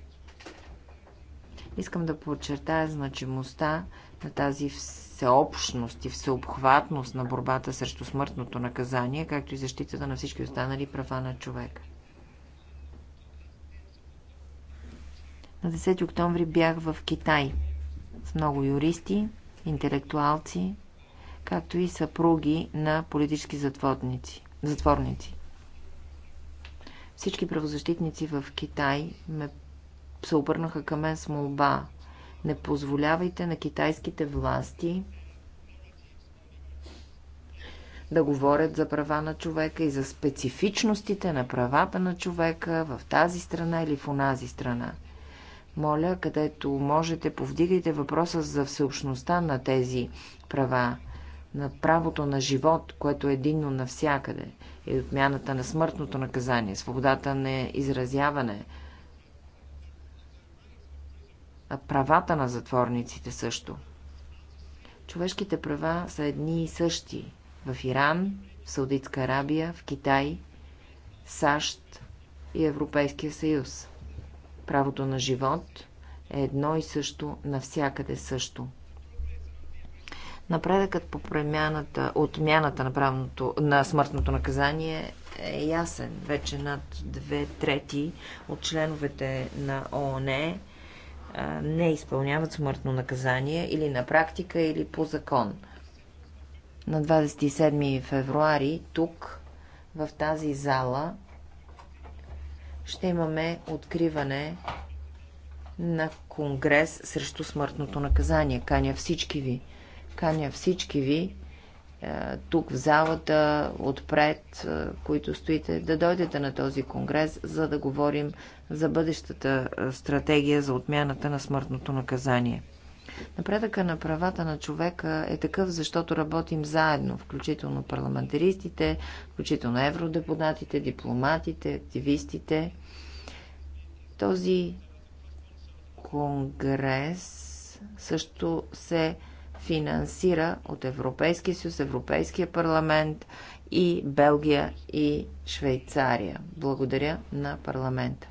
Искам да подчертая значимостта на тази всеобщност и всеобхватност на борбата срещу смъртното наказание, както и защитата на всички останали права на човека. На 10 октомври бях в Китай с много юристи, интелектуалци, както и съпруги на политически затворници. затворници. Всички правозащитници в Китай ме се обърнаха към мен с молба. Не позволявайте на китайските власти да говорят за права на човека и за специфичностите на правата на човека в тази страна или в онази страна. Моля, където можете, повдигайте въпроса за всеобщността на тези права, на правото на живот, което е единно навсякъде – и отмяната на смъртното наказание, свободата на изразяване, а правата на затворниците също. Човешките права са едни и същи в Иран, в Саудитска Арабия, в Китай, САЩ и Европейския съюз. Правото на живот е едно и също навсякъде също. Напредъкът по премяната, отмяната на, правното, на смъртното наказание е ясен. Вече над две трети от членовете на ООН не изпълняват смъртно наказание или на практика, или по закон. На 27 февруари тук, в тази зала, ще имаме откриване на конгрес срещу смъртното наказание. Каня всички ви. Каня всички ви е, тук в залата, отпред, е, които стоите, да дойдете на този конгрес, за да говорим за бъдещата е, стратегия за отмяната на смъртното наказание. Напредъка на правата на човека е такъв, защото работим заедно, включително парламентаристите, включително евродепутатите, дипломатите, активистите. Този конгрес също се финансира от Европейския съюз, Европейския парламент и Белгия и Швейцария. Благодаря на парламента.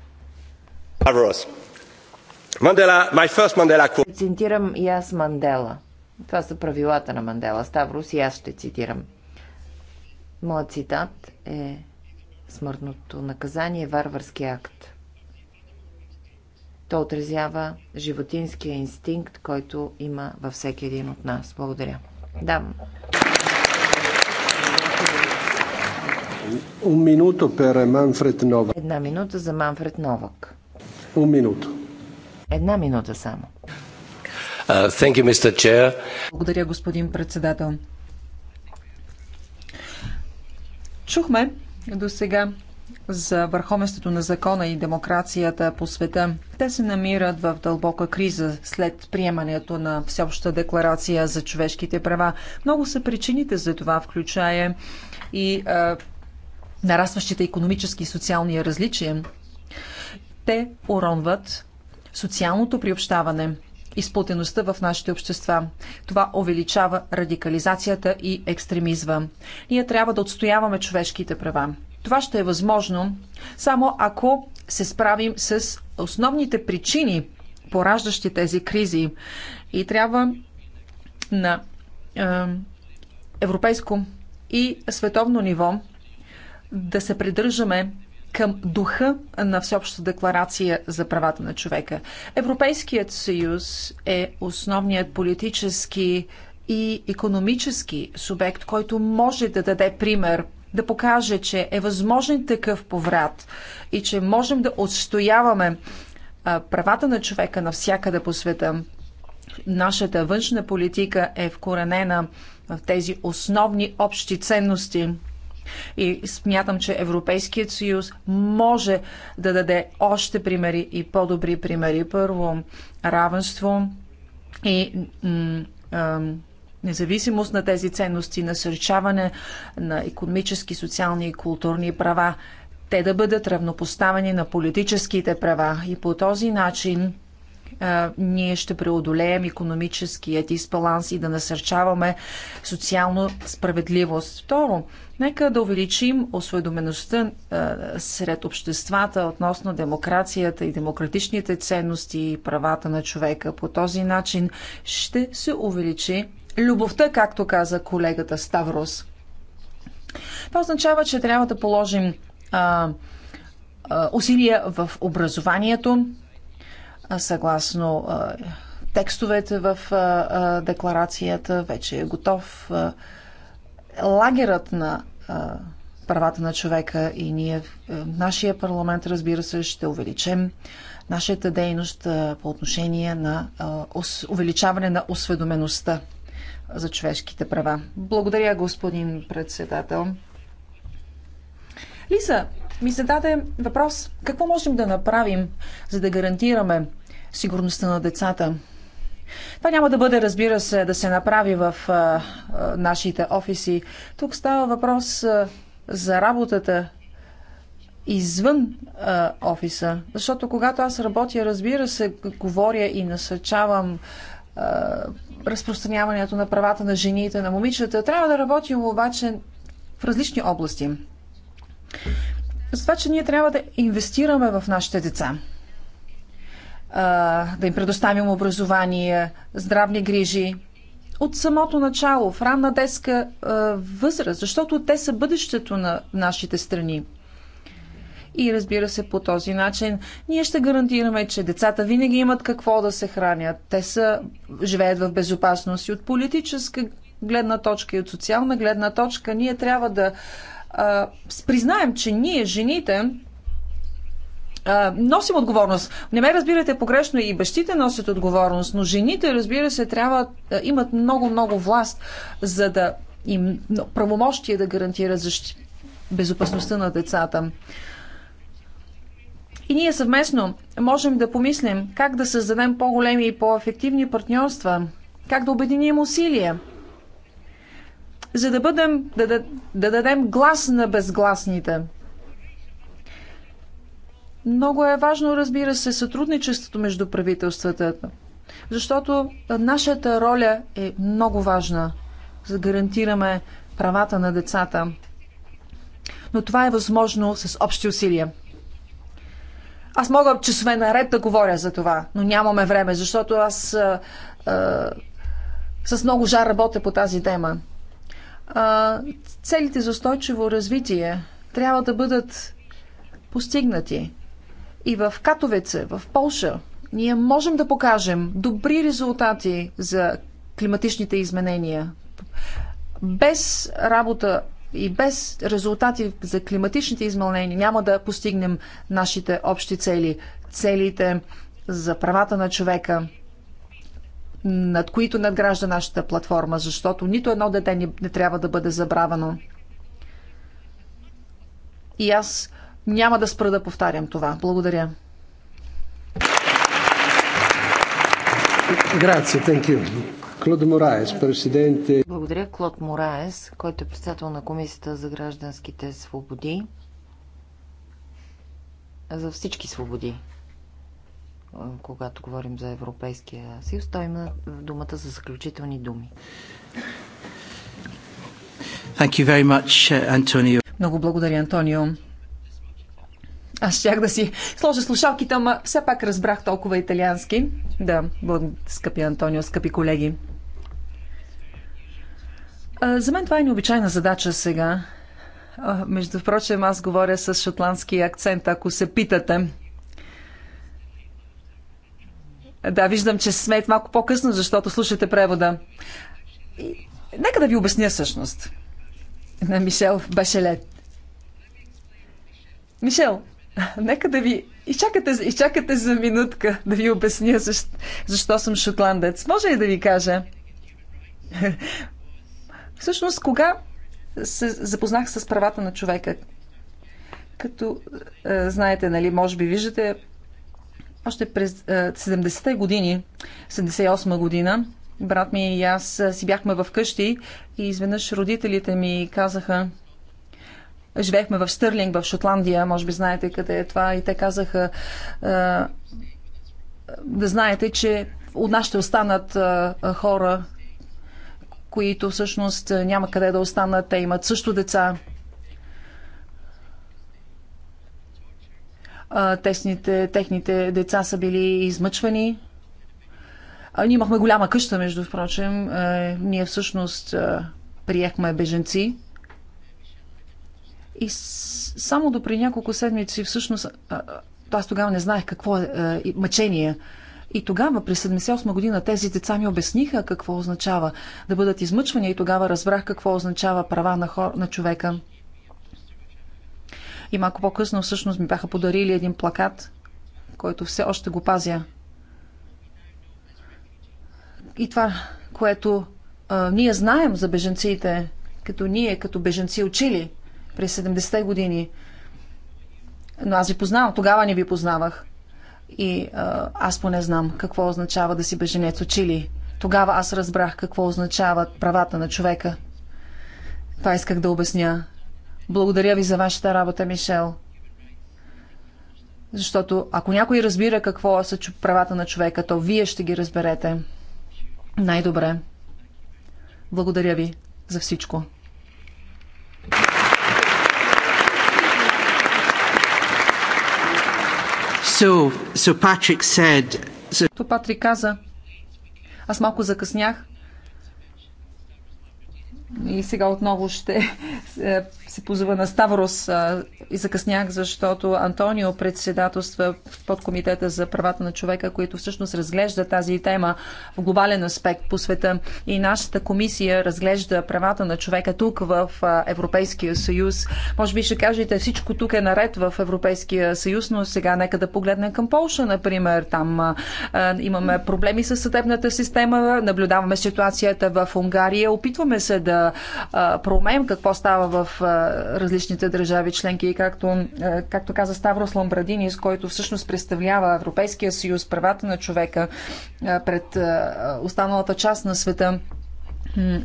Мандела, my first Mandela... Цитирам и аз Мандела. Това са правилата на Мандела. Ставрус и аз ще цитирам. Моят цитат е Смъртното наказание варварски акт. То отразява животинския инстинкт, който има във всеки един от нас. Благодаря. Да. Un minuto per Manfred Novak. Една минута за Манфред Новак. Un minuto. Една минута само. Uh, thank you, Mr. Chair. Благодаря, господин председател. Чухме до сега за върховенството на закона и демокрацията по света. Те се намират в дълбока криза след приемането на Всеобща декларация за човешките права. Много са причините за това, включая и е, нарастващите економически и социални различия. Те уронват социалното приобщаване, и сплотеността в нашите общества. Това увеличава радикализацията и екстремизма. Ние трябва да отстояваме човешките права. Това ще е възможно само ако се справим с основните причини, пораждащи тези кризи. И трябва на е, европейско и световно ниво да се придържаме към духа на Всеобщата декларация за правата на човека. Европейският съюз е основният политически и економически субект, който може да даде пример да покаже, че е възможен такъв поврат и че можем да отстояваме правата на човека навсякъде по света. Нашата външна политика е вкоренена в тези основни общи ценности. И смятам, че Европейският съюз може да даде още примери и по-добри примери. Първо, равенство и независимост на тези ценности, насърчаване на економически, социални и културни права, те да бъдат равнопоставени на политическите права и по този начин а, ние ще преодолеем економическия дисбаланс и да насърчаваме социално справедливост. Второ, нека да увеличим осведомеността а, сред обществата относно демокрацията и демократичните ценности и правата на човека. По този начин ще се увеличи любовта, както каза колегата Ставрос. Това означава, че трябва да положим а, а, усилия в образованието, а, съгласно а, текстовете в а, а, декларацията, вече е готов а, лагерът на а, правата на човека и ние в нашия парламент, разбира се, ще увеличим нашата дейност по отношение на увеличаване на осведомеността за човешките права. Благодаря, господин председател. Лиза, ми зададе въпрос какво можем да направим, за да гарантираме сигурността на децата. Това няма да бъде, разбира се, да се направи в а, а, нашите офиси. Тук става въпрос а, за работата извън а, офиса. Защото когато аз работя, разбира се, говоря и насъчавам разпространяването на правата на жените, на момичетата. Трябва да работим обаче в различни области. За това, че ние трябва да инвестираме в нашите деца. Да им предоставим образование, здравни грижи, от самото начало, в ранна детска възраст, защото те са бъдещето на нашите страни. И разбира се, по този начин ние ще гарантираме, че децата винаги имат какво да се хранят. Те са, живеят в безопасност и от политическа гледна точка и от социална гледна точка. Ние трябва да а, признаем, че ние, жените, носим отговорност. Не ме разбирате погрешно, и бащите носят отговорност, но жените, разбира се, трябва да имат много-много власт, за да им правомощие да гарантира защита безопасността на децата. И ние съвместно можем да помислим как да създадем по-големи и по-ефективни партньорства, как да обединим усилия, за да, бъдем, да, да, да дадем глас на безгласните. Много е важно, разбира се, сътрудничеството между правителствата, защото нашата роля е много важна, за да гарантираме правата на децата. Но това е възможно с общи усилия. Аз мога часове наред да говоря за това, но нямаме време, защото аз а, а, с много жар работя по тази тема. А, целите за устойчиво развитие трябва да бъдат постигнати. И в Катовеце, в Полша, ние можем да покажем добри резултати за климатичните изменения. Без работа и без резултати за климатичните измълнения няма да постигнем нашите общи цели, целите за правата на човека, над които надгражда нашата платформа, защото нито едно дете не трябва да бъде забравено. И аз няма да спра да повтарям това. Благодаря. Grazie, thank you. Клод Мораес, президенте. Благодаря, Клод Мораес, който е председател на Комисията за гражданските свободи. За всички свободи. Когато говорим за Европейския съюз, той има думата за заключителни думи. Thank you very much, uh, Antonio. Много благодаря, Антонио. Аз щях да си сложа слушалките, ама все пак разбрах толкова италиански. Да, скъпи Антонио, скъпи колеги. За мен това е необичайна задача сега. Между прочим, аз говоря с шотландски акцент, ако се питате. Да, виждам, че смеят малко по-късно, защото слушате превода. И, нека да ви обясня всъщност на Мишел Башелет. Мишел, нека да ви... Изчакате, изчакате за минутка да ви обясня защо, защо съм шотландец. Може ли да ви кажа? Всъщност, кога се запознах с правата на човека? Като е, знаете, нали, може би виждате, още през е, 70-те години, 78-ма година, брат ми и аз е, си бяхме в къщи и изведнъж родителите ми казаха, живеехме в Стърлинг, в Шотландия, може би знаете къде е това, и те казаха е, да знаете, че от нас ще останат е, хора които всъщност няма къде да останат. Те имат също деца. Тесните, техните деца са били измъчвани. Ние имахме голяма къща, между впрочем. Ние всъщност приехме беженци. И само до при няколко седмици всъщност аз тогава не знаех какво е мъчение. И тогава, през 78 година, тези деца ми обясниха какво означава да бъдат измъчвани и тогава разбрах какво означава права на, хор, на човека. И малко по-късно всъщност ми бяха подарили един плакат, който все още го пазя. И това, което а, ние знаем за беженците, като ние, като беженци учили през 70-те години, но аз ви познавам, тогава не ви познавах. И а, аз поне знам какво означава да си беженец от Чили. Тогава аз разбрах какво означават правата на човека. Това исках да обясня. Благодаря ви за вашата работа, Мишел. Защото ако някой разбира какво са правата на човека, то вие ще ги разберете. Най-добре. Благодаря ви за всичко. So, so Patrick said, so... То Патрик каза, аз малко закъснях и сега отново ще е, се позова на Ставрос а, и закъснях, защото Антонио председателства в подкомитета за правата на човека, които всъщност разглежда тази тема в глобален аспект по света. И нашата комисия разглежда правата на човека тук в Европейския съюз. Може би ще кажете, всичко тук е наред в Европейския съюз, но сега нека да погледнем към Полша, например. Там а, имаме проблеми с съдебната система, наблюдаваме ситуацията в Унгария, опитваме се да променим какво става в различните държави членки. И както, е, както каза Ставрос Ламбрадинис, който всъщност представлява Европейския съюз, правата на човека е, пред е, останалата част на света,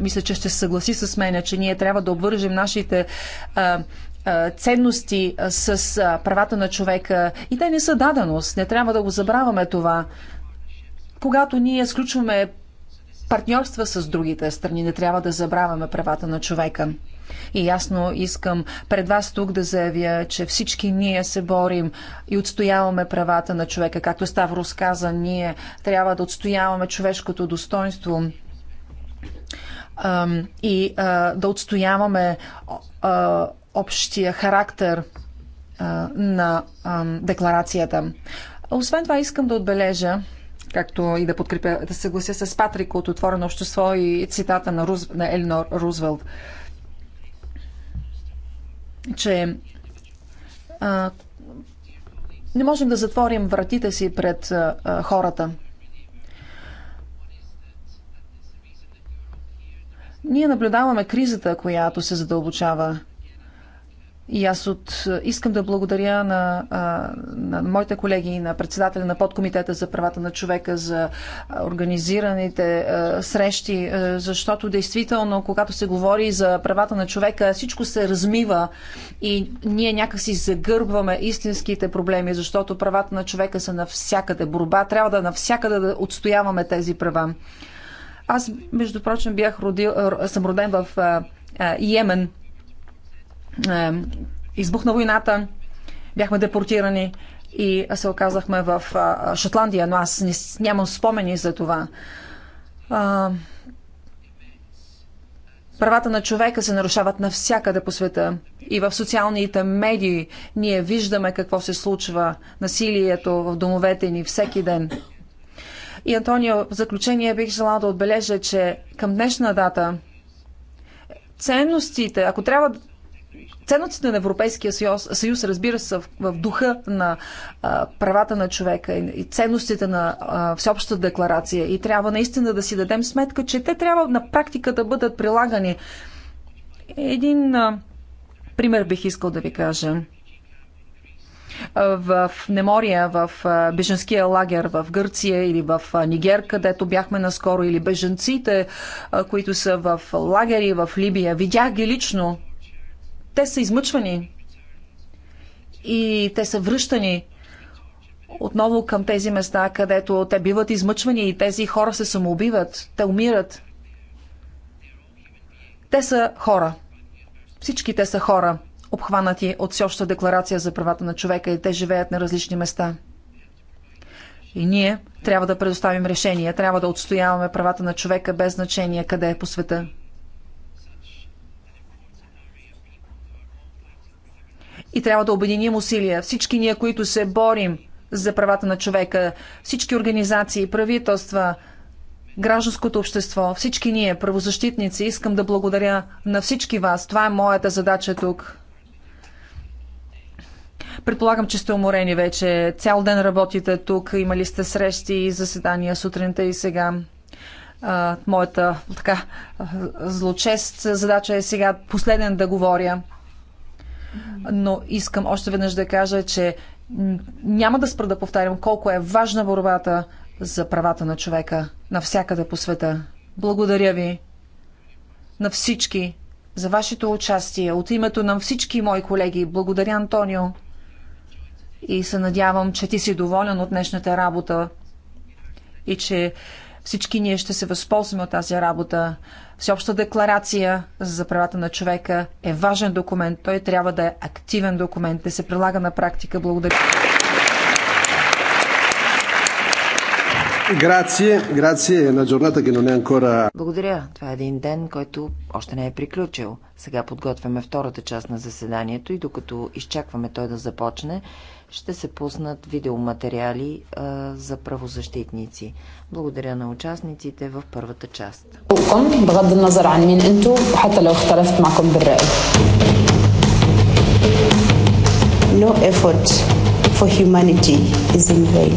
мисля, че ще се съгласи с мен, че ние трябва да обвържем нашите ценности с правата на човека. И те не са даденост. Не трябва да го забравяме това. Когато ние сключваме партньорства с другите страни, не трябва да забравяме правата на човека. И ясно искам пред вас тук да заявя, че всички ние се борим и отстояваме правата на човека. Както става каза, ние трябва да отстояваме човешкото достоинство и да отстояваме общия характер на декларацията. Освен това искам да отбележа, както и да подкрепя, да съглася с Патрик от Отворено общество и цитата на, Руз, на Елинор Рузвелт че а, не можем да затворим вратите си пред а, хората. Ние наблюдаваме кризата, която се задълбочава и аз от, искам да благодаря на, на моите колеги и на председателя на подкомитета за правата на човека за организираните срещи, защото действително, когато се говори за правата на човека, всичко се размива и ние някакси загърбваме истинските проблеми, защото правата на човека са навсякъде. Борба трябва да е навсякъде да отстояваме тези права. Аз, между прочим, бях родил, съм роден в Йемен избухна войната, бяхме депортирани и се оказахме в Шотландия, но аз не, нямам спомени за това. Правата на човека се нарушават навсякъде по света. И в социалните медии ние виждаме какво се случва, насилието в домовете ни всеки ден. И Антонио, в заключение бих желала да отбележа, че към днешна дата ценностите, ако трябва ценностите на Европейския съюз, съюз разбира се, в духа на а, правата на човека и ценностите на а, Всеобщата декларация. И трябва наистина да си дадем сметка, че те трябва на практика да бъдат прилагани. Един а, пример бих искал да ви кажа. В Немория, в беженския лагер в Гърция или в Нигер, където бяхме наскоро, или беженците, които са в лагери в Либия. Видях ги лично те са измъчвани и те са връщани отново към тези места, където те биват измъчвани и тези хора се самоубиват, те умират. Те са хора. Всички те са хора, обхванати от всеобща декларация за правата на човека и те живеят на различни места. И ние трябва да предоставим решение, трябва да отстояваме правата на човека без значение къде е по света. И трябва да обединим усилия. Всички ние, които се борим за правата на човека, всички организации, правителства, гражданското общество, всички ние, правозащитници, искам да благодаря на всички вас. Това е моята задача тук. Предполагам, че сте уморени вече. Цял ден работите тук, имали сте срещи и заседания сутринта и сега. А, моята така злочест задача е сега последен да говоря но искам още веднъж да кажа, че няма да спра да повтарям колко е важна борбата за правата на човека навсякъде по света. Благодаря ви на всички за вашето участие. От името на всички мои колеги, благодаря Антонио и се надявам, че ти си доволен от днешната работа и че всички ние ще се възползваме от тази работа. Всеобща декларация за правата на човека е важен документ. Той трябва да е активен документ, да се прилага на практика. Благодаря. Благодаря. Това е един ден, който още не е приключил. Сега подготвяме втората част на заседанието и докато изчакваме той да започне, ще се пуснат видеоматериали а, за правозащитници. Благодаря на участниците в първата част. No effort for humanity is in vain.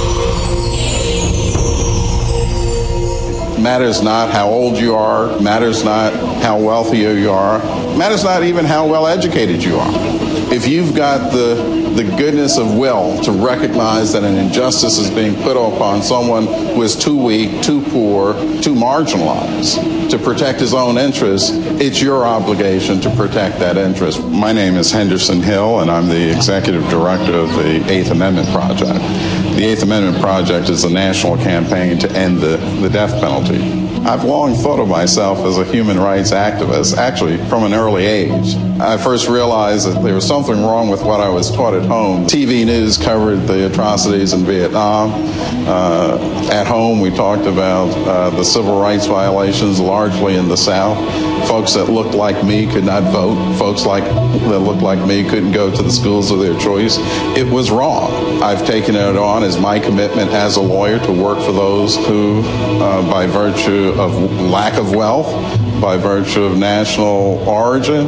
matters not how old you are, matters not how wealthy you are, matters not even how well educated you are. If you've got the the goodness of will to recognize that an injustice is being put upon someone who is too weak, too poor, too marginalized to protect his own interests, it's your obligation to protect that interest. My name is Henderson Hill, and I'm the executive director of the Eighth Amendment Project the Eighth Amendment Project is a national campaign to end the, the death penalty. I've long thought of myself as a human rights activist, actually from an early age. I first realized that there was something wrong with what I was taught at home. TV news covered the atrocities in Vietnam. Uh, at home, we talked about uh, the civil rights violations largely in the South. Folks that looked like me could not vote. Folks like that looked like me couldn't go to the schools of their choice. It was wrong. I've taken it on as my commitment as a lawyer to work for those who, uh, by virtue of lack of wealth, by virtue of national origin,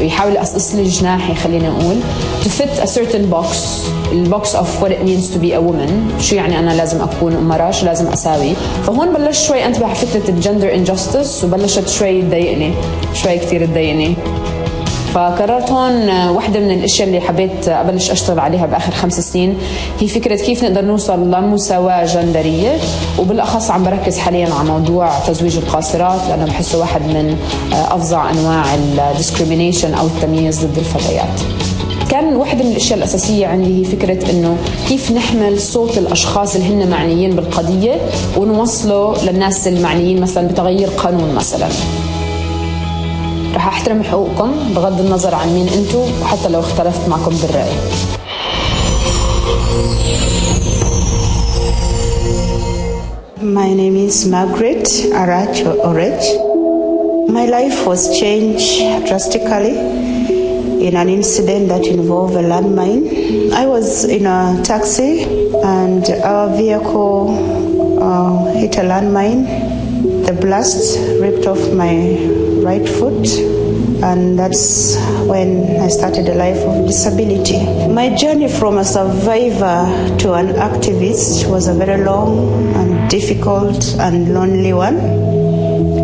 يحاول يقصقص لي جناحي خلينا نقول to fit a certain box البوكس of what it means to be a woman شو يعني أنا لازم أكون مرأة شو لازم أساوي فهون بلش شوي أنتبه على فكرة الجندر injustice وبلشت شوي تضايقني شوي كثير تضايقني فقررت هون واحدة من الأشياء اللي حبيت أبلش أشتغل عليها بآخر خمس سنين هي فكرة كيف نقدر نوصل لمساواة جندرية وبالأخص عم بركز حاليا على موضوع تزويج القاصرات لأنه بحسه واحد من أفظع أنواع الديسكريمينيشن أو التمييز ضد الفتيات. كان واحدة من الأشياء الأساسية عندي هي فكرة إنه كيف نحمل صوت الأشخاص اللي هن معنيين بالقضية ونوصله للناس المعنيين مثلا بتغيير قانون مثلا رح احترم حقوقكم بغض النظر عن مين أنتو وحتى لو اختلفت معكم بالرأي My name is Margaret Arach Orech. My life was changed drastically in an incident that involved a landmine. I was in a taxi and our vehicle uh, hit a landmine. The blast ripped off my right foot, and that's when I started a life of disability. My journey from a survivor to an activist was a very long and difficult and lonely one.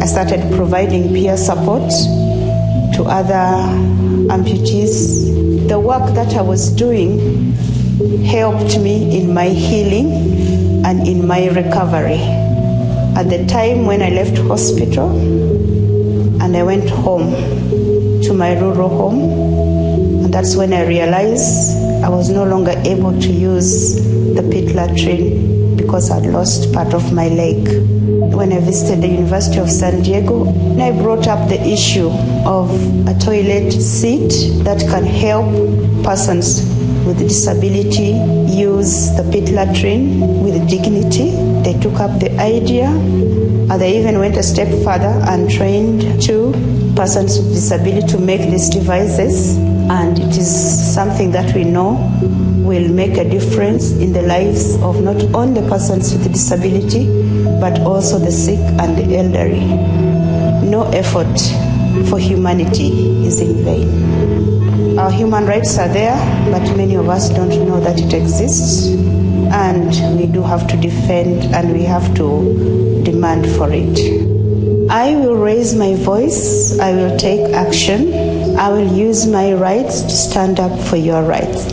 I started providing peer support to other amputees. The work that I was doing helped me in my healing and in my recovery. At the time when I left hospital, and I went home to my rural home. And that's when I realized I was no longer able to use the pit latrine because I'd lost part of my leg. When I visited the University of San Diego, I brought up the issue of a toilet seat that can help persons with disability use the pit latrine with dignity. They took up the idea Uh, they even went a step further and trained two persons with disability to make these devices. And it is something that we know will make a difference in the lives of not only persons with disability, but also the sick and the elderly. No effort for humanity is in vain. Our human rights are there, but many of us don't know that it exists. And we do have to defend and we have to demand for it. I will raise my voice, I will take action, I will use my rights to stand up for your rights.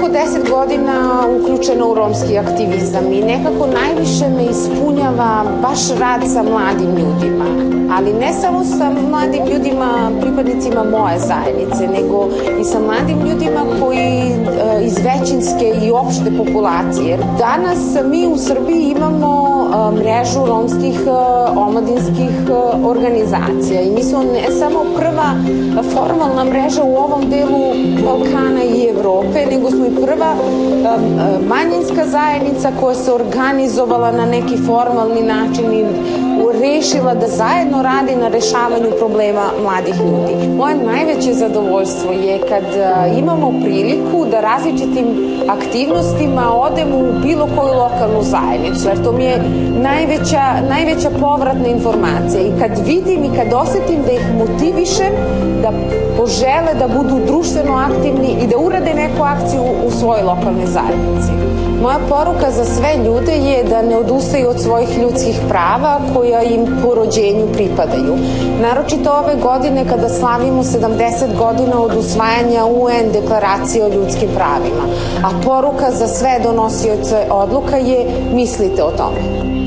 preko 10 godina uključena u romski aktivizam i nekako najviše me ispunjava baš rad sa mladim ljudima. Ali ne samo sa mladim ljudima, pripadnicima moje zajednice, nego i sa mladim ljudima koji iz većinske i opšte populacije. Danas mi u Srbiji imamo mrežu romskih omladinskih organizacija. I mi smo ne samo prva formalna mreža u ovom delu Balkana i Evrope, nego smo i prva manjinska zajednica koja se organizovala na neki formalni način i rešila, da zajedno radi na rešavanju problema mladih ljudi. Moje najveće zadovoljstvo je kad imamo priliku da različitim aktivnostima odemo u bilo koju lokalnu zajednicu, jer to mi je najveća, najveća povratna informacija. I kad vidim i kad osetim da ih motivišem da požele da budu društveno aktivni i da urade neku akciju u svojoj lokalnoj zajednici. Moja poruka za sve ljude je da ne odustaju od svojih ljudskih prava koje koja im po rođenju pripadaju. Naročito ove godine kada slavimo 70 godina od usvajanja UN deklaracije o ljudskim pravima, a poruka za sve donosioce odluka je mislite o tome.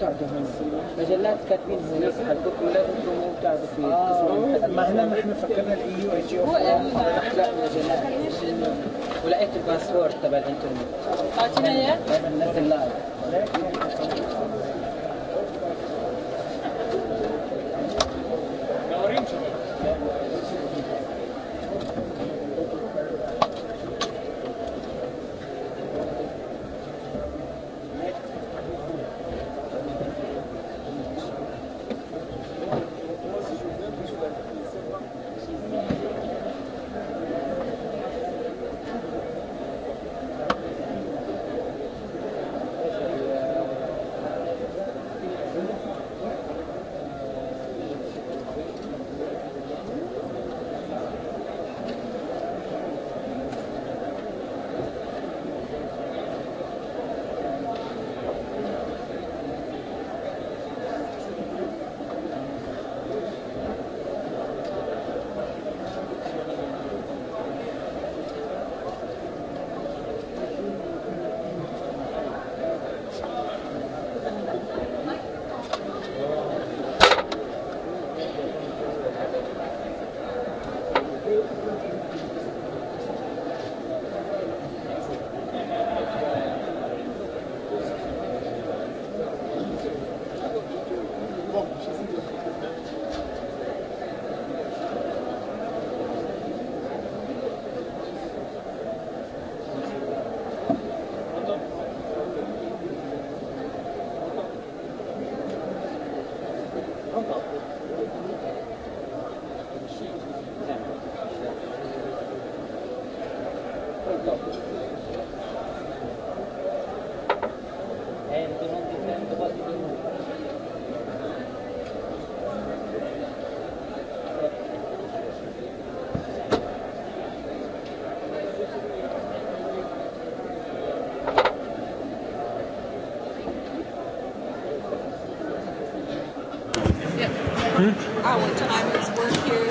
quan trọng của hà nội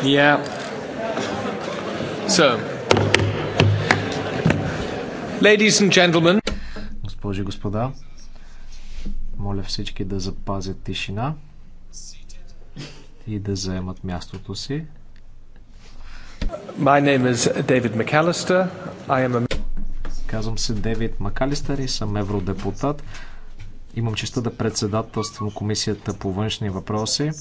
Yeah. So. Ladies and gentlemen. Госпожи и господа, моля всички да запазят тишина и да заемат мястото си. My name is David McAllister. I am a... Казвам се Дейвид Макалистър и съм евродепутат. Имам честа да председателствам Комисията по външни въпроси.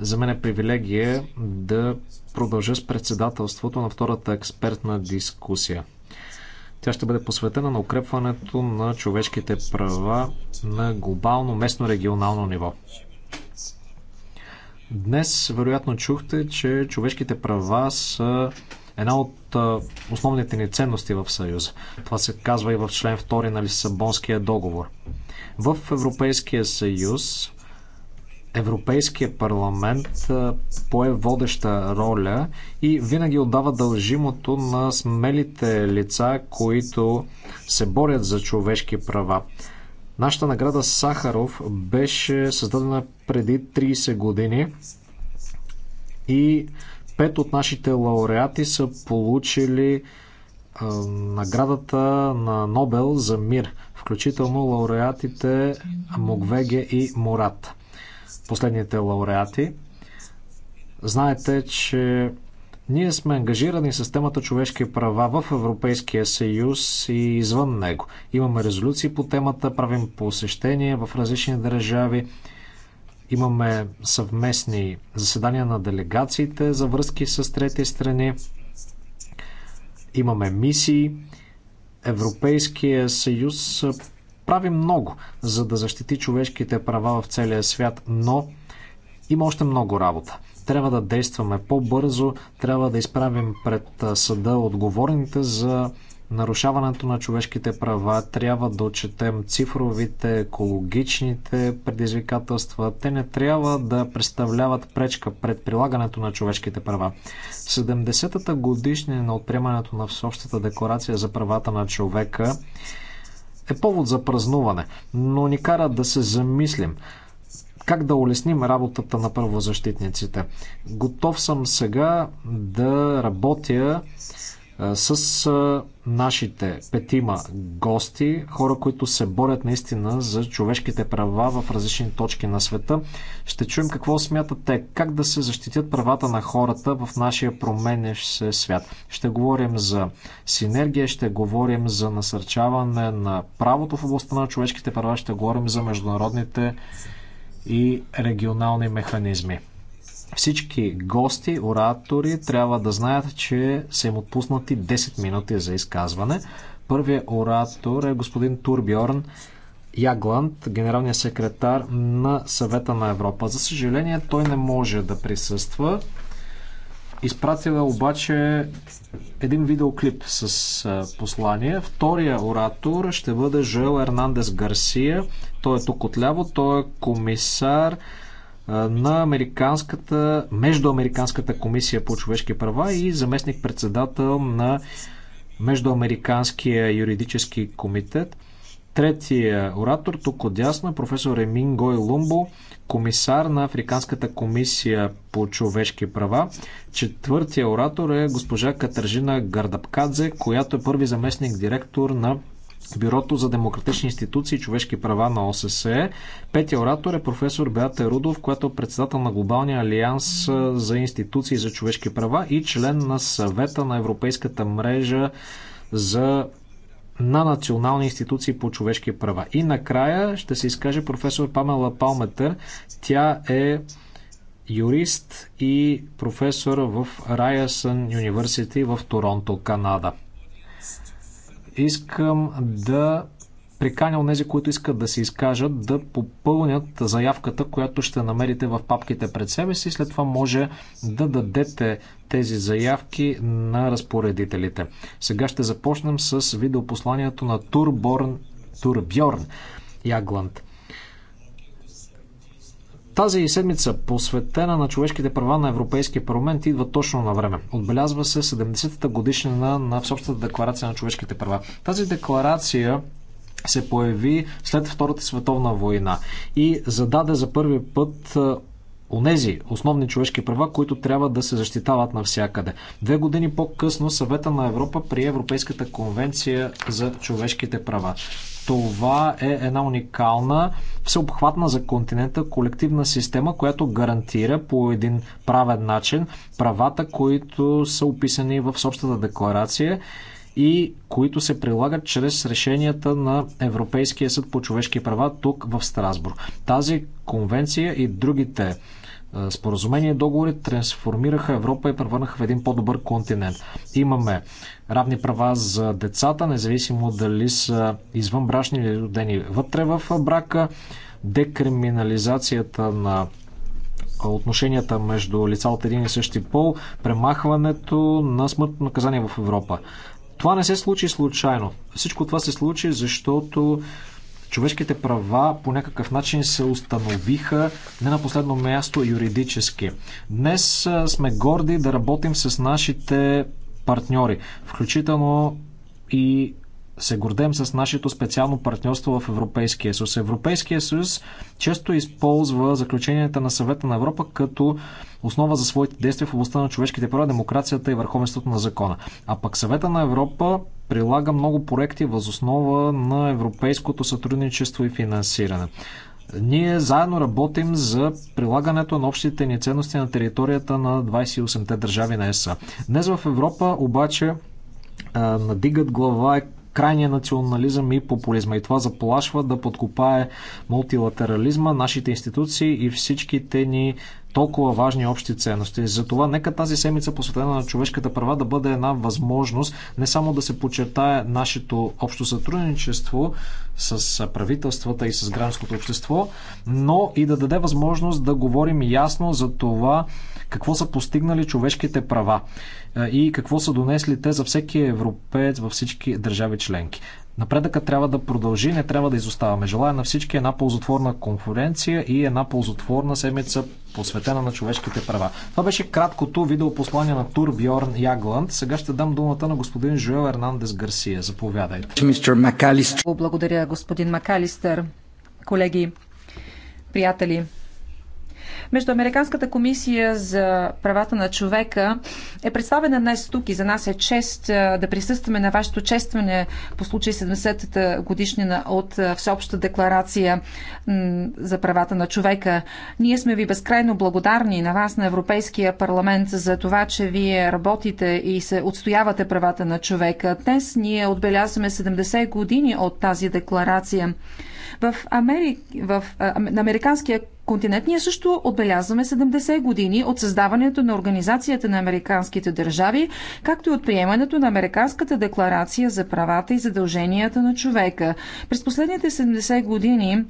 За мен е привилегия да продължа с председателството на втората експертна дискусия. Тя ще бъде посветена на укрепването на човешките права на глобално, местно, регионално ниво. Днес, вероятно, чухте, че човешките права са една от основните ни ценности в Съюза. Това се казва и в член 2 на Лисабонския договор. В Европейския съюз Европейския парламент пое водеща роля и винаги отдава дължимото на смелите лица, които се борят за човешки права. Нашата награда Сахаров беше създадена преди 30 години и пет от нашите лауреати са получили наградата на Нобел за мир, включително лауреатите Мугвеге и Мурат последните лауреати. Знаете, че ние сме ангажирани с темата човешки права в Европейския съюз и извън него. Имаме резолюции по темата, правим посещения в различни държави, имаме съвместни заседания на делегациите за връзки с трети страни, имаме мисии. Европейския съюз прави много, за да защити човешките права в целия свят, но има още много работа. Трябва да действаме по-бързо, трябва да изправим пред съда отговорните за нарушаването на човешките права, трябва да отчетем цифровите, екологичните предизвикателства. Те не трябва да представляват пречка пред прилагането на човешките права. 70-та годишнина от приемането на Всеобщата декларация за правата на човека е повод за празнуване, но ни кара да се замислим как да улесним работата на правозащитниците. Готов съм сега да работя с нашите петима гости, хора, които се борят наистина за човешките права в различни точки на света. Ще чуем какво смятат те, как да се защитят правата на хората в нашия променящ се свят. Ще говорим за синергия, ще говорим за насърчаване на правото в областта на човешките права, ще говорим за международните и регионални механизми. Всички гости, оратори трябва да знаят, че са им отпуснати 10 минути за изказване. Първият оратор е господин Турбьорн Ягланд, генералният секретар на съвета на Европа. За съжаление, той не може да присъства. Изпратил е обаче един видеоклип с послание. Втория оратор ще бъде Жоел Ернандес Гарсия. Той е тук отляво. Той е комисар на Американската, Междуамериканската комисия по човешки права и заместник-председател на Междуамериканския юридически комитет. Третия оратор, тук отясно, професор Емин Гой Лумбо, комисар на Африканската комисия по човешки права. Четвъртия оратор е госпожа Катържина Гардапкадзе, която е първи заместник директор на Бюрото за демократични институции и човешки права на ОССЕ. Петия оратор е професор Беата Рудов, която е председател на Глобалния алианс за институции за човешки права и член на съвета на Европейската мрежа за на национални институции по човешки права. И накрая ще се изкаже професор Памела Палметър. Тя е юрист и професор в Ryerson University в Торонто, Канада искам да приканя онези, които искат да се изкажат, да попълнят заявката, която ще намерите в папките пред себе си. След това може да дадете тези заявки на разпоредителите. Сега ще започнем с видеопосланието на Турборн, Турбьорн Ягланд. Тази седмица, посветена на човешките права на Европейския парламент, идва точно на време. Отбелязва се 70-та годишнина на Всеобщата декларация на човешките права. Тази декларация се появи след Втората световна война и зададе за първи път онези основни човешки права, които трябва да се защитават навсякъде. Две години по-късно Съвета на Европа прие Европейската конвенция за човешките права. Това е една уникална, всеобхватна за континента колективна система, която гарантира по един правен начин правата, които са описани в Собствената декларация и които се прилагат чрез решенията на Европейския съд по човешки права тук в Страсбург. Тази конвенция и другите споразумение, договори трансформираха Европа и превърнаха в един по-добър континент. Имаме равни права за децата, независимо дали са извънбрашни или родени вътре в брака, декриминализацията на отношенията между лица от един и същи пол, премахването на смъртно наказание в Европа. Това не се случи случайно. Всичко това се случи, защото Човешките права по някакъв начин се установиха не на последно място юридически. Днес сме горди да работим с нашите партньори, включително и се гордем с нашето специално партньорство в Европейския съюз. Европейския съюз често използва заключенията на съвета на Европа като основа за своите действия в областта на човешките права, демокрацията и върховенството на закона. А пък съвета на Европа прилага много проекти въз основа на европейското сътрудничество и финансиране. Ние заедно работим за прилагането на общите ни ценности на територията на 28-те държави на ЕСА. Днес в Европа обаче надигат глава крайния национализъм и популизма. И това заплашва да подкопае мултилатерализма, нашите институции и всичките ни толкова важни общи ценности. Затова нека тази седмица посветена на човешката права да бъде една възможност не само да се подчертае нашето общо сътрудничество с правителствата и с гражданското общество, но и да даде възможност да говорим ясно за това какво са постигнали човешките права и какво са донесли те за всеки европеец във всички държави членки. Напредъка трябва да продължи, не трябва да изоставаме. Желая на всички една ползотворна конференция и една ползотворна седмица, посветена на човешките права. Това беше краткото видеопослание на Тур Бьорн Ягланд. Сега ще дам думата на господин Жоел Ернандес Гарсия. Заповядайте. Благодаря, господин Макалистър. Колеги, приятели, между Американската комисия за правата на човека е представена днес тук и за нас е чест да присъстваме на вашето честване по случай 70-та годишнина от Всеобща декларация за правата на човека. Ние сме ви безкрайно благодарни на вас, на Европейския парламент, за това, че вие работите и се отстоявате правата на човека. Днес ние отбелязваме 70 години от тази декларация. В, Америк... в... на Американския континент ние също отбелязваме 70 години от създаването на Организацията на американските държави, както и от приемането на Американската декларация за правата и задълженията на човека. През последните 70 години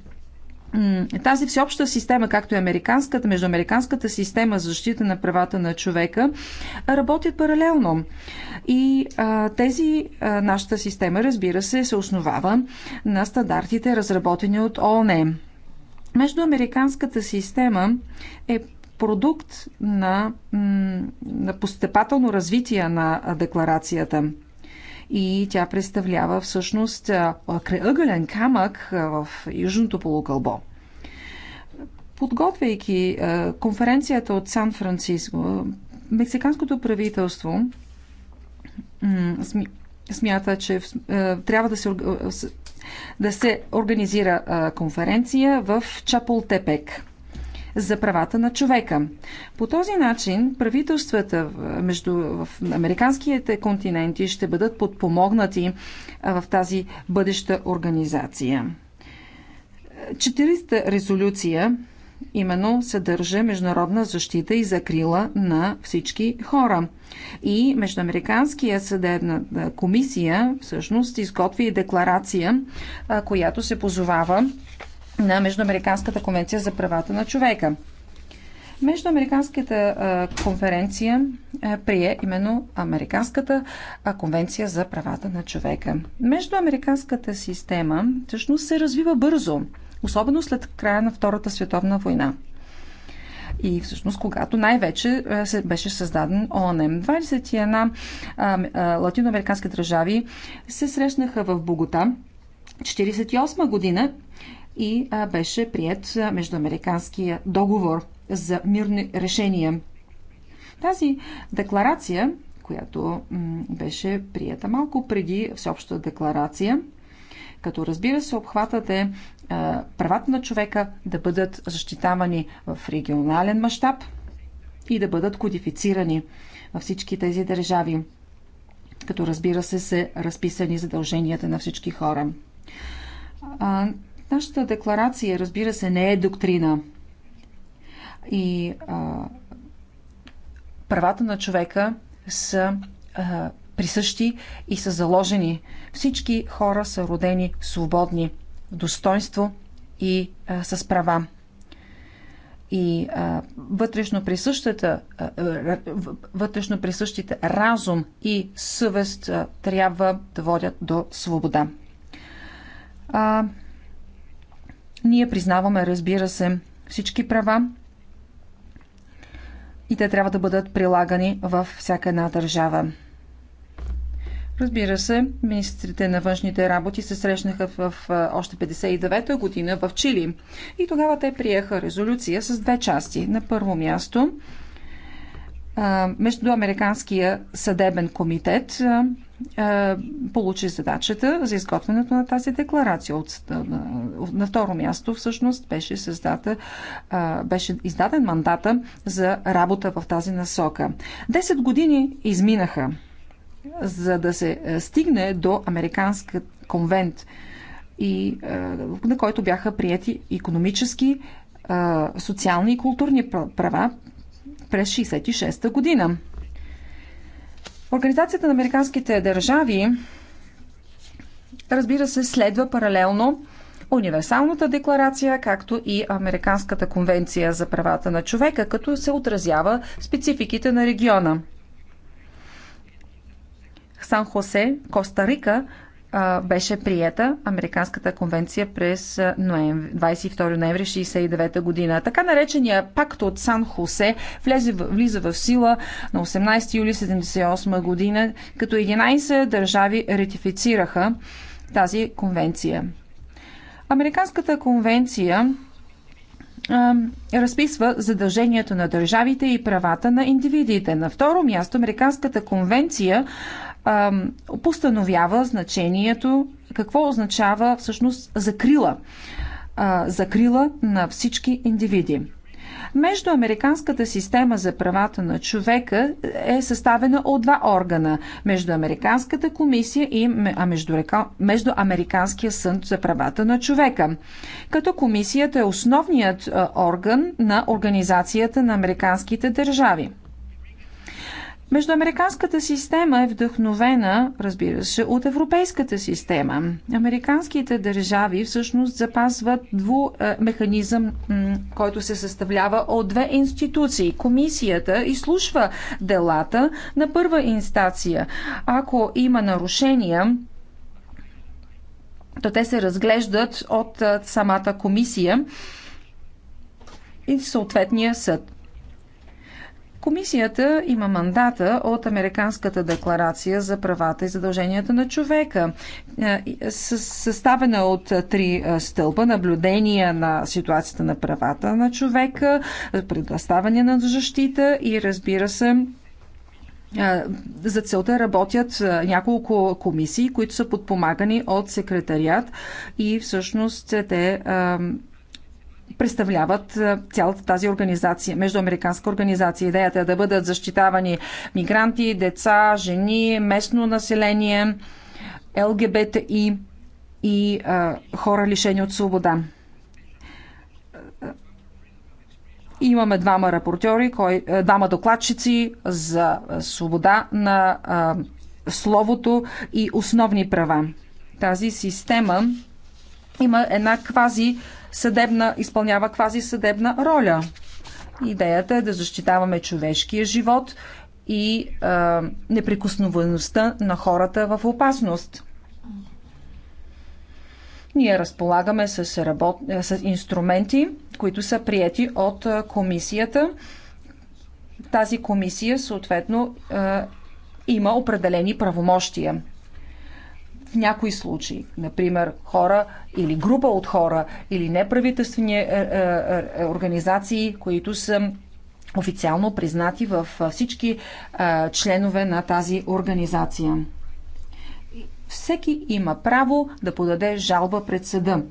тази всеобща система, както и американската, междуамериканската система за защита на правата на човека, работят паралелно. И а, тези, а, нашата система, разбира се, се основава на стандартите, разработени от ООН. Е. Междуамериканската система е продукт на, на постепателно развитие на декларацията. И тя представлява всъщност крайъгълен камък в Южното полукълбо. Подготвяйки конференцията от Сан-Франциско, мексиканското правителство смята, че е, трябва да се, е, да се организира е, конференция в Чапултепек за правата на човека. По този начин правителствата между в американските континенти ще бъдат подпомогнати в тази бъдеща организация. 400 резолюция именно съдържа международна защита и закрила на всички хора. И Междуамериканския съдебна комисия всъщност изготви и декларация, която се позовава на Междуамериканската конвенция за правата на човека. Междуамериканската конференция прие именно Американската конвенция за правата на човека. Междуамериканската система всъщност се развива бързо особено след края на Втората световна война. И всъщност, когато най-вече е, беше създаден ООН. 21 е, е, латиноамерикански държави се срещнаха в Богота 1948 година и беше прият Междуамериканския договор за мирни решения. Тази декларация, която беше прията малко преди Всеобща декларация, като разбира се обхватът е правата на човека да бъдат защитавани в регионален мащаб и да бъдат кодифицирани във всички тези държави, като разбира се се разписани задълженията на всички хора. А, нашата декларация, разбира се, не е доктрина. И а, правата на човека са а, присъщи и са заложени. Всички хора са родени свободни достоинство и а, с права. И а, вътрешно, присъщата, а, вътрешно присъщите разум и съвест а, трябва да водят до свобода. А, ние признаваме, разбира се, всички права и те трябва да бъдат прилагани във всяка една държава. Разбира се, министрите на външните работи се срещнаха в, в още 59-та година в Чили. И тогава те приеха резолюция с две части. На първо място, Американския съдебен комитет получи задачата за изготвянето на тази декларация. От, на второ място всъщност беше, създата, беше издаден мандата за работа в тази насока. Десет години изминаха за да се е, стигне до Американска конвент, и, е, на който бяха прияти економически, е, социални и културни права през 1966 година. Организацията на американските държави, разбира се, следва паралелно Универсалната декларация, както и Американската конвенция за правата на човека, като се отразява спецификите на региона. Сан Хосе, Коста Рика, беше приета Американската конвенция през ноември, 22 ноември 1969 година. Така наречения пакт от Сан Хосе влезе, влиза в сила на 18 юли 1978 година, като 11 държави ратифицираха тази конвенция. Американската конвенция разписва задълженията на държавите и правата на индивидите. На второ място, Американската конвенция постановява значението, какво означава всъщност закрила. Закрила на всички индивиди. Между Американската система за правата на човека е съставена от два органа между Американската комисия и между Американския съд за правата на човека. Като комисията е основният орган на Организацията на американските държави. Междуамериканската система е вдъхновена, разбира се, от европейската система. Американските държави всъщност запазват дву е, механизъм, който се съставлява от две институции. Комисията изслушва делата на първа инстанция. Ако има нарушения, то те се разглеждат от е, самата комисия и съответния съд. Комисията има мандата от Американската декларация за правата и задълженията на човека, е, е, съставена от е, три стълба наблюдения на ситуацията на правата на човека, предоставяне на защита и разбира се за целта работят няколко комисии, които са подпомагани от секретариат и всъщност те представляват е, цялата тази организация, междуамериканска организация. Идеята е да бъдат защитавани мигранти, деца, жени, местно население, ЛГБТИ и а, е, хора лишени от свобода. Е, имаме двама рапортьори, кой, двама докладчици за свобода на а, словото и основни права. Тази система има една квази съдебна, изпълнява квази съдебна роля. Идеята е да защитаваме човешкия живот и а, неприкосновеността на хората в опасност. Ние разполагаме с, работ... с инструменти, които са прияти от комисията. Тази комисия, съответно, има определени правомощия в някои случаи. Например, хора или група от хора или неправителствени е, е, е, организации, които са официално признати в всички членове на тази организация. Всеки има право да подаде жалба пред съда.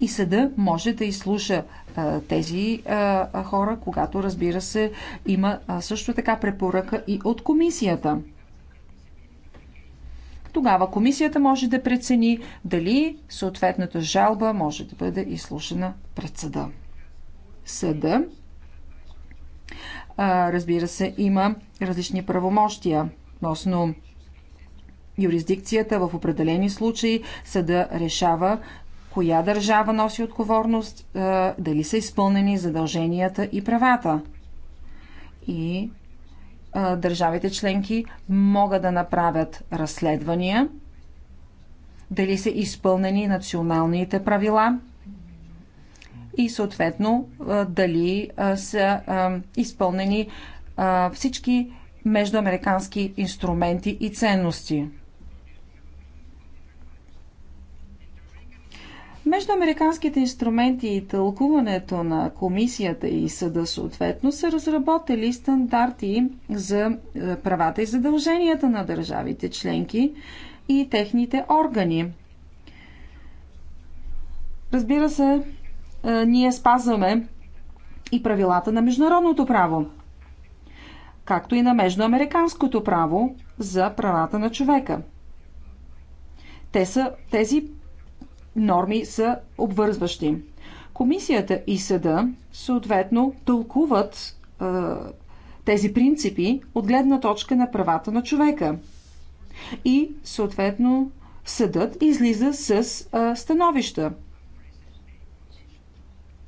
И съда може да изслуша а, тези а, хора, когато, разбира се, има а, също така препоръка и от комисията тогава комисията може да прецени дали съответната жалба може да бъде изслушана пред съда. Съда, разбира се, има различни правомощия относно юрисдикцията в определени случаи. Съда решава коя държава носи отговорност, дали са изпълнени задълженията и правата. И държавите членки могат да направят разследвания, дали са изпълнени националните правила и съответно дали са изпълнени всички междуамерикански инструменти и ценности. Между американските инструменти и тълкуването на комисията и съда съответно са разработили стандарти за е, правата и задълженията на държавите членки и техните органи. Разбира се, е, ние спазваме и правилата на международното право, както и на междуамериканското право за правата на човека. Те са, тези норми са обвързващи. Комисията и съда съответно тълкуват е, тези принципи от гледна точка на правата на човека. И съответно съдът излиза с е, становища,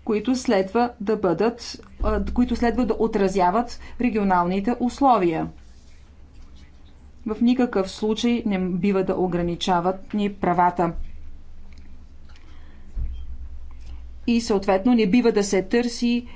които следва да бъдат, е, които следва да отразяват регионалните условия в никакъв случай не бива да ограничават ни правата. и съответно не бива да се търси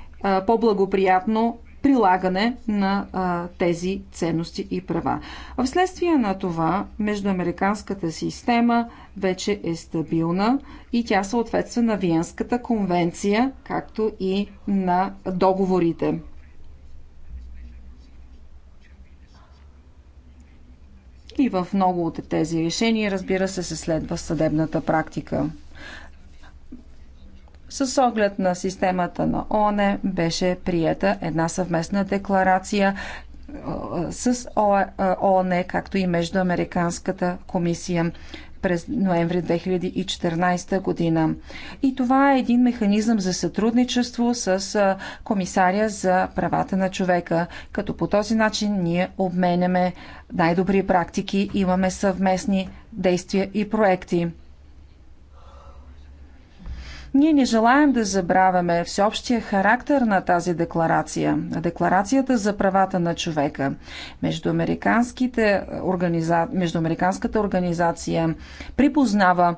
по-благоприятно прилагане на а, тези ценности и права. Вследствие на това, междуамериканската система вече е стабилна и тя съответства на Виенската конвенция, както и на договорите. И в много от тези решения, разбира се, се следва съдебната практика. С оглед на системата на ОНЕ беше прията една съвместна декларация с ООН, както и между Американската комисия през ноември 2014 година. И това е един механизъм за сътрудничество с комисаря за правата на човека, като по този начин ние обменяме най-добри практики, имаме съвместни действия и проекти. Ние не желаем да забравяме всеобщия характер на тази декларация, на декларацията за правата на човека. Междуамериканските организа... Междуамериканската организация припознава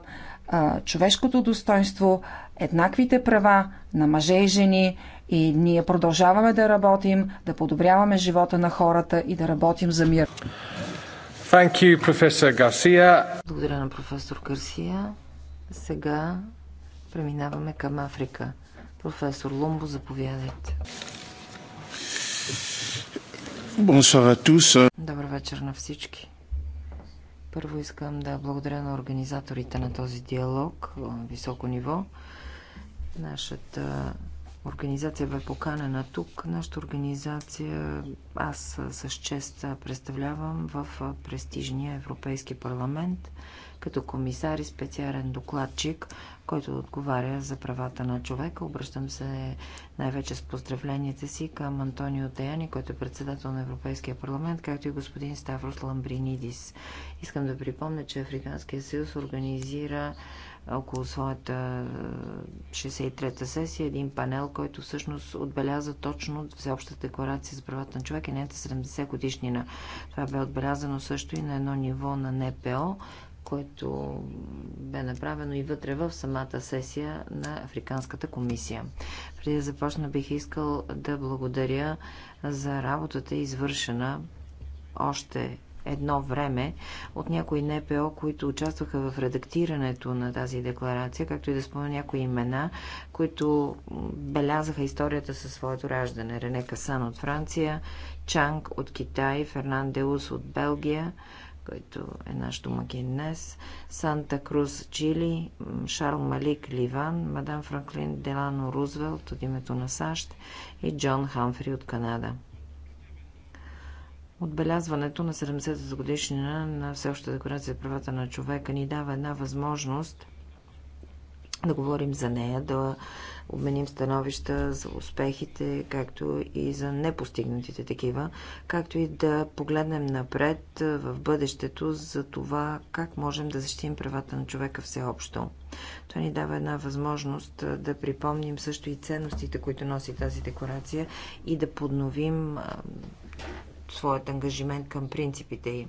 а, човешкото достоинство, еднаквите права на мъже и жени и ние продължаваме да работим, да подобряваме живота на хората и да работим за мир. Thank you, професор Гарсия. Благодаря на професор Гарсия. Сега Преминаваме към Африка. Професор Лумбо, заповядайте. Добър вечер на всички. Първо искам да благодаря на организаторите на този диалог на високо ниво. Нашата организация бе поканена тук. Нашата организация аз с чест представлявам в престижния Европейски парламент като комисар и специален докладчик който отговаря за правата на човека. Обръщам се най-вече с поздравленията си към Антонио Таяни, който е председател на Европейския парламент, както и господин Ставрос Ламбринидис. Искам да припомня, че Африканския съюз организира около своята 63-та е, сесия един панел, който всъщност отбеляза точно Всеобщата декларация за правата на човека и нейната 70 годишнина. Това бе отбелязано също и на едно ниво на НПО което бе направено и вътре в самата сесия на Африканската комисия. Преди да започна, бих искал да благодаря за работата, извършена още едно време от някои НПО, които участваха в редактирането на тази декларация, както и да спомня някои имена, които белязаха историята със своето раждане. Рене Касан от Франция, Чанг от Китай, Фернан Деус от Белгия, който е наш домакин днес, Санта Крус, Чили, Шарл Малик, Ливан, мадам Франклин Делано Рузвелт от името на САЩ и Джон Хамфри от Канада. Отбелязването на 70-та годишнина на Всеобщата декларация за правата на човека ни дава една възможност да говорим за нея, да обменим становища за успехите, както и за непостигнатите такива, както и да погледнем напред в бъдещето за това как можем да защитим правата на човека всеобщо. Това ни дава една възможност да припомним също и ценностите, които носи тази декларация и да подновим своят ангажимент към принципите й.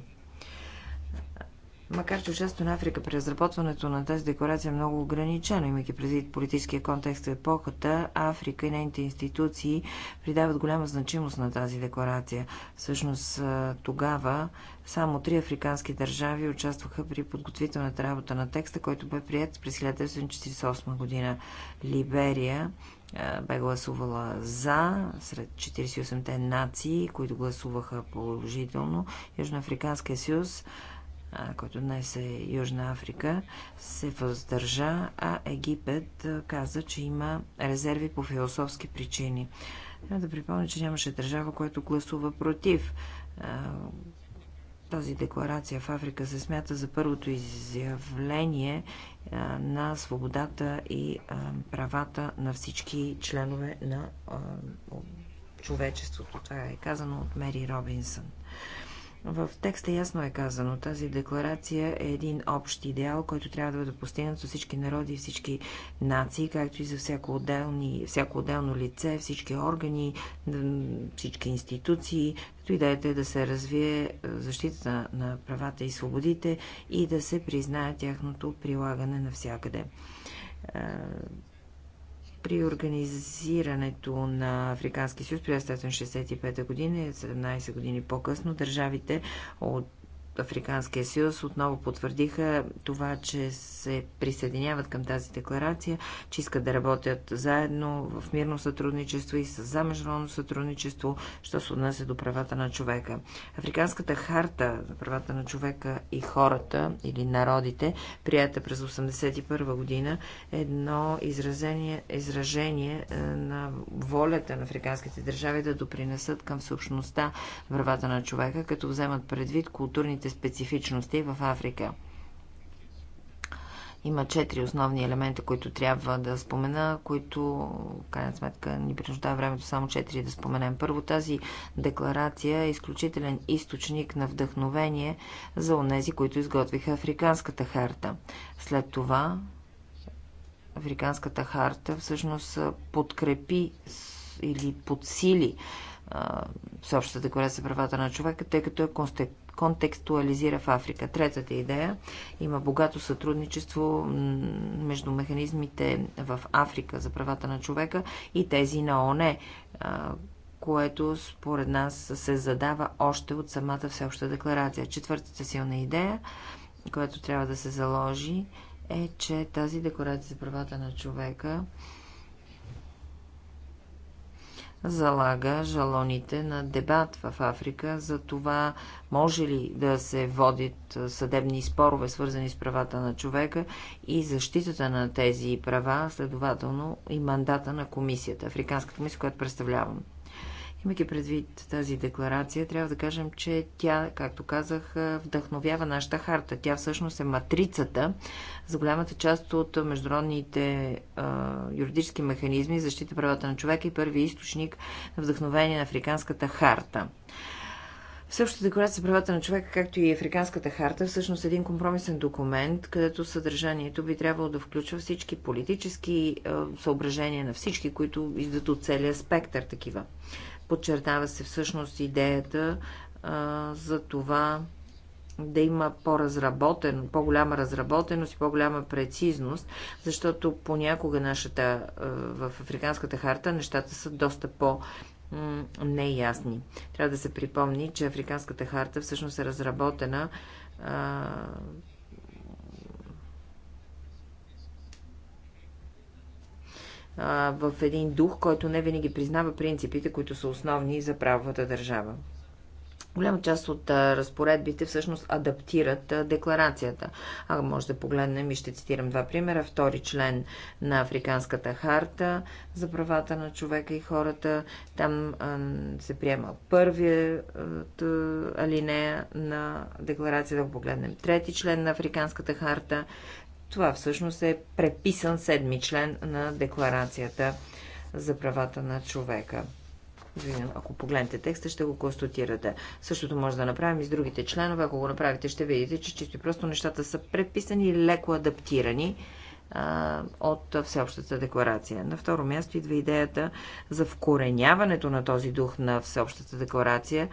Макар че участието на Африка при разработването на тази декларация е много ограничено, имайки предвид политическия контекст в епохата, Африка и нейните институции придават голяма значимост на тази декларация. Всъщност тогава само три африкански държави участваха при подготвителната работа на текста, който бе прият през 1948 година. Либерия бе гласувала за сред 48-те нации, които гласуваха положително. Южноафриканския съюз който днес е Южна Африка, се въздържа, а Египет каза, че има резерви по философски причини. Трябва да припомня, че нямаше държава, която гласува против. Тази декларация в Африка се смята за първото изявление на свободата и правата на всички членове на човечеството. Това е казано от Мери Робинсън. В текста ясно е казано, тази декларация е един общ идеал, който трябва да бъде постигнат за всички народи и всички нации, както и за всяко, отделни, всяко отделно лице, всички органи, всички институции, като идеята е да се развие е, защитата на правата и свободите и да се признае тяхното прилагане навсякъде е, при организирането на Африкански съюз през 1965 година и 17 години по-късно държавите от Африканския съюз отново потвърдиха това, че се присъединяват към тази декларация, че искат да работят заедно в мирно сътрудничество и с замежно сътрудничество, що се отнася до правата на човека. Африканската харта за правата на човека и хората или народите, прията през 1981 година, е едно изразение, изражение е, на волята на африканските държави да допринесат към съобщността правата на човека, като вземат предвид културните различните специфичности в Африка. Има четири основни елемента, които трябва да спомена, които, крайна сметка, ни принуждава времето само четири да споменем. Първо, тази декларация е изключителен източник на вдъхновение за онези, които изготвиха Африканската харта. След това, Африканската харта всъщност подкрепи или подсили съобщата декларация за правата на човека, тъй като е контекстуализира в Африка. Третата идея има богато сътрудничество между механизмите в Африка за правата на човека и тези на ОНЕ, което според нас се задава още от самата всеобща декларация. Четвъртата силна идея, която трябва да се заложи, е, че тази декларация за правата на човека залага жалоните на дебат в Африка за това може ли да се водят съдебни спорове, свързани с правата на човека и защитата на тези права, следователно и мандата на комисията, Африканската комисия, която представлявам. Имайки предвид тази декларация, трябва да кажем, че тя, както казах, вдъхновява нашата харта. Тя всъщност е матрицата за голямата част от международните а, юридически механизми защита правата на човека и първи източник на вдъхновение на Африканската харта. Също декларация за правата на човека, както и Африканската харта, всъщност е един компромисен документ, където съдържанието би трябвало да включва всички политически съображения на всички, които издат от целия спектър такива. Подчертава се всъщност идеята а, за това да има по-разработен, по-голяма разработеност и по-голяма прецизност, защото понякога нашата в Африканската харта нещата са доста по- неясни. Трябва да се припомни, че Африканската харта всъщност е разработена в един дух, който не винаги признава принципите, които са основни за правовата държава. Голяма част от разпоредбите всъщност адаптират декларацията. А може да погледнем и ще цитирам два примера. Втори член на Африканската харта за правата на човека и хората. Там се приема първият алинея на декларацията. Да погледнем трети член на Африканската харта това всъщност е преписан седми член на Декларацията за правата на човека. Извиням, ако погледнете текста, ще го констатирате. Същото може да направим и с другите членове. Ако го направите, ще видите, че чисто и просто нещата са преписани, леко адаптирани от Всеобщата декларация. На второ място идва идеята за вкореняването на този дух на Всеобщата декларация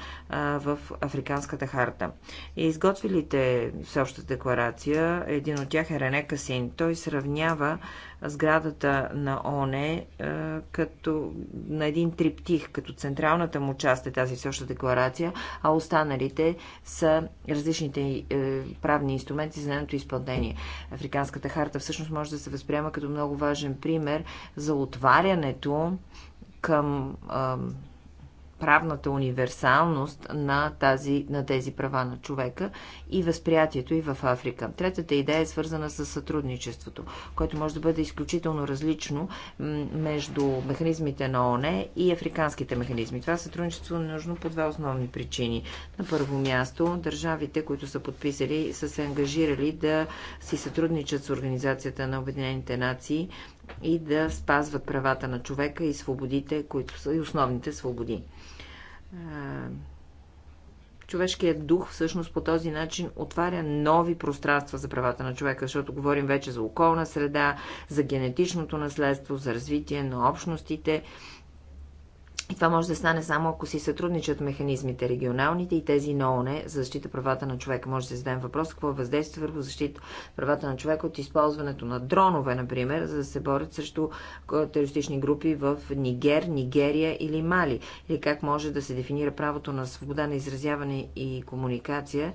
в Африканската харта. И изготвилите Всеобщата декларация, един от тях е Рене Касин. Той сравнява сградата на ОНЕ е, като на един триптих, като централната му част е тази всеобща декларация, а останалите са различните е, правни инструменти за нейното изпълнение. Африканската харта всъщност може да се възприема като много важен пример за отварянето към правната универсалност на, тази, на тези права на човека и възприятието и в Африка. Третата идея е свързана с сътрудничеството, което може да бъде изключително различно между механизмите на ОНЕ и африканските механизми. Това сътрудничество е нужно по две основни причини. На първо място, държавите, които са подписали, са се ангажирали да си сътрудничат с Организацията на Обединените нации и да спазват правата на човека и свободите, които са и основните свободи човешкият дух всъщност по този начин отваря нови пространства за правата на човека, защото говорим вече за околна среда, за генетичното наследство, за развитие на общностите и това може да стане само ако си сътрудничат механизмите, регионалните и тези на ОНЕ за защита правата на човека. Може да зададем въпрос какво е въздействие върху защита правата на човека от използването на дронове, например, за да се борят срещу терористични групи в Нигер, Нигерия или Мали. Или как може да се дефинира правото на свобода на изразяване и комуникация,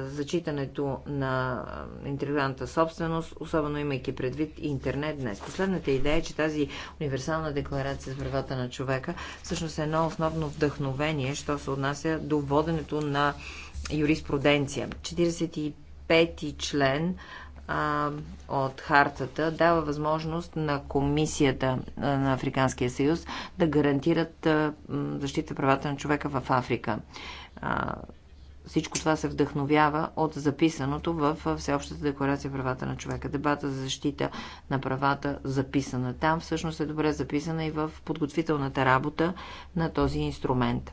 зачитането на интегралната собственост, особено имайки предвид интернет днес. Последната идея е, че тази универсална декларация за правата на човека всъщност едно основно вдъхновение, що се отнася до воденето на юриспруденция. 45-ти член а, от хартата дава възможност на Комисията на Африканския съюз да гарантират а, защита правата на човека в Африка. А, всичко това се вдъхновява от записаното в Всеобщата декларация правата на човека. Дебата за защита на правата записана там всъщност е добре записана и в подготвителната работа на този инструмент.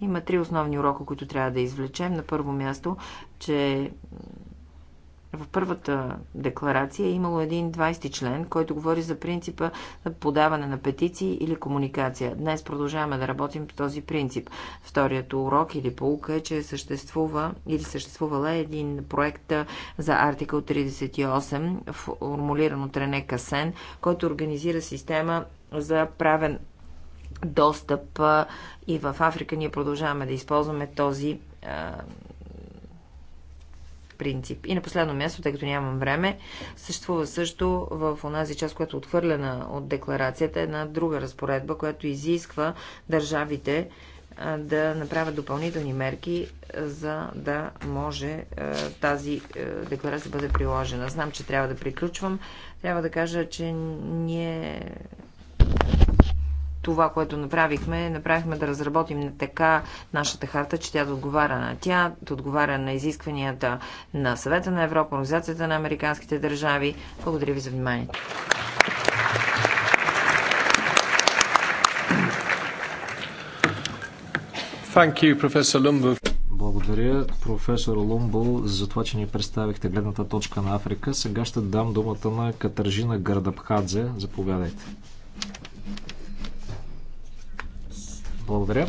Има три основни урока, които трябва да извлечем. На първо място, че в първата декларация е имало един 20 член, който говори за принципа на подаване на петиции или комуникация. Днес продължаваме да работим по този принцип. Вторият урок или полука е, че съществува или съществувала е един проект за артикъл 38, формулиран от Рене Касен, който организира система за правен достъп и в Африка ние продължаваме да използваме този принцип. И на последно място, тъй като нямам време, съществува също в онази част, която е отхвърлена от декларацията, една друга разпоредба, която изисква държавите да направят допълнителни мерки, за да може тази декларация да бъде приложена. Знам, че трябва да приключвам. Трябва да кажа, че ние това, което направихме, направихме да разработим така нашата харта, че тя да отговаря на тя, да отговаря на изискванията на Съвета на Европа, Организацията на Американските държави. Благодаря ви за вниманието. You, Благодаря, професор Лумбо, за това, че ни представихте гледната точка на Африка. Сега ще дам думата на Катържина Гърдабхадзе. Заповядайте. Благодаря.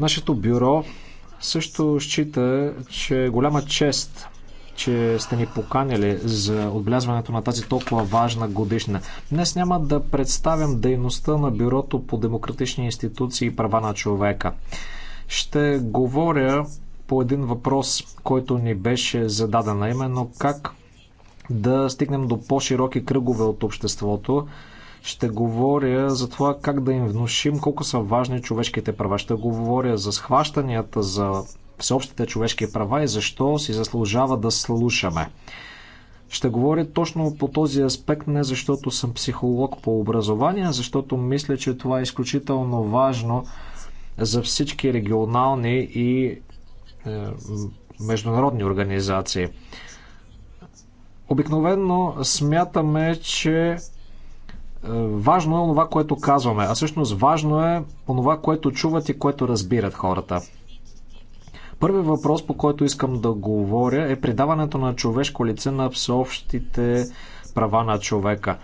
Нашето бюро също счита, че е голяма чест, че сте ни поканили за отблязването на тази толкова важна годишна. Днес няма да представям дейността на Бюрото по демократични институции и права на човека. Ще говоря по един въпрос, който ни беше зададен, а именно как да стигнем до по-широки кръгове от обществото, ще говоря за това как да им внушим колко са важни човешките права. Ще говоря за схващанията за всеобщите човешки права и защо си заслужава да слушаме. Ще говоря точно по този аспект не защото съм психолог по образование, защото мисля, че това е изключително важно за всички регионални и е, международни организации. Обикновено смятаме, че е, важно е това, което казваме, а всъщност важно е това, което чуват и което разбират хората. Първият въпрос, по който искам да говоря, е придаването на човешко лице на всеобщите права на човека.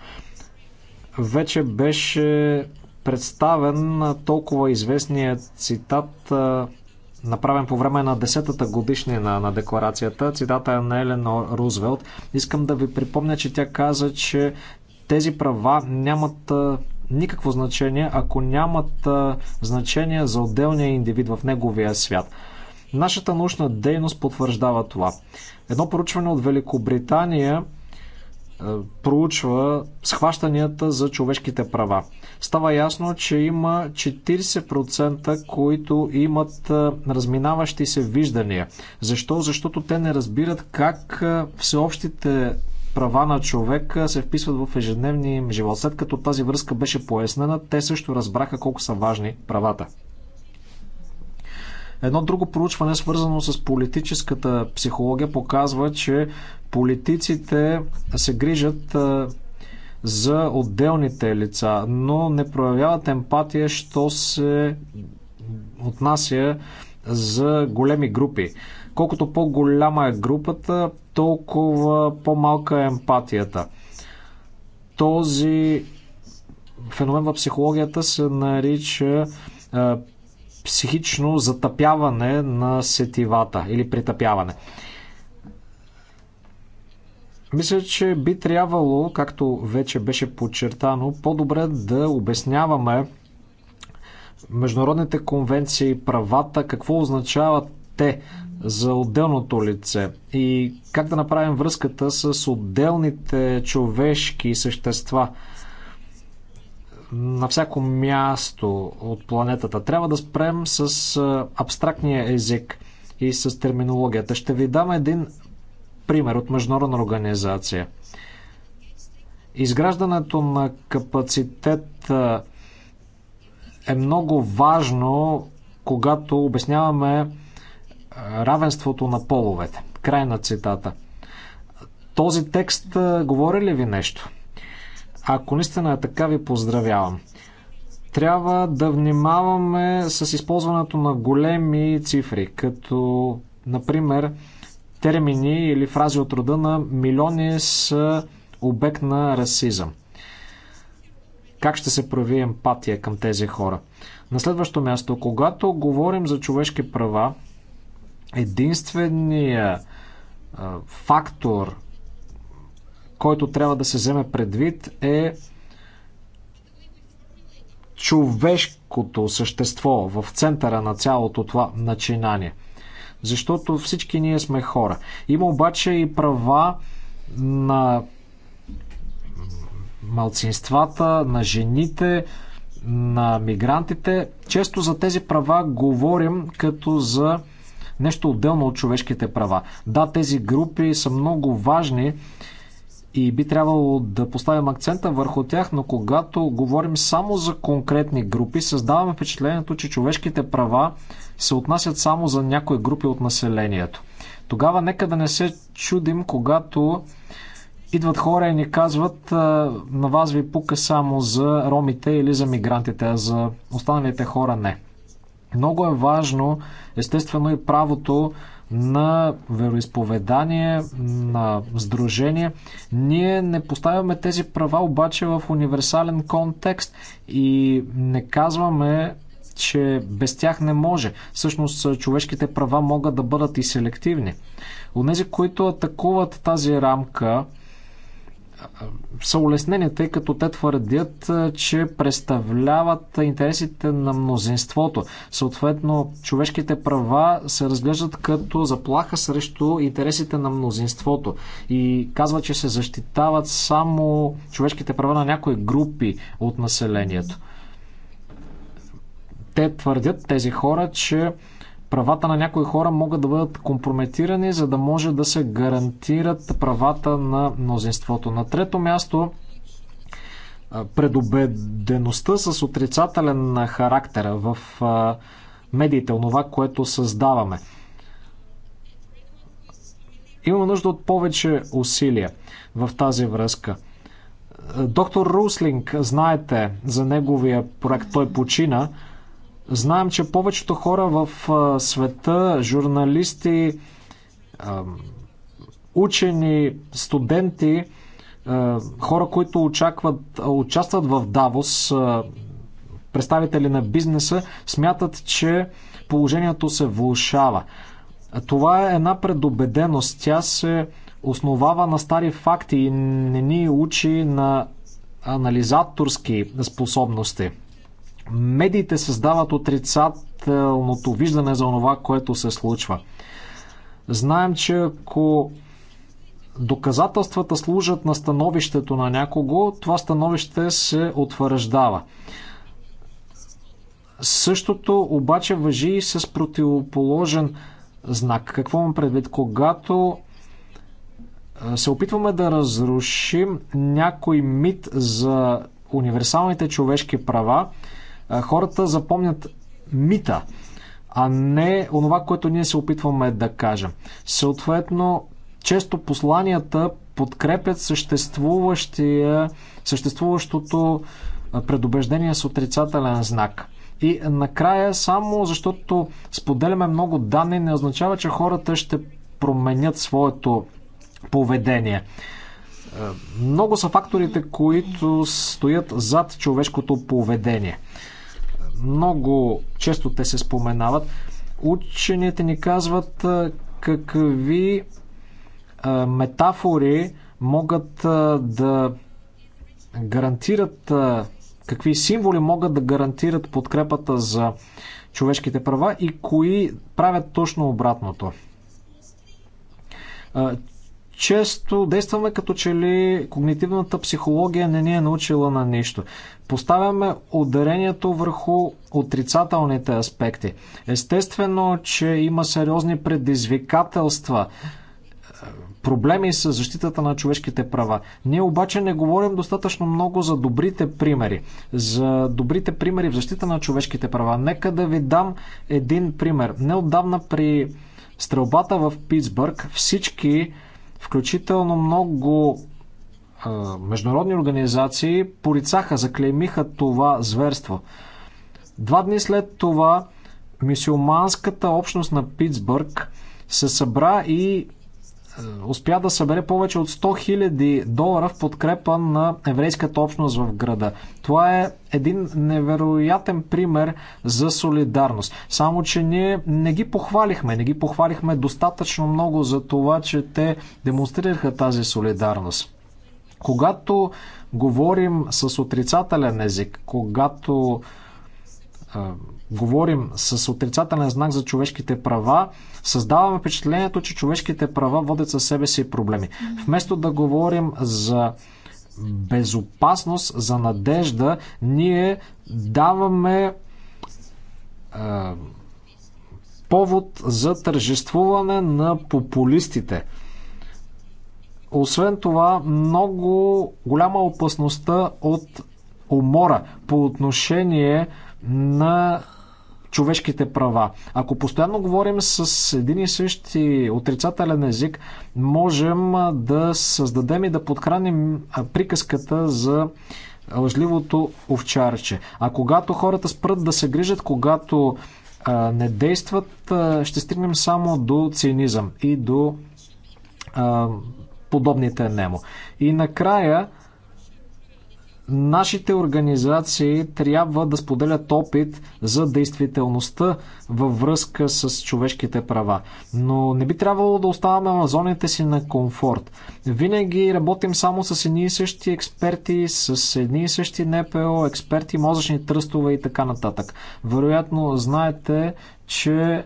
Вече беше представен толкова известният цитат, е, направен по време на 10-та годишнина на декларацията. Цитата е на Елена Рузвелт. Искам да ви припомня, че тя каза, че тези права нямат никакво значение, ако нямат значение за отделния индивид в неговия свят. Нашата научна дейност потвърждава това. Едно проучване от Великобритания проучва схващанията за човешките права. Става ясно, че има 40%, които имат разминаващи се виждания. Защо? Защото те не разбират как всеобщите права на човека се вписват в ежедневния им живот. След като тази връзка беше пояснена, те също разбраха колко са важни правата. Едно друго проучване, свързано с политическата психология, показва, че политиците се грижат за отделните лица, но не проявяват емпатия, що се отнася за големи групи. Колкото по-голяма е групата, толкова по-малка е емпатията. Този феномен в психологията се нарича е, психично затъпяване на сетивата или притъпяване. Мисля, че би трябвало, както вече беше подчертано, по-добре да обясняваме международните конвенции, правата, какво означават те за отделното лице и как да направим връзката с отделните човешки същества на всяко място от планетата. Трябва да спрем с абстрактния език и с терминологията. Ще ви дам един пример от международна организация. Изграждането на капацитет е много важно, когато обясняваме равенството на половете. Край на цитата. Този текст говори ли ви нещо? Ако наистина е така, ви поздравявам. Трябва да внимаваме с използването на големи цифри, като, например, термини или фрази от рода на милиони са обект на расизъм. Как ще се прояви емпатия към тези хора? На следващо място, когато говорим за човешки права, единствения фактор, който трябва да се вземе предвид е човешкото същество в центъра на цялото това начинание. Защото всички ние сме хора. Има обаче и права на малцинствата, на жените, на мигрантите. Често за тези права говорим като за нещо отделно от човешките права. Да, тези групи са много важни и би трябвало да поставим акцента върху тях, но когато говорим само за конкретни групи, създаваме впечатлението, че човешките права се отнасят само за някои групи от населението. Тогава нека да не се чудим, когато идват хора и ни казват на вас ви пука само за ромите или за мигрантите, а за останалите хора не. Много е важно, естествено, и правото на вероисповедание, на сдружение. Ние не поставяме тези права обаче в универсален контекст и не казваме, че без тях не може. Всъщност, човешките права могат да бъдат и селективни. Онези, които атакуват тази рамка, са улеснени, тъй като те твърдят, че представляват интересите на мнозинството. Съответно, човешките права се разглеждат като заплаха срещу интересите на мнозинството и казва, че се защитават само човешките права на някои групи от населението. Те твърдят, тези хора, че правата на някои хора могат да бъдат компрометирани, за да може да се гарантират правата на мнозинството. На трето място предобедеността с отрицателен характер в медиите, онова, което създаваме. Имаме нужда от повече усилия в тази връзка. Доктор Руслинг, знаете за неговия проект, той почина – Знаем, че повечето хора в света, журналисти, учени, студенти, хора, които очакват, участват в Давос, представители на бизнеса, смятат, че положението се влушава. Това е една предубеденост. Тя се основава на стари факти и не ни учи на анализаторски способности медиите създават отрицателното виждане за това, което се случва. Знаем, че ако доказателствата служат на становището на някого, това становище се утвърждава. Същото обаче въжи и с противоположен знак. Какво имам предвид? Когато се опитваме да разрушим някой мит за универсалните човешки права, Хората запомнят мита, а не онова, което ние се опитваме да кажем. Съответно, често посланията подкрепят съществуващото предубеждение с отрицателен знак. И накрая, само защото споделяме много данни, не означава, че хората ще променят своето поведение. Много са факторите, които стоят зад човешкото поведение. Много често те се споменават. Учените ни казват какви метафори могат да гарантират, какви символи могат да гарантират подкрепата за човешките права и кои правят точно обратното често действаме като че ли когнитивната психология не ни е научила на нищо. Поставяме ударението върху отрицателните аспекти. Естествено, че има сериозни предизвикателства, проблеми с защитата на човешките права. Ние обаче не говорим достатъчно много за добрите примери. За добрите примери в защита на човешките права. Нека да ви дам един пример. Неотдавна при стрелбата в Питсбърг всички Включително много е, международни организации порицаха, заклеймиха това зверство. Два дни след това мисиоманската общност на Питсбърг се събра и успя да събере повече от 100 000 долара в подкрепа на еврейската общност в града. Това е един невероятен пример за солидарност. Само, че ние не ги похвалихме. Не ги похвалихме достатъчно много за това, че те демонстрираха тази солидарност. Когато говорим с отрицателен език, когато говорим с отрицателен знак за човешките права, Създаваме впечатлението, че човешките права водят със себе си проблеми. Вместо да говорим за безопасност, за надежда, ние даваме е, повод за тържествуване на популистите. Освен това, много голяма опасността от умора по отношение на човешките права. Ако постоянно говорим с един и същи отрицателен език, можем да създадем и да подхраним приказката за лъжливото овчарче. А когато хората спрат да се грижат, когато не действат, ще стигнем само до цинизъм и до подобните немо. И накрая Нашите организации трябва да споделят опит за действителността във връзка с човешките права. Но не би трябвало да оставаме в зоните си на комфорт. Винаги работим само с едни и същи експерти, с едни и същи НПО, експерти, мозъчни тръстове и така нататък. Вероятно знаете, че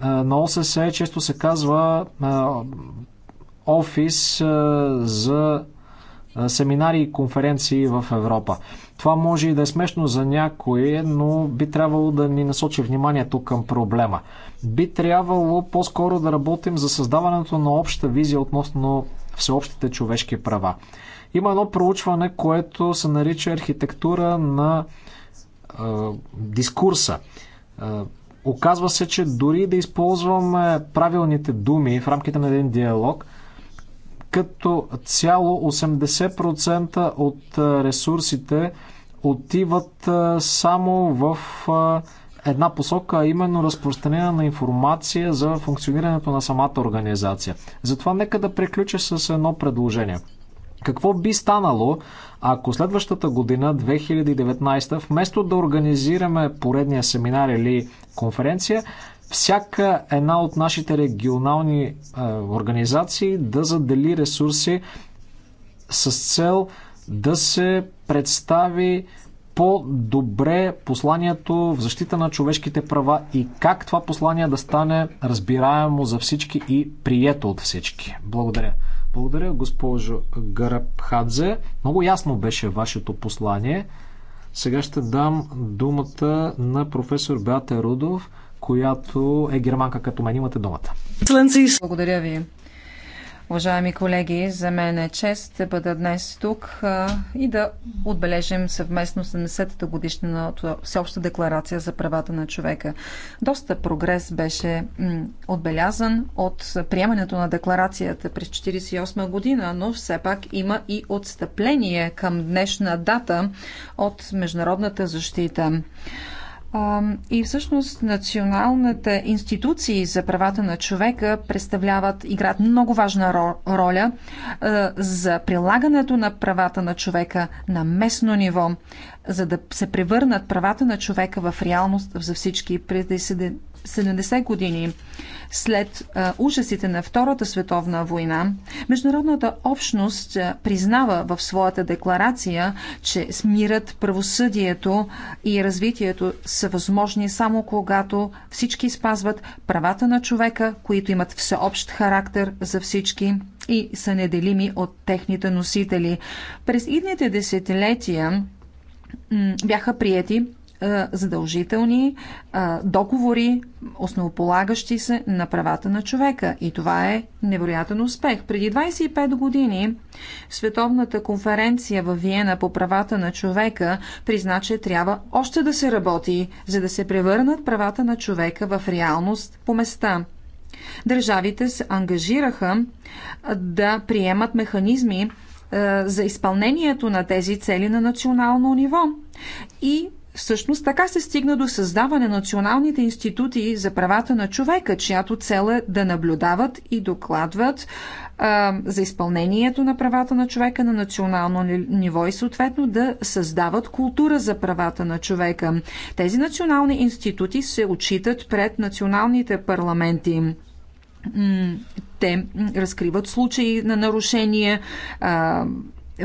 на ОССЕ често се казва офис за семинари и конференции в Европа. Това може и да е смешно за някои, но би трябвало да ни насочи вниманието към проблема. Би трябвало по-скоро да работим за създаването на обща визия относно всеобщите човешки права. Има едно проучване, което се нарича архитектура на е, дискурса. Е, оказва се, че дори да използваме правилните думи в рамките на един диалог – като цяло 80% от ресурсите отиват само в една посока, а именно разпространение на информация за функционирането на самата организация. Затова нека да приключа с едно предложение. Какво би станало, ако следващата година, 2019, вместо да организираме поредния семинар или конференция, всяка една от нашите регионални е, организации да задели ресурси с цел да се представи по-добре посланието в защита на човешките права и как това послание да стане разбираемо за всички и прието от всички. Благодаря. Благодаря, госпожо Гарабхадзе. Много ясно беше вашето послание. Сега ще дам думата на професор Беате Рудов, която е германка като мен. Имате думата. Благодаря ви. Уважаеми колеги, за мен е чест да бъда днес тук а, и да отбележим съвместно 70-та годишна на Всеобща декларация за правата на човека. Доста прогрес беше отбелязан от приемането на декларацията през 1948 година, но все пак има и отстъпление към днешна дата от международната защита. И всъщност националните институции за правата на човека представляват, играят много важна роля за прилагането на правата на човека на местно ниво, за да се превърнат правата на човека в реалност за всички 70 години след ужасите на Втората световна война, международната общност признава в своята декларация, че мирът, правосъдието и развитието са възможни само когато всички спазват правата на човека, които имат всеобщ характер за всички и са неделими от техните носители. През идните десетилетия бяха приети е, задължителни е, договори, основополагащи се на правата на човека. И това е невероятен успех. Преди 25 години Световната конференция в Виена по правата на човека призна, че трябва още да се работи, за да се превърнат правата на човека в реалност по места. Държавите се ангажираха е, да приемат механизми за изпълнението на тези цели на национално ниво. И Всъщност така се стигна до създаване на националните институти за правата на човека, чиято цел е да наблюдават и докладват а, за изпълнението на правата на човека на национално ниво и съответно да създават култура за правата на човека. Тези национални институти се отчитат пред националните парламенти те разкриват случаи на нарушения,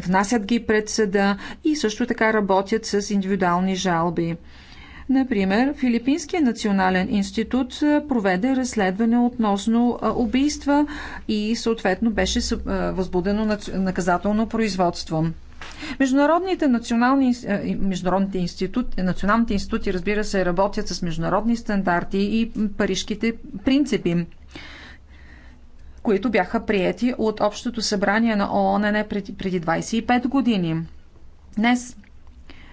внасят ги пред съда и също така работят с индивидуални жалби. Например, Филипинския национален институт проведе разследване относно убийства и съответно беше възбудено наказателно производство. Международните, национални, международните институти, националните институти, разбира се, работят с международни стандарти и парижките принципи които бяха приети от Общото събрание на ООН преди, преди 25 години. Днес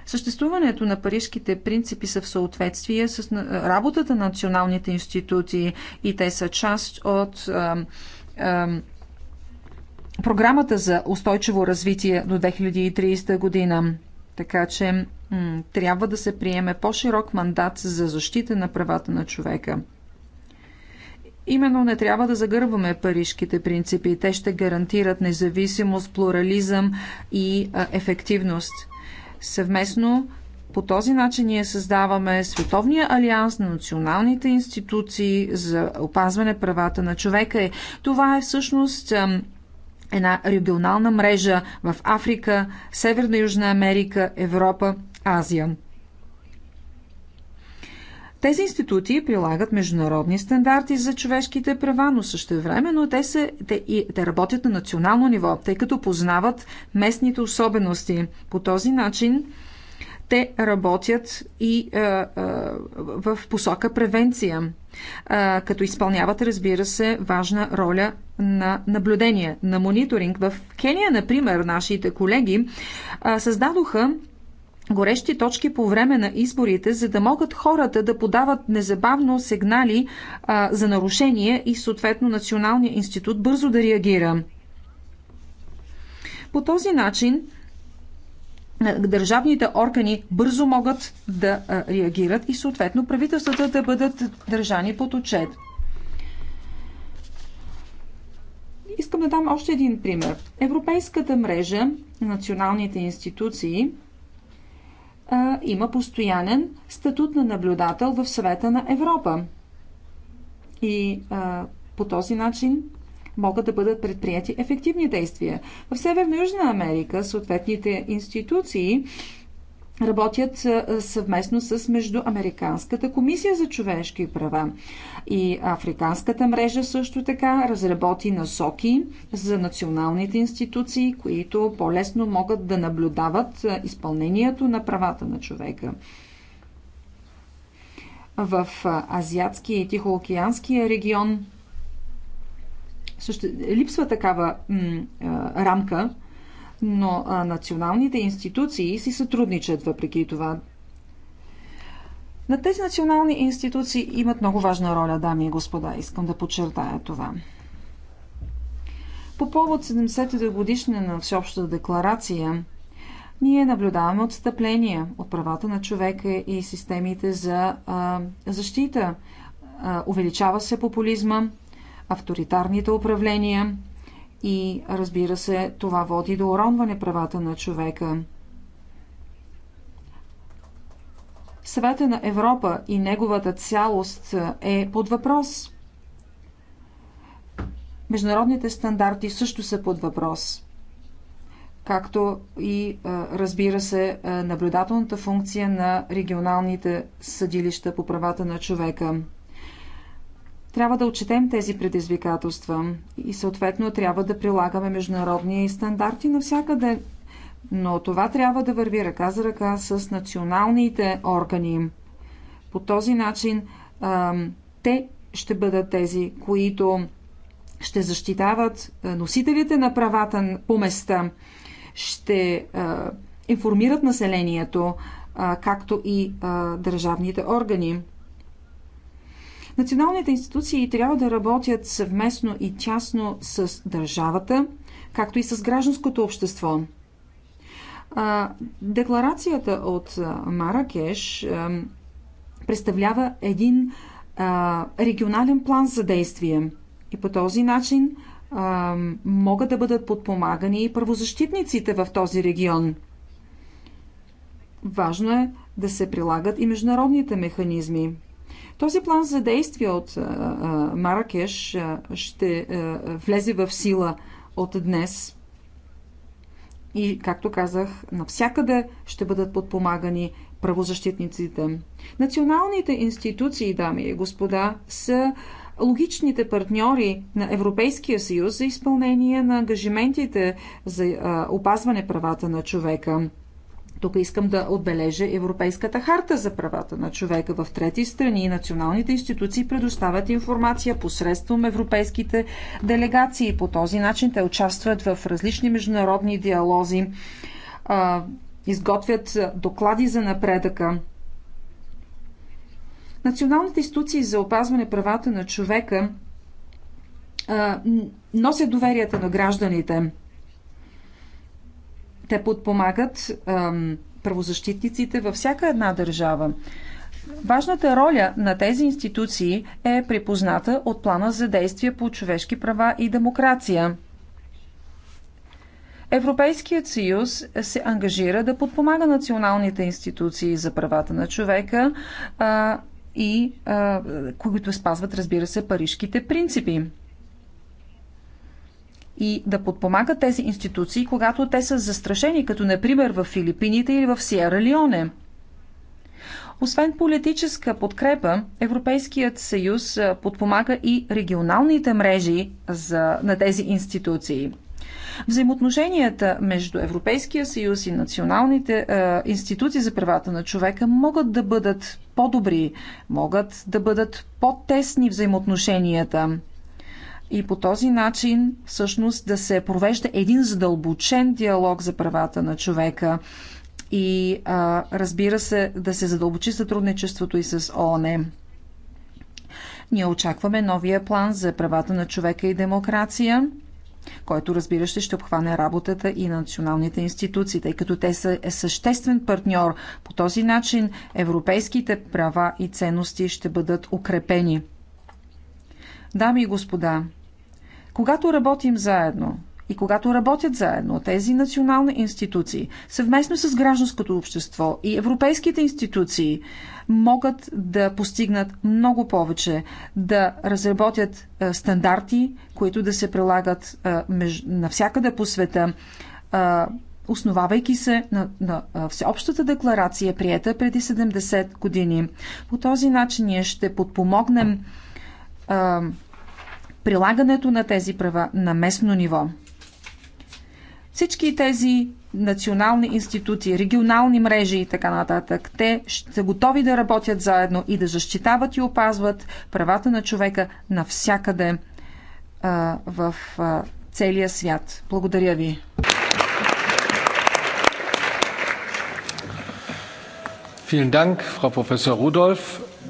Съществуването на парижките принципи са в съответствие с работата на националните институции и те са част от а, а, програмата за устойчиво развитие до 2030 година. Така че трябва да се приеме по-широк мандат за защита на правата на човека. Именно не трябва да загърбваме парижките принципи. Те ще гарантират независимост, плурализъм и а, ефективност. Съвместно по този начин ние създаваме Световния алианс на националните институции за опазване правата на човека. Е, това е всъщност една регионална мрежа в Африка, Северна Южна Америка, Европа, Азия. Тези институти прилагат международни стандарти за човешките права, но същевременно те, се, те, и, те работят на национално ниво, тъй като познават местните особености. По този начин те работят и а, а, в посока превенция, а, като изпълняват, разбира се, важна роля на наблюдение, на мониторинг. В Кения, например, нашите колеги а, създадоха горещи точки по време на изборите, за да могат хората да подават незабавно сигнали а, за нарушение и съответно Националния институт бързо да реагира. По този начин държавните органи бързо могат да реагират и съответно правителствата да бъдат държани под отчет. Искам да дам още един пример. Европейската мрежа на националните институции – а, има постоянен статут на наблюдател в съвета на Европа. И а, по този начин могат да бъдат предприяти ефективни действия. В Северна Южна Америка съответните институции работят съвместно с Междуамериканската комисия за човешки права. И Африканската мрежа също така разработи насоки за националните институции, които по-лесно могат да наблюдават изпълнението на правата на човека. В Азиатския и Тихоокеанския регион също, липсва такава рамка но а, националните институции си сътрудничат въпреки това. На тези национални институции имат много важна роля, дами и господа. Искам да подчертая това. По повод 70-та годишна на Всеобщата декларация, ние наблюдаваме отстъпления от правата на човека и системите за а, защита. А, увеличава се популизма, авторитарните управления – и разбира се, това води до уронване правата на човека. Съвета на Европа и неговата цялост е под въпрос. Международните стандарти също са под въпрос. Както и, разбира се, наблюдателната функция на регионалните съдилища по правата на човека. Трябва да отчетем тези предизвикателства и съответно трябва да прилагаме международни стандарти навсякъде. Но това трябва да върви ръка за ръка с националните органи. По този начин те ще бъдат тези, които ще защитават носителите на правата по места, ще информират населението, както и държавните органи. Националните институции трябва да работят съвместно и тясно с държавата, както и с гражданското общество. Декларацията от Маракеш представлява един регионален план за действие и по този начин могат да бъдат подпомагани и правозащитниците в този регион. Важно е да се прилагат и международните механизми. Този план за действие от Маракеш ще влезе в сила от днес. И, както казах, навсякъде ще бъдат подпомагани правозащитниците. Националните институции, дами и господа, са логичните партньори на Европейския съюз за изпълнение на ангажиментите за опазване правата на човека. Тук искам да отбележа Европейската харта за правата на човека в трети страни националните институции предоставят информация посредством европейските делегации. По този начин те участват в различни международни диалози, изготвят доклади за напредъка. Националните институции за опазване правата на човека носят доверията на гражданите – те подпомагат ам, правозащитниците във всяка една държава. Важната роля на тези институции е припозната от плана за действие по човешки права и демокрация. Европейският съюз се ангажира да подпомага националните институции за правата на човека а, и а, които спазват, разбира се, парижките принципи и да подпомагат тези институции, когато те са застрашени, като например в Филипините или в Сиера Лионе. Освен политическа подкрепа, Европейският съюз подпомага и регионалните мрежи за, на тези институции. Взаимоотношенията между Европейския съюз и националните е, институции за правата на човека могат да бъдат по-добри, могат да бъдат по-тесни взаимоотношенията и по този начин всъщност да се провежда един задълбочен диалог за правата на човека и а, разбира се да се задълбочи сътрудничеството и с ООН. Ние очакваме новия план за правата на човека и демокрация който разбира се ще обхване работата и на националните институции, тъй като те са е съществен партньор. По този начин европейските права и ценности ще бъдат укрепени. Дами и господа, когато работим заедно и когато работят заедно тези национални институции, съвместно с гражданското общество и европейските институции, могат да постигнат много повече, да разработят е, стандарти, които да се прилагат е, навсякъде по света, е, основавайки се на, на Всеобщата декларация, приета преди 70 години. По този начин ние ще подпомогнем прилагането на тези права на местно ниво. Всички тези национални институции, регионални мрежи и така нататък, те са готови да работят заедно и да защитават и опазват правата на човека навсякъде а, в а, целия свят. Благодаря ви. Vielen Dank, Frau Professor Rudolph.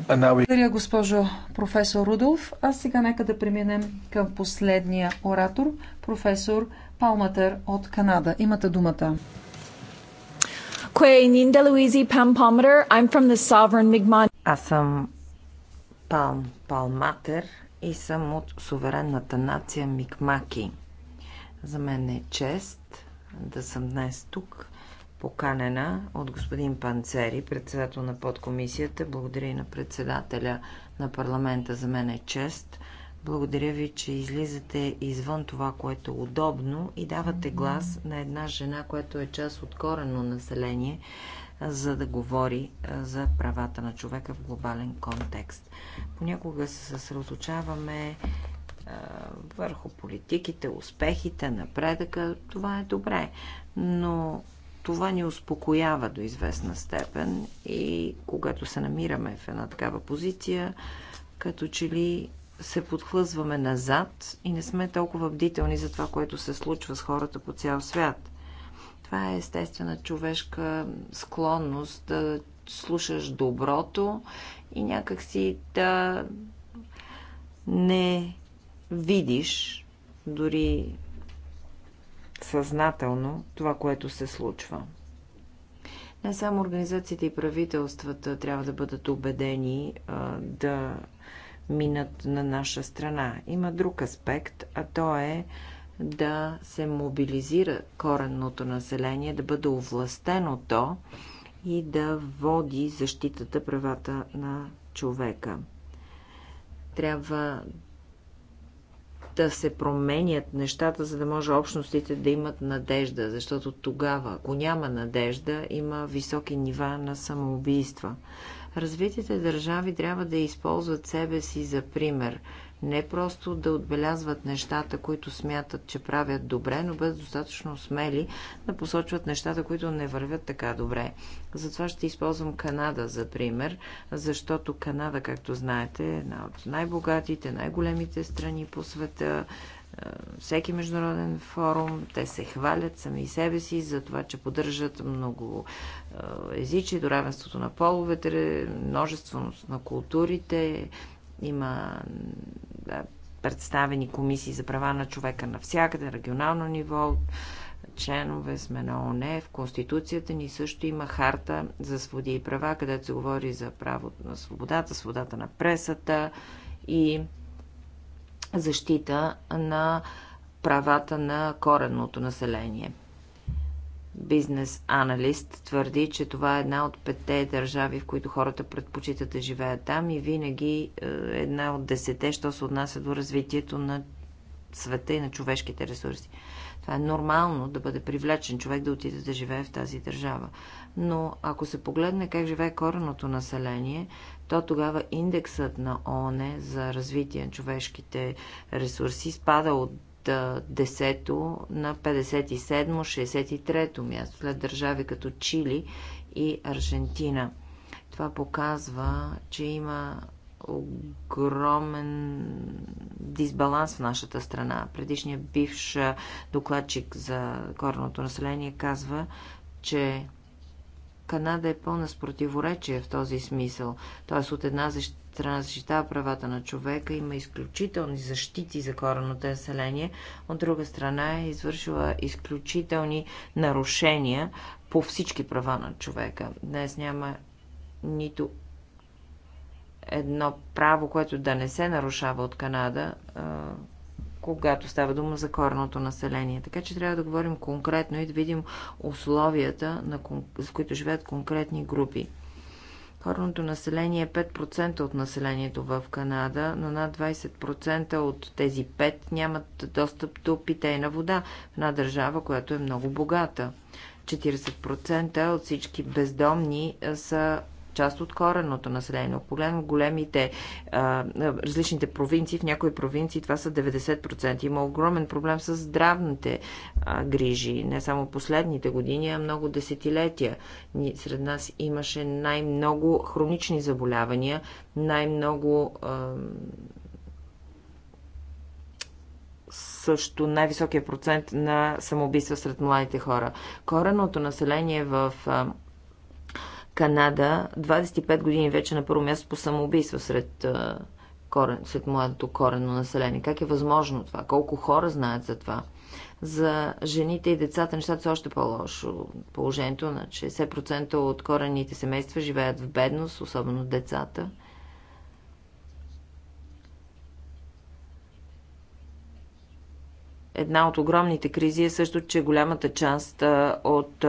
Благодаря, госпожо професор Рудолф. А сега нека да преминем към последния оратор, професор Палматер от Канада. Имате думата. Аз съм Пал, Палматер и съм от суверенната нация Микмаки. За мен е чест да съм днес тук поканена от господин Панцери, председател на подкомисията. Благодаря и на председателя на парламента. За мен е чест. Благодаря ви, че излизате извън това, което е удобно и давате глас на една жена, която е част от коренно население, за да говори за правата на човека в глобален контекст. Понякога се съсредоточаваме върху политиките, успехите, напредъка. Това е добре. Но това ни успокоява до известна степен и когато се намираме в една такава позиция, като че ли се подхлъзваме назад и не сме толкова бдителни за това, което се случва с хората по цял свят. Това е естествена човешка склонност да слушаш доброто и някакси да не видиш дори съзнателно това, което се случва. Не само организациите и правителствата трябва да бъдат убедени а, да минат на наша страна. Има друг аспект, а то е да се мобилизира коренното население, да бъде овластено то и да води защитата правата на човека. Трябва да се променят нещата, за да може общностите да имат надежда, защото тогава, ако няма надежда, има високи нива на самоубийства. Развитите държави трябва да използват себе си за пример. Не просто да отбелязват нещата, които смятат, че правят добре, но без достатъчно смели да посочват нещата, които не вървят така добре. Затова ще използвам Канада за пример, защото Канада, както знаете, е една от най-богатите, най-големите страни по света е, всеки международен форум. Те се хвалят сами себе си за това, че поддържат много е, езичи, до равенството на половете, множественост на културите, има е, представени комисии за права на човека навсякъде, регионално ниво, членове сме на ОНЕ. В Конституцията ни също има харта за свободи и права, където се говори за правото на свободата, свободата на пресата и защита на правата на коренното население бизнес аналист твърди, че това е една от петте държави, в които хората предпочитат да живеят там и винаги е, една от десете, що се отнася до развитието на света и на човешките ресурси. Това е нормално да бъде привлечен човек да отиде да живее в тази държава. Но ако се погледне как живее кореното население, то тогава индексът на ОНЕ за развитие на човешките ресурси спада от десето на 57-63-то място, след държави като Чили и Аржентина. Това показва, че има огромен дисбаланс в нашата страна. Предишният бивш докладчик за корното население казва, че Канада е пълна с противоречия в този смисъл. Т.е. от една страна защитава правата на човека, има изключителни защити за коренното население, от друга страна е извършила изключителни нарушения по всички права на човека. Днес няма нито едно право, което да не се нарушава от Канада, когато става дума за корното население. Така че трябва да говорим конкретно и да видим условията, на, в които живеят конкретни групи. Хорното население е 5% от населението в Канада, но над 20% от тези 5 нямат достъп до питейна вода в една държава, която е много богата. 40% от всички бездомни са част от коренното население. Големо, големите, а, различните провинции, в някои провинции това са 90%. Има огромен проблем с здравните а, грижи, не само последните години, а много десетилетия. Ни, сред нас имаше най-много хронични заболявания, най-много също най-високия процент на самоубийства сред младите хора. Кореното население в Канада 25 години вече на първо място по самоубийство сред, корен, сред младото корено население. Как е възможно това? Колко хора знаят за това? За жените и децата нещата са още по-лошо. Положението на 60% от корените семейства живеят в бедност, особено децата. Една от огромните кризи е също, че голямата част от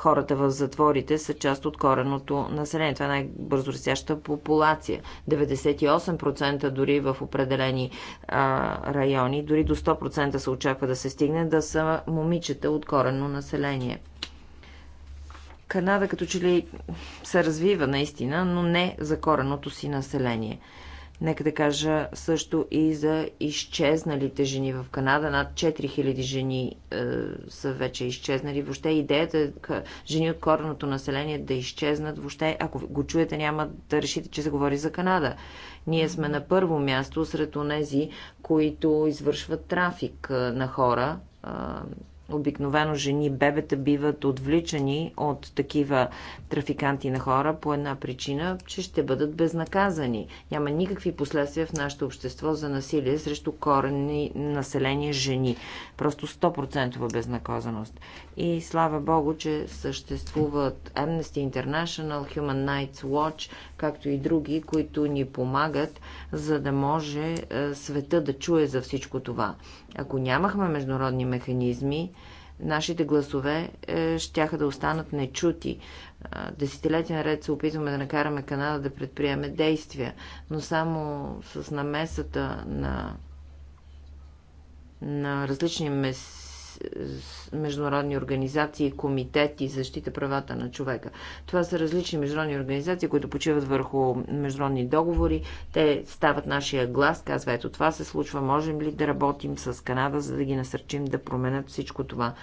Хората в затворите са част от кореното население. Това е най-бързо растяща популация. 98% дори в определени а, райони, дори до 100% се очаква да се стигне, да са момичета от корено население. Канада като че ли се развива наистина, но не за кореното си население. Нека да кажа също и за изчезналите жени в Канада. Над 4000 жени е, са вече изчезнали. Въобще идеята е жени от корното население да изчезнат. Въобще, ако го чуете, няма да решите, че се говори за Канада. Ние сме на първо място сред онези, които извършват трафик е, на хора е, Обикновено жени, бебета биват отвличани от такива трафиканти на хора по една причина, че ще бъдат безнаказани. Няма никакви последствия в нашето общество за насилие срещу корени население жени. Просто 100% безнаказаност и слава Богу, че съществуват Amnesty International, Human Rights Watch, както и други, които ни помагат, за да може е, света да чуе за всичко това. Ако нямахме международни механизми, нашите гласове е, щяха да останат нечути. Е, десетилетия наред се опитваме да накараме Канада да предприеме действия, но само с намесата на на различни мес международни организации, комитети, защита правата на човека. Това са различни международни организации, които почиват върху международни договори. Те стават нашия глас, казва ето това се случва, можем ли да работим с Канада, за да ги насърчим да променят всичко това.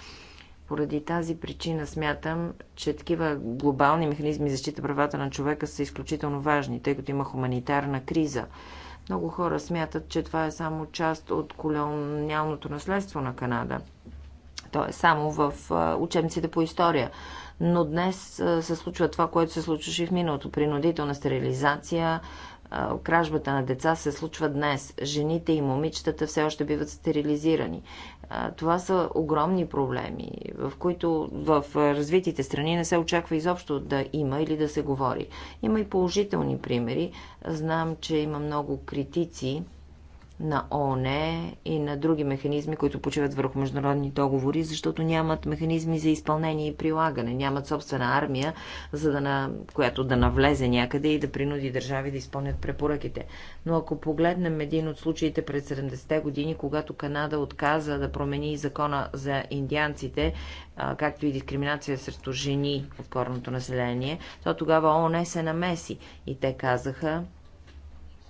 Поради тази причина смятам, че такива глобални механизми за защита правата на човека са изключително важни, тъй като има хуманитарна криза. Много хора смятат, че това е само част от колониалното наследство на Канада. То е само в учебниците по история. Но днес се случва това, което се случваше в миналото. Принудителна стерилизация, кражбата на деца се случва днес. Жените и момичетата все още биват стерилизирани. Това са огромни проблеми, в които в развитите страни не се очаква изобщо да има или да се говори. Има и положителни примери. Знам, че има много критици на ООН и на други механизми, които почиват върху международни договори, защото нямат механизми за изпълнение и прилагане, нямат собствена армия, за да на, която да навлезе някъде и да принуди държави да изпълнят препоръките. Но ако погледнем един от случаите пред 70-те години, когато Канада отказа да промени закона за индианците, както и дискриминация срещу жени от корното население, то тогава ООН се намеси и те казаха,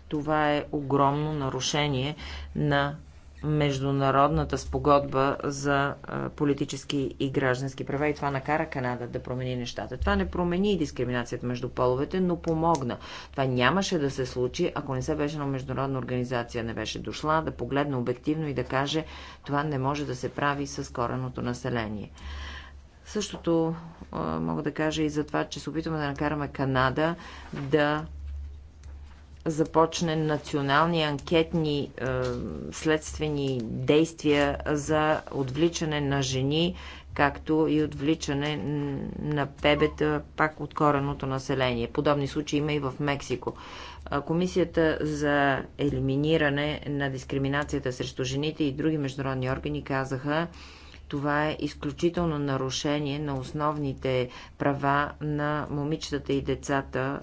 това е огромно нарушение на Международната спогодба за политически и граждански права и това накара Канада да промени нещата. Това не промени дискриминацията между половете, но помогна. Това нямаше да се случи, ако не се беше на международна организация, не беше дошла да погледне обективно и да каже, това не може да се прави с кореното население. Същото мога да кажа и за това, че се опитваме да накараме Канада да започне национални анкетни е, следствени действия за отвличане на жени, както и отвличане на бебета пак от кореното население. Подобни случаи има и в Мексико. Е, Комисията за елиминиране на дискриминацията срещу жените и други международни органи казаха, това е изключително нарушение на основните права на момичетата и децата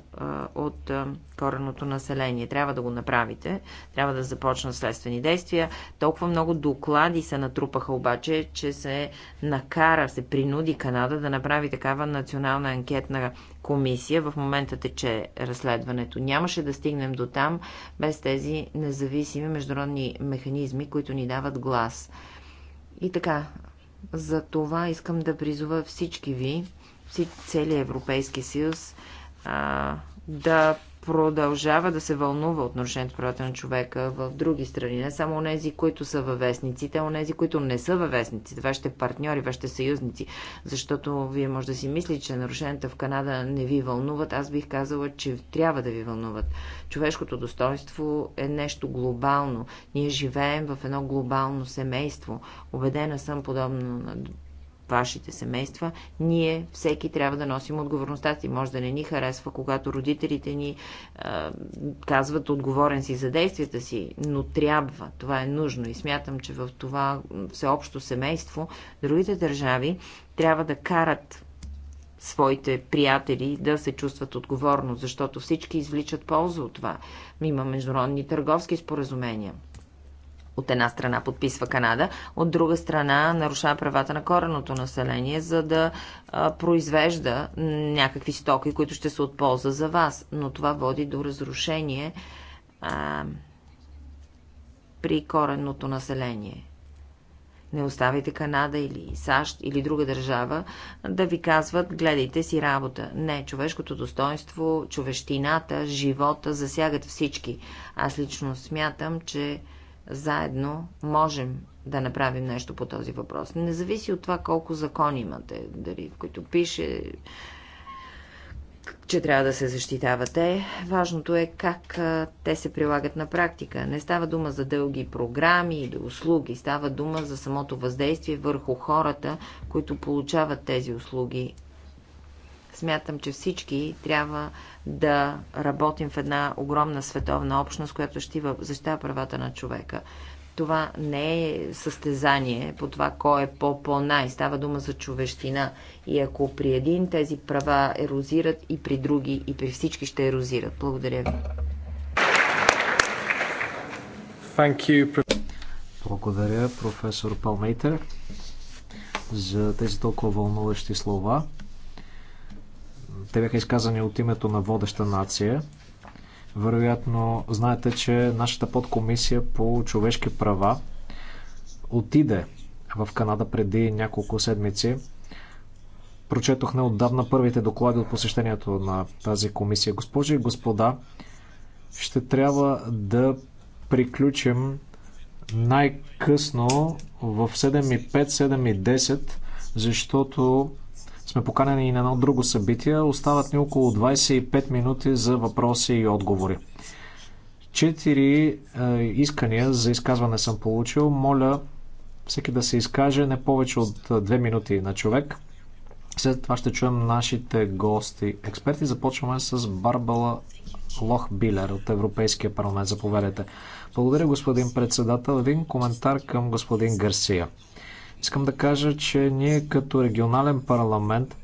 от кореното население. Трябва да го направите, трябва да започнат следствени действия. Толкова много доклади се натрупаха обаче, че се накара, се принуди Канада да направи такава национална анкетна комисия. В момента тече разследването. Нямаше да стигнем до там без тези независими международни механизми, които ни дават глас. И така, за това искам да призова всички ви, целият Европейски съюз, да продължава да се вълнува от нарушението правата на човека в други страни. Не само онези, които са във вестниците, а онези, които не са във вестниците, вашите партньори, вашите съюзници. Защото вие може да си мислите, че нарушенията в Канада не ви вълнуват. Аз бих казала, че трябва да ви вълнуват. Човешкото достоинство е нещо глобално. Ние живеем в едно глобално семейство. Обедена съм подобно на вашите семейства, ние всеки трябва да носим отговорността си. Може да не ни харесва, когато родителите ни е, казват отговорен си за действията си, но трябва. Това е нужно и смятам, че в това всеобщо семейство другите държави трябва да карат своите приятели да се чувстват отговорно, защото всички извличат полза от това. Има международни търговски споразумения от една страна подписва Канада, от друга страна нарушава правата на кореното население, за да а, произвежда някакви стоки, които ще се от полза за вас. Но това води до разрушение а, при коренното население. Не оставайте Канада или САЩ или друга държава да ви казват гледайте си работа. Не, човешкото достоинство, човещината, живота засягат всички. Аз лично смятам, че заедно можем да направим нещо по този въпрос. Не зависи от това колко закони имате, дали в които пише, че трябва да се защитавате. Важното е как те се прилагат на практика. Не става дума за дълги програми или услуги, става дума за самото въздействие върху хората, които получават тези услуги Смятам, че всички трябва да работим в една огромна световна общност, която ще защитава правата на човека. Това не е състезание по това кой е по-по-най. Става дума за човещина. И ако при един тези права ерозират и при други, и при всички ще ерозират. Благодаря ви. Благодаря, професор Палмейтер, за тези толкова вълнуващи слова. Те бяха изказани от името на водеща нация. Вероятно знаете, че нашата подкомисия по човешки права отиде в Канада преди няколко седмици. Прочетох неотдавна първите доклади от посещението на тази комисия. Госпожи и господа, ще трябва да приключим най-късно в 7.5, 7.10, защото сме поканени и на едно друго събитие. Остават ни около 25 минути за въпроси и отговори. Четири е, искания за изказване съм получил. Моля всеки да се изкаже не повече от е, две минути на човек. След това ще чуем нашите гости експерти. Започваме с Барбала Лох Билер от Европейския парламент. Заповядайте. Благодаря, господин председател. Един коментар към господин Гарсия. Искам да кажа, че ние като регионален парламент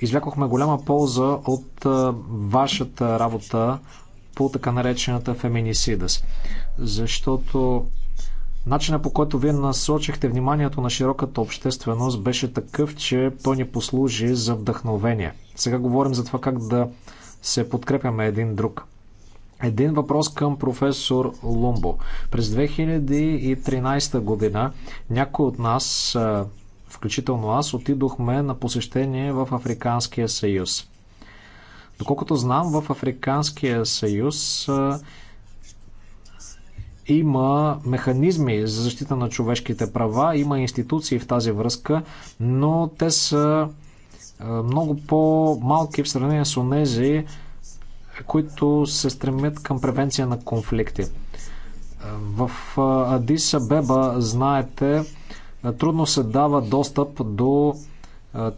извлякохме голяма полза от вашата работа по така наречената феминисидас. Защото начинът по който вие насочихте вниманието на широката общественост беше такъв, че той ни послужи за вдъхновение. Сега говорим за това как да се подкрепяме един друг. Един въпрос към професор Лумбо. През 2013 година някой от нас, включително аз, отидохме на посещение в Африканския съюз. Доколкото знам, в Африканския съюз има механизми за защита на човешките права, има институции в тази връзка, но те са много по-малки в сравнение с онези, които се стремят към превенция на конфликти. В Адис Абеба, знаете, трудно се дава достъп до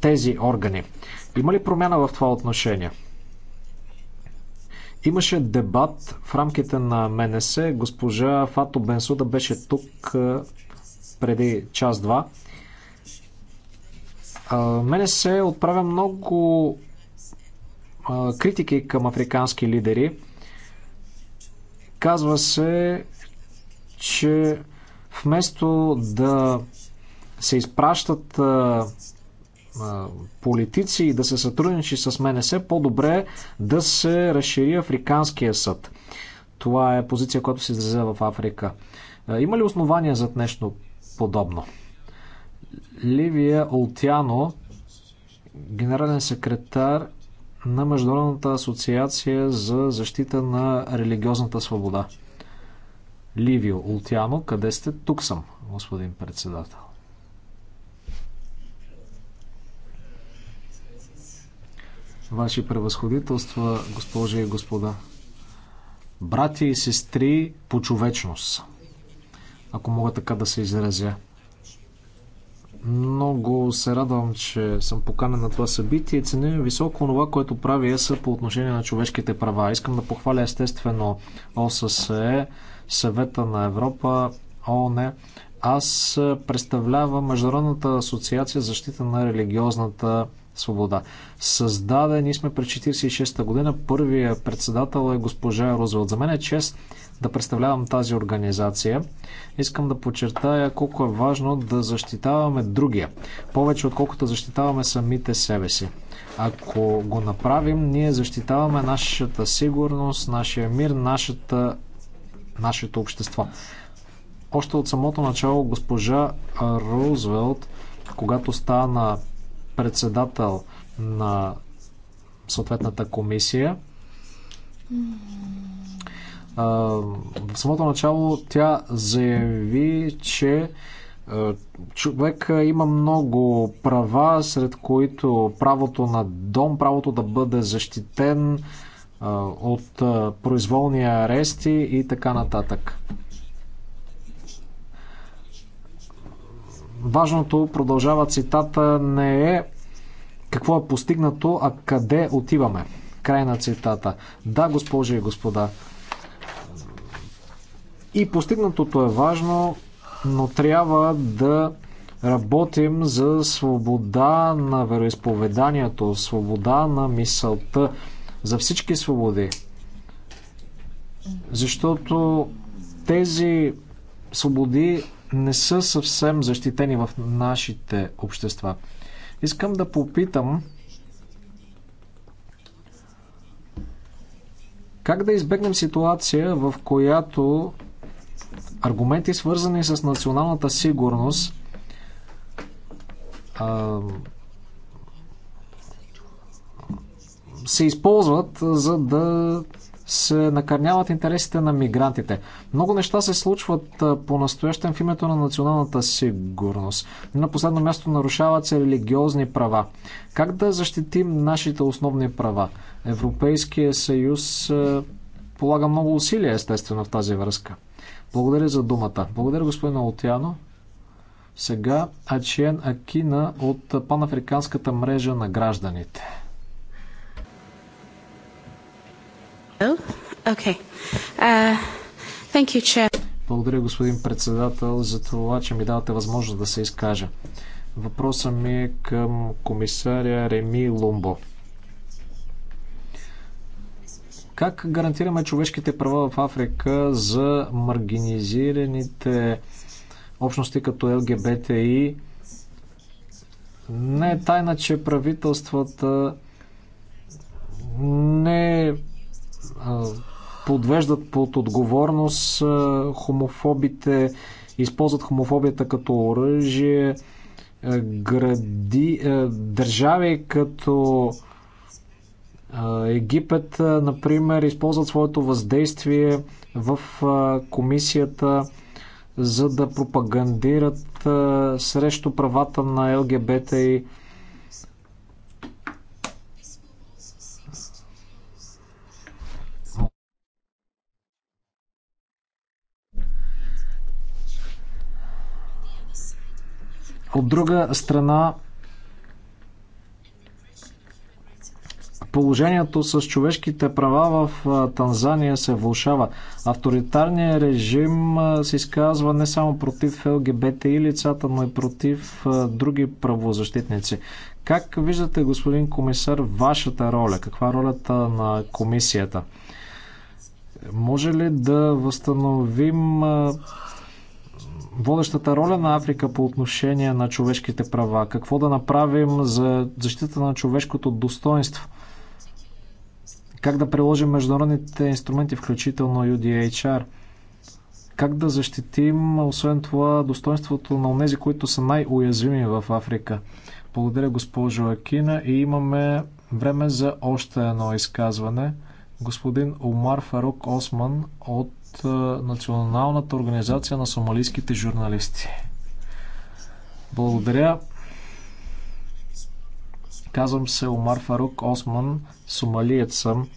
тези органи. Има ли промяна в това отношение? Имаше дебат в рамките на МНС. Госпожа Фато Бенсуда беше тук преди час-два. МНС отправя много критики към африкански лидери. Казва се, че вместо да се изпращат политици и да се сътрудничи с МНС, по-добре да се разшири Африканския съд. Това е позиция, която се изразя в Африка. Има ли основания за нещо подобно? Ливия Олтяно, генерален секретар на Международната асоциация за защита на религиозната свобода. Ливио Ултяно, къде сте? Тук съм, господин председател. Ваши превъзходителства, госпожи и господа. Брати и сестри по човечност, ако мога така да се изразя – много се радвам, че съм поканен на това събитие. Ценя високо това, което прави ЕСА по отношение на човешките права. Искам да похваля естествено ОССЕ, Съвета на Европа, ООН. Аз представлявам Международната асоциация защита на религиозната свобода. Създадени сме през 1946 година. Първия председател е госпожа Розвелт. За мен е чест да представлявам тази организация. Искам да подчертая колко е важно да защитаваме другия, повече отколкото защитаваме самите себе си. Ако го направим, ние защитаваме нашата сигурност, нашия мир, нашата, нашето общество. Още от самото начало госпожа Рузвелт, когато стана председател на съответната комисия. В самото начало тя заяви, че човек има много права, сред които правото на дом, правото да бъде защитен от произволни арести и така нататък. важното, продължава цитата, не е какво е постигнато, а къде отиваме. Край на цитата. Да, госпожи и господа. И постигнатото е важно, но трябва да работим за свобода на вероисповеданието, свобода на мисълта, за всички свободи. Защото тези свободи не са съвсем защитени в нашите общества. Искам да попитам как да избегнем ситуация, в която аргументи, свързани с националната сигурност, се използват за да се накърняват интересите на мигрантите. Много неща се случват по-настоящен в името на националната сигурност. На последно място нарушават се религиозни права. Как да защитим нашите основни права? Европейския съюз полага много усилия, естествено, в тази връзка. Благодаря за думата. Благодаря, господин Олтяно. Сега Ачиен Акина от Панафриканската мрежа на гражданите. Uh, Благодаря, господин председател, за това, че ми давате възможност да се изкажа. Въпросът ми е към комисаря Реми Лумбо. Как гарантираме човешките права в Африка за маргинизираните общности като ЛГБТИ? Не е тайна, че правителствата не подвеждат под отговорност хомофобите, използват хомофобията като оръжие, гради, държави като Египет, например, използват своето въздействие в комисията, за да пропагандират срещу правата на ЛГБТ и От друга страна, положението с човешките права в Танзания се влушава. Авторитарният режим се изказва не само против ЛГБТ и лицата, но и против други правозащитници. Как виждате, господин комисар, вашата роля? Каква е ролята на комисията? Може ли да възстановим водещата роля на Африка по отношение на човешките права? Какво да направим за защита на човешкото достоинство? Как да приложим международните инструменти, включително UDHR? Как да защитим, освен това, достоинството на тези, които са най-уязвими в Африка? Благодаря, госпожо Акина. И имаме време за още едно изказване. Господин Омар Фарук Осман от Националната организация на сомалийските журналисти. Благодаря. Казвам се Омар Фарук Осман, сомалиец съм.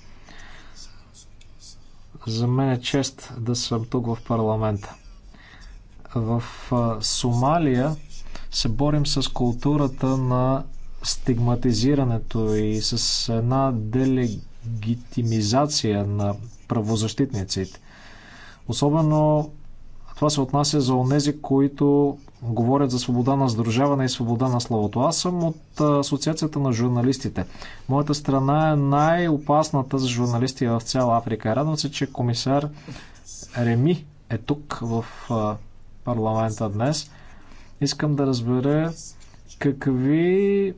За мен е чест да съм тук в парламента. В Сомалия се борим с културата на стигматизирането и с една делегитимизация на правозащитниците. Особено това се отнася за онези, които говорят за свобода на сдружаване и свобода на словото. Аз съм от Асоциацията на журналистите. Моята страна е най-опасната за журналисти в цяла Африка. Радвам се, че комисар Реми е тук в парламента днес. Искам да разбера какви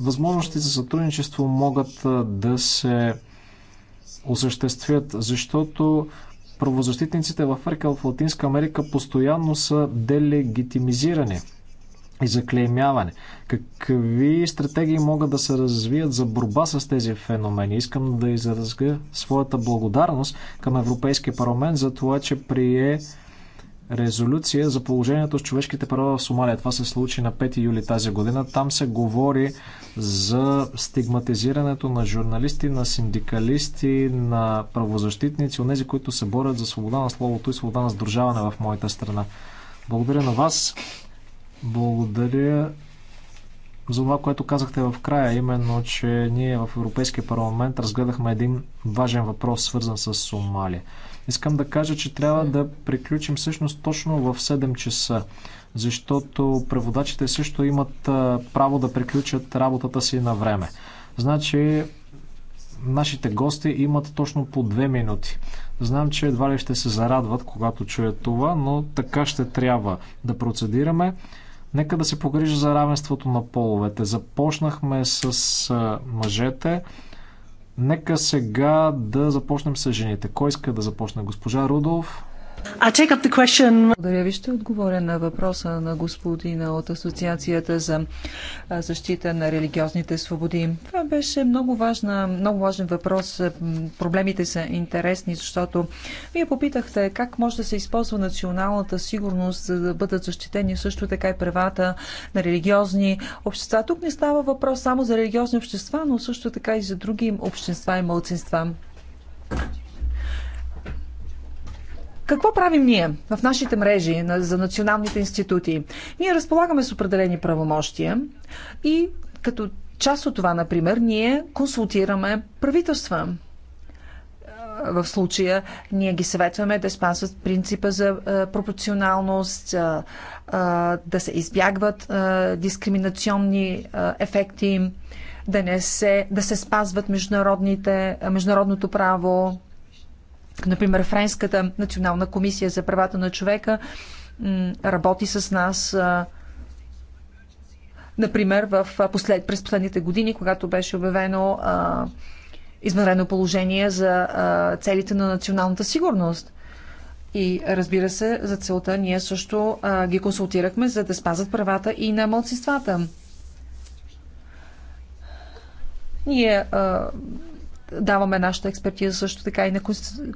възможности за сътрудничество могат да се осъществят, защото правозащитниците в Африка, в Латинска Америка постоянно са делегитимизирани и заклеймяване. Какви стратегии могат да се развият за борба с тези феномени? Искам да изразя своята благодарност към Европейския парламент за това, че прие резолюция за положението с човешките права в Сомалия. Това се случи на 5 юли тази година. Там се говори за стигматизирането на журналисти, на синдикалисти, на правозащитници, от тези, които се борят за свобода на словото и свобода на сдружаване в моята страна. Благодаря на вас. Благодаря за това, което казахте в края, именно, че ние в Европейския парламент разгледахме един важен въпрос, свързан с Сомалия. Искам да кажа, че трябва да приключим всъщност точно в 7 часа, защото преводачите също имат право да приключат работата си на време. Значи, нашите гости имат точно по 2 минути. Знам, че едва ли ще се зарадват, когато чуят това, но така ще трябва да процедираме. Нека да се погрижа за равенството на половете. Започнахме с мъжете, Нека сега да започнем с жените. Кой иска да започне? Госпожа Рудов, благодаря ви. Ще отговоря на въпроса на господина от Асоциацията за защита на религиозните свободи. Това беше много, важна, много важен въпрос. Проблемите са интересни, защото вие попитахте как може да се използва националната сигурност, за да бъдат защитени също така и правата на религиозни общества. Тук не става въпрос само за религиозни общества, но също така и за други общества и мълцинства. Какво правим ние в нашите мрежи за националните институти? Ние разполагаме с определени правомощия и като част от това, например, ние консултираме правителства. В случая ние ги съветваме да спазват принципа за пропорционалност, да се избягват дискриминационни ефекти, да, не се, да се спазват международните, международното право, Например, Френската национална комисия за правата на човека работи с нас. Например, в послед, през последните години, когато беше обявено а, извънредно положение за а, целите на националната сигурност. И разбира се, за целта ние също а, ги консултирахме, за да спазат правата и на младсинствата. Ние а, даваме нашата експертиза също така и на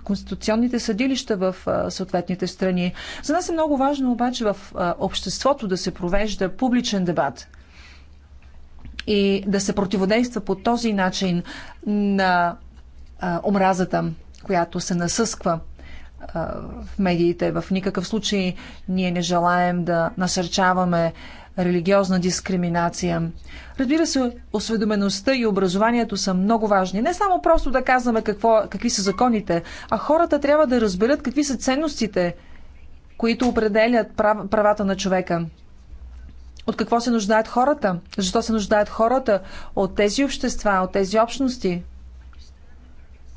конституционните съдилища в съответните страни. За нас е много важно обаче в обществото да се провежда публичен дебат и да се противодейства по този начин на омразата, която се насъсква в медиите. В никакъв случай ние не желаем да насърчаваме религиозна дискриминация. Разбира се, осведомеността и образованието са много важни. Не само просто да казваме какво, какви са законите, а хората трябва да разберат какви са ценностите, които определят прав, правата на човека. От какво се нуждаят хората? Защо се нуждаят хората от тези общества, от тези общности?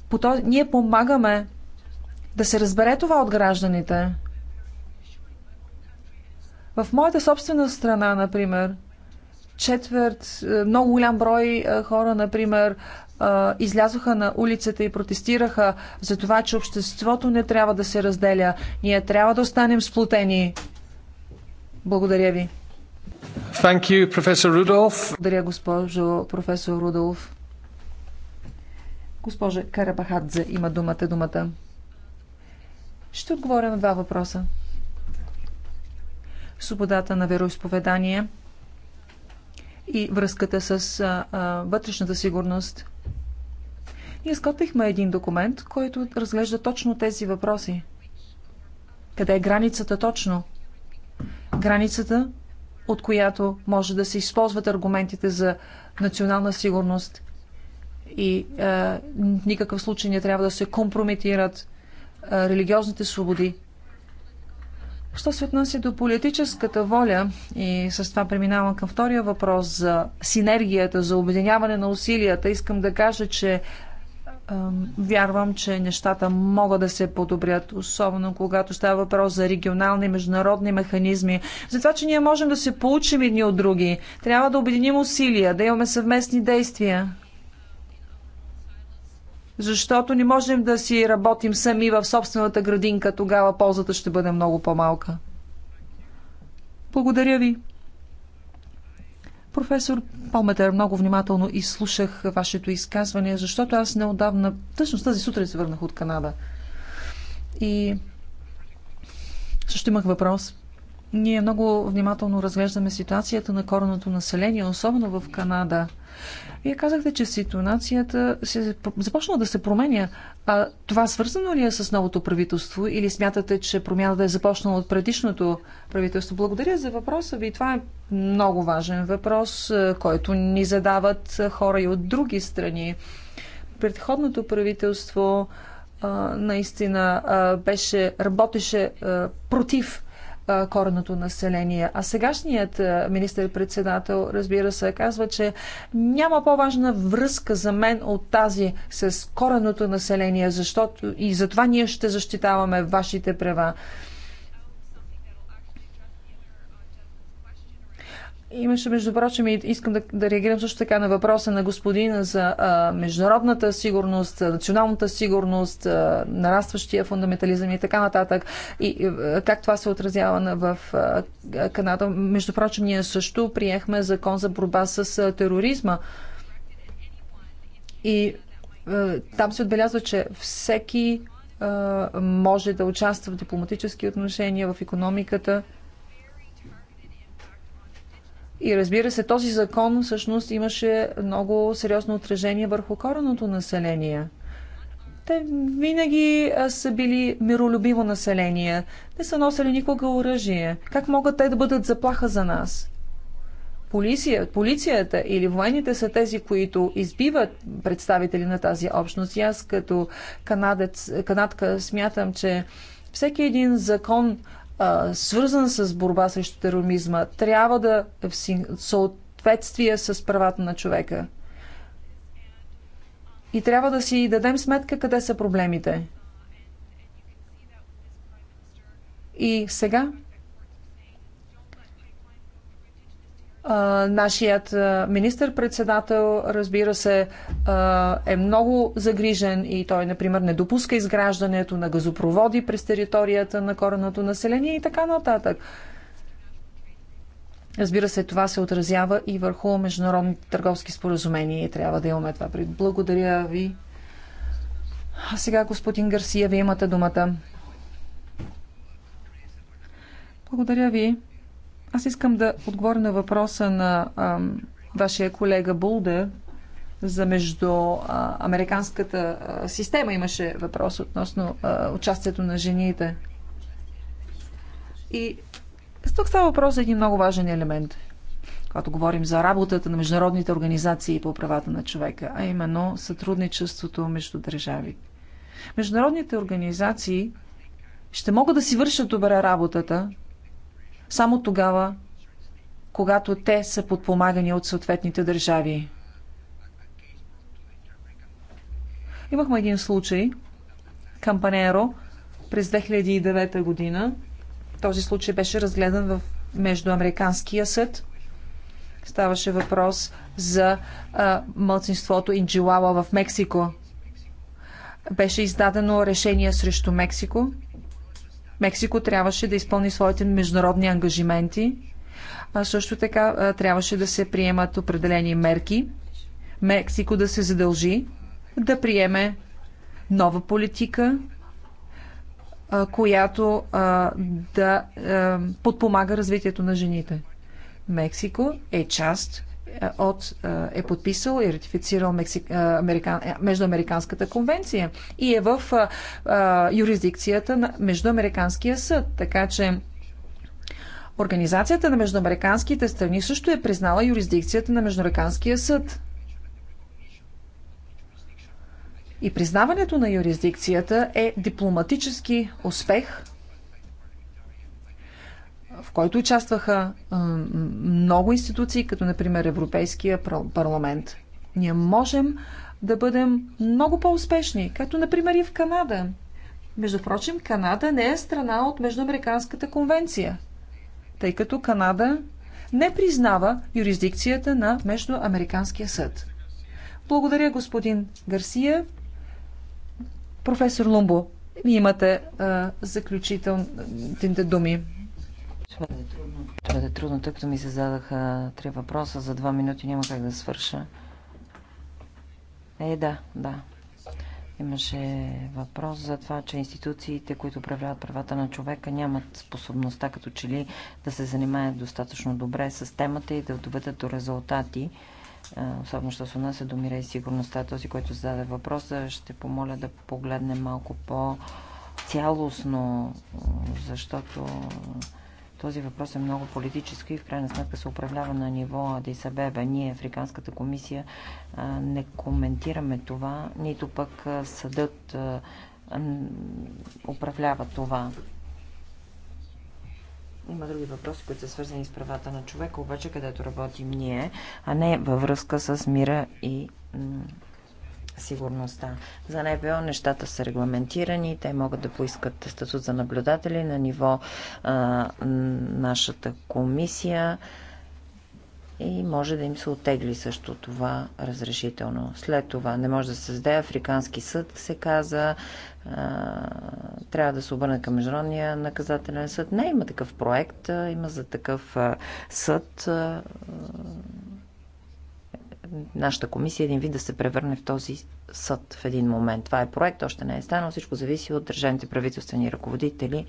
По то, ние помагаме да се разбере това от гражданите. В моята собствена страна, например, четвърт, е, много голям брой е, хора, например, е, излязоха на улицата и протестираха за това, че обществото не трябва да се разделя. Ние трябва да останем сплутени. Благодаря ви. Thank you, професор Рудолф. Благодаря, госпожо професор Рудолф. Госпожа Карабахадзе има думата думата. Ще отговоря на два въпроса свободата на вероисповедание и връзката с а, а, вътрешната сигурност. Ние изготвихме един документ, който разглежда точно тези въпроси. Къде е границата точно? Границата, от която може да се използват аргументите за национална сигурност и а, никакъв случай не трябва да се компрометират а, религиозните свободи Що се отнася до политическата воля и с това преминавам към втория въпрос за синергията, за обединяване на усилията, искам да кажа, че е, вярвам, че нещата могат да се подобрят, особено когато става въпрос за регионални и международни механизми. За това, че ние можем да се получим едни от други, трябва да обединим усилия, да имаме съвместни действия защото не можем да си работим сами в собствената градинка, тогава ползата ще бъде много по-малка. Благодаря ви. Професор Палметър, много внимателно изслушах вашето изказване, защото аз неодавна, всъщност тази сутрин се върнах от Канада. И също имах въпрос. Ние много внимателно разглеждаме ситуацията на корното население, особено в Канада. Вие казахте, че ситуацията се, започна да се променя. А това свързано ли е с новото правителство или смятате, че промяната е започнала от предишното правителство? Благодаря за въпроса ви. Това е много важен въпрос, е, който ни задават хора и от други страни. Предходното правителство а, е, наистина а, е, беше, работеше а, против корното население. А сегашният министър-председател, разбира се, казва, че няма по-важна връзка за мен от тази с кореното население, защото и затова ние ще защитаваме вашите права. Имаше, между прочим, и искам да, да реагирам също така на въпроса на господина за а, международната сигурност, националната сигурност, а, нарастващия фундаментализъм и така нататък. И, а, как това се отразява на, в а, Канада. Между прочим, ние също приехме закон за борба с а, тероризма. И а, там се отбелязва, че всеки а, може да участва в дипломатически отношения, в економиката и разбира се, този закон всъщност имаше много сериозно отражение върху коренното население. Те винаги са били миролюбиво население. Не са носили никога оръжие. Как могат те да бъдат заплаха за нас? Полиция, полицията или военните са тези, които избиват представители на тази общност. И аз като канадец, канадка смятам, че всеки един закон, свързан с борба срещу тероризма, трябва да е в съответствие с правата на човека. И трябва да си дадем сметка къде са проблемите. И сега Нашият министр-председател, разбира се, е много загрижен и той, например, не допуска изграждането на газопроводи през територията на коренното население и така нататък. Разбира се, това се отразява и върху международните търговски споразумения и трябва да имаме това пред. Благодаря ви. А сега, господин Гарсия, вие имате думата. Благодаря ви. Аз искам да отговоря на въпроса на ам, вашия колега Булдер за между а, американската а, система. Имаше въпрос относно а, участието на жените. И тук става въпрос за един много важен елемент, когато говорим за работата на международните организации по правата на човека, а именно сътрудничеството между държави. Международните организации ще могат да си вършат добре работата, само тогава, когато те са подпомагани от съответните държави. Имахме един случай, Кампанеро, през 2009 година. Този случай беше разгледан в Междуамериканския съд. Ставаше въпрос за а, мълцинството Инджилала в Мексико. Беше издадено решение срещу Мексико Мексико трябваше да изпълни своите международни ангажименти. А също така трябваше да се приемат определени мерки. Мексико да се задължи да приеме нова политика, която да подпомага развитието на жените. Мексико е част е, от, е, е подписал и ратифицирал Мексик, е, Американ, Междуамериканската конвенция и е в юрисдикцията на Междуамериканския съд. Така че Организацията на Междуамериканските страни също е признала юрисдикцията на Междуамериканския съд. И признаването на юрисдикцията е дипломатически успех в който участваха много институции, като например Европейския парламент. Ние можем да бъдем много по-успешни, като, например и в Канада. Между прочим, Канада не е страна от Междуамериканската конвенция, тъй като Канада не признава юрисдикцията на Междуамериканския съд. Благодаря, господин Гарсия. Професор Лумбо, имате а, заключителните думи. Това е трудно. Това е трудно, тъй като ми се задаха три въпроса. За два минути няма как да свърша. Е, да, да. Имаше въпрос за това, че институциите, които управляват правата на човека, нямат способността като че ли да се занимаят достатъчно добре с темата и да доведат до резултати. Особено, що се отнася до мира и сигурността. Този, който зададе въпроса, ще помоля да погледне малко по-цялостно, защото този въпрос е много политически и в крайна сметка се управлява на ниво Адисабеба. Ние, Африканската комисия, не коментираме това, нито пък съдът управлява това. Има други въпроси, които са свързани с правата на човека, обаче където работим ние, а не във връзка с мира и сигурността. За НПО нещата са регламентирани, те могат да поискат статут за наблюдатели на ниво а, нашата комисия и може да им се отегли също това разрешително. След това не може да се създаде Африкански съд, се каза, а, трябва да се обърне към Международния наказателен съд. Не, има такъв проект, а, има за такъв а, съд. А, нашата комисия един вид да се превърне в този съд в един момент. Това е проект, още не е станало. Всичко зависи от държавните правителствени ръководители,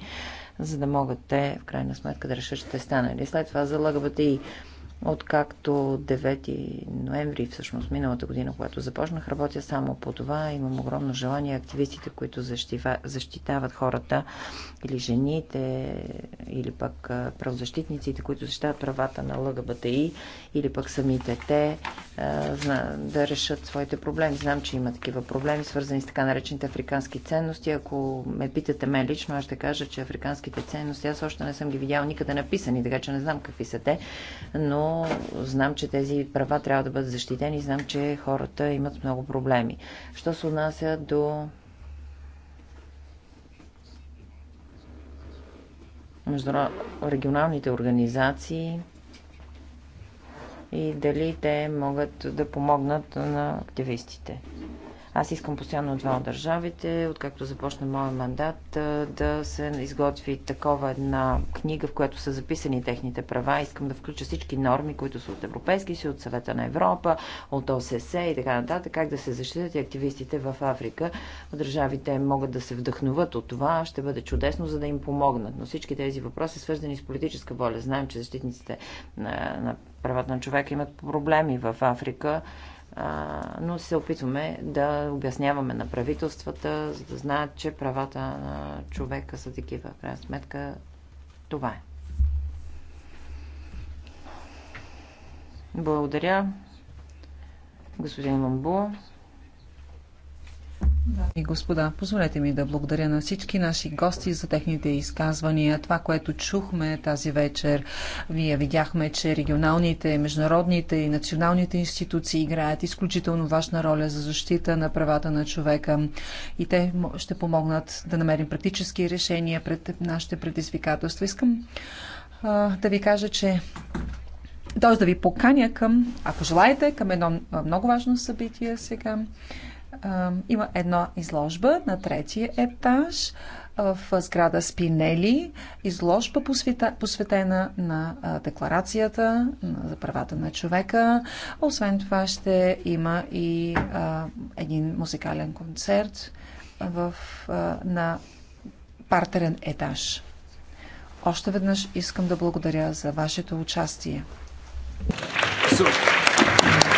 за да могат те, в крайна сметка, да решат, че те станали. след това залагавате и. Откакто 9 ноември, всъщност миналата година, когато започнах, работя само по това. Имам огромно желание активистите, които защива, защитават хората или жените, или пък правозащитниците, които защитават правата на ЛГБТИ, или пък самите те, да решат своите проблеми. Знам, че има такива проблеми, свързани с така наречените африкански ценности. Ако ме питате мен лично, аз ще кажа, че африканските ценности, аз още не съм ги видял никъде написани, така че не знам какви са те, но знам, че тези права трябва да бъдат защитени. Знам, че хората имат много проблеми. Що се отнася до регионалните организации и дали те могат да помогнат на активистите. Аз искам постоянно от два от държавите, откакто започна моя мандат, да се изготви такова една книга, в която са записани техните права. Искам да включа всички норми, които са от Европейски си, от Съвета на Европа, от ОССЕ и така нататък, как да се защитят и активистите в Африка. Държавите могат да се вдъхнуват от това, ще бъде чудесно, за да им помогнат. Но всички тези въпроси, свързани с политическа воля, знаем, че защитниците на, на правата на човека имат проблеми в Африка но се опитваме да обясняваме на правителствата, за да знаят, че правата на човека са такива. В крайна сметка това е. Благодаря, господин Ламбо. И господа, позволете ми да благодаря на всички наши гости за техните изказвания. Това, което чухме тази вечер, вие видяхме, че регионалните, международните и националните институции играят изключително важна роля за защита на правата на човека и те ще помогнат да намерим практически решения пред нашите предизвикателства. Искам а, да ви кажа, че т.е. да ви поканя към, ако желаете, към едно много важно събитие сега има една изложба на третия етаж в сграда Спинели, изложба посвета, посветена на декларацията за правата на човека. Освен това ще има и а, един музикален концерт в, а, на партерен етаж. Още веднъж искам да благодаря за вашето участие. So.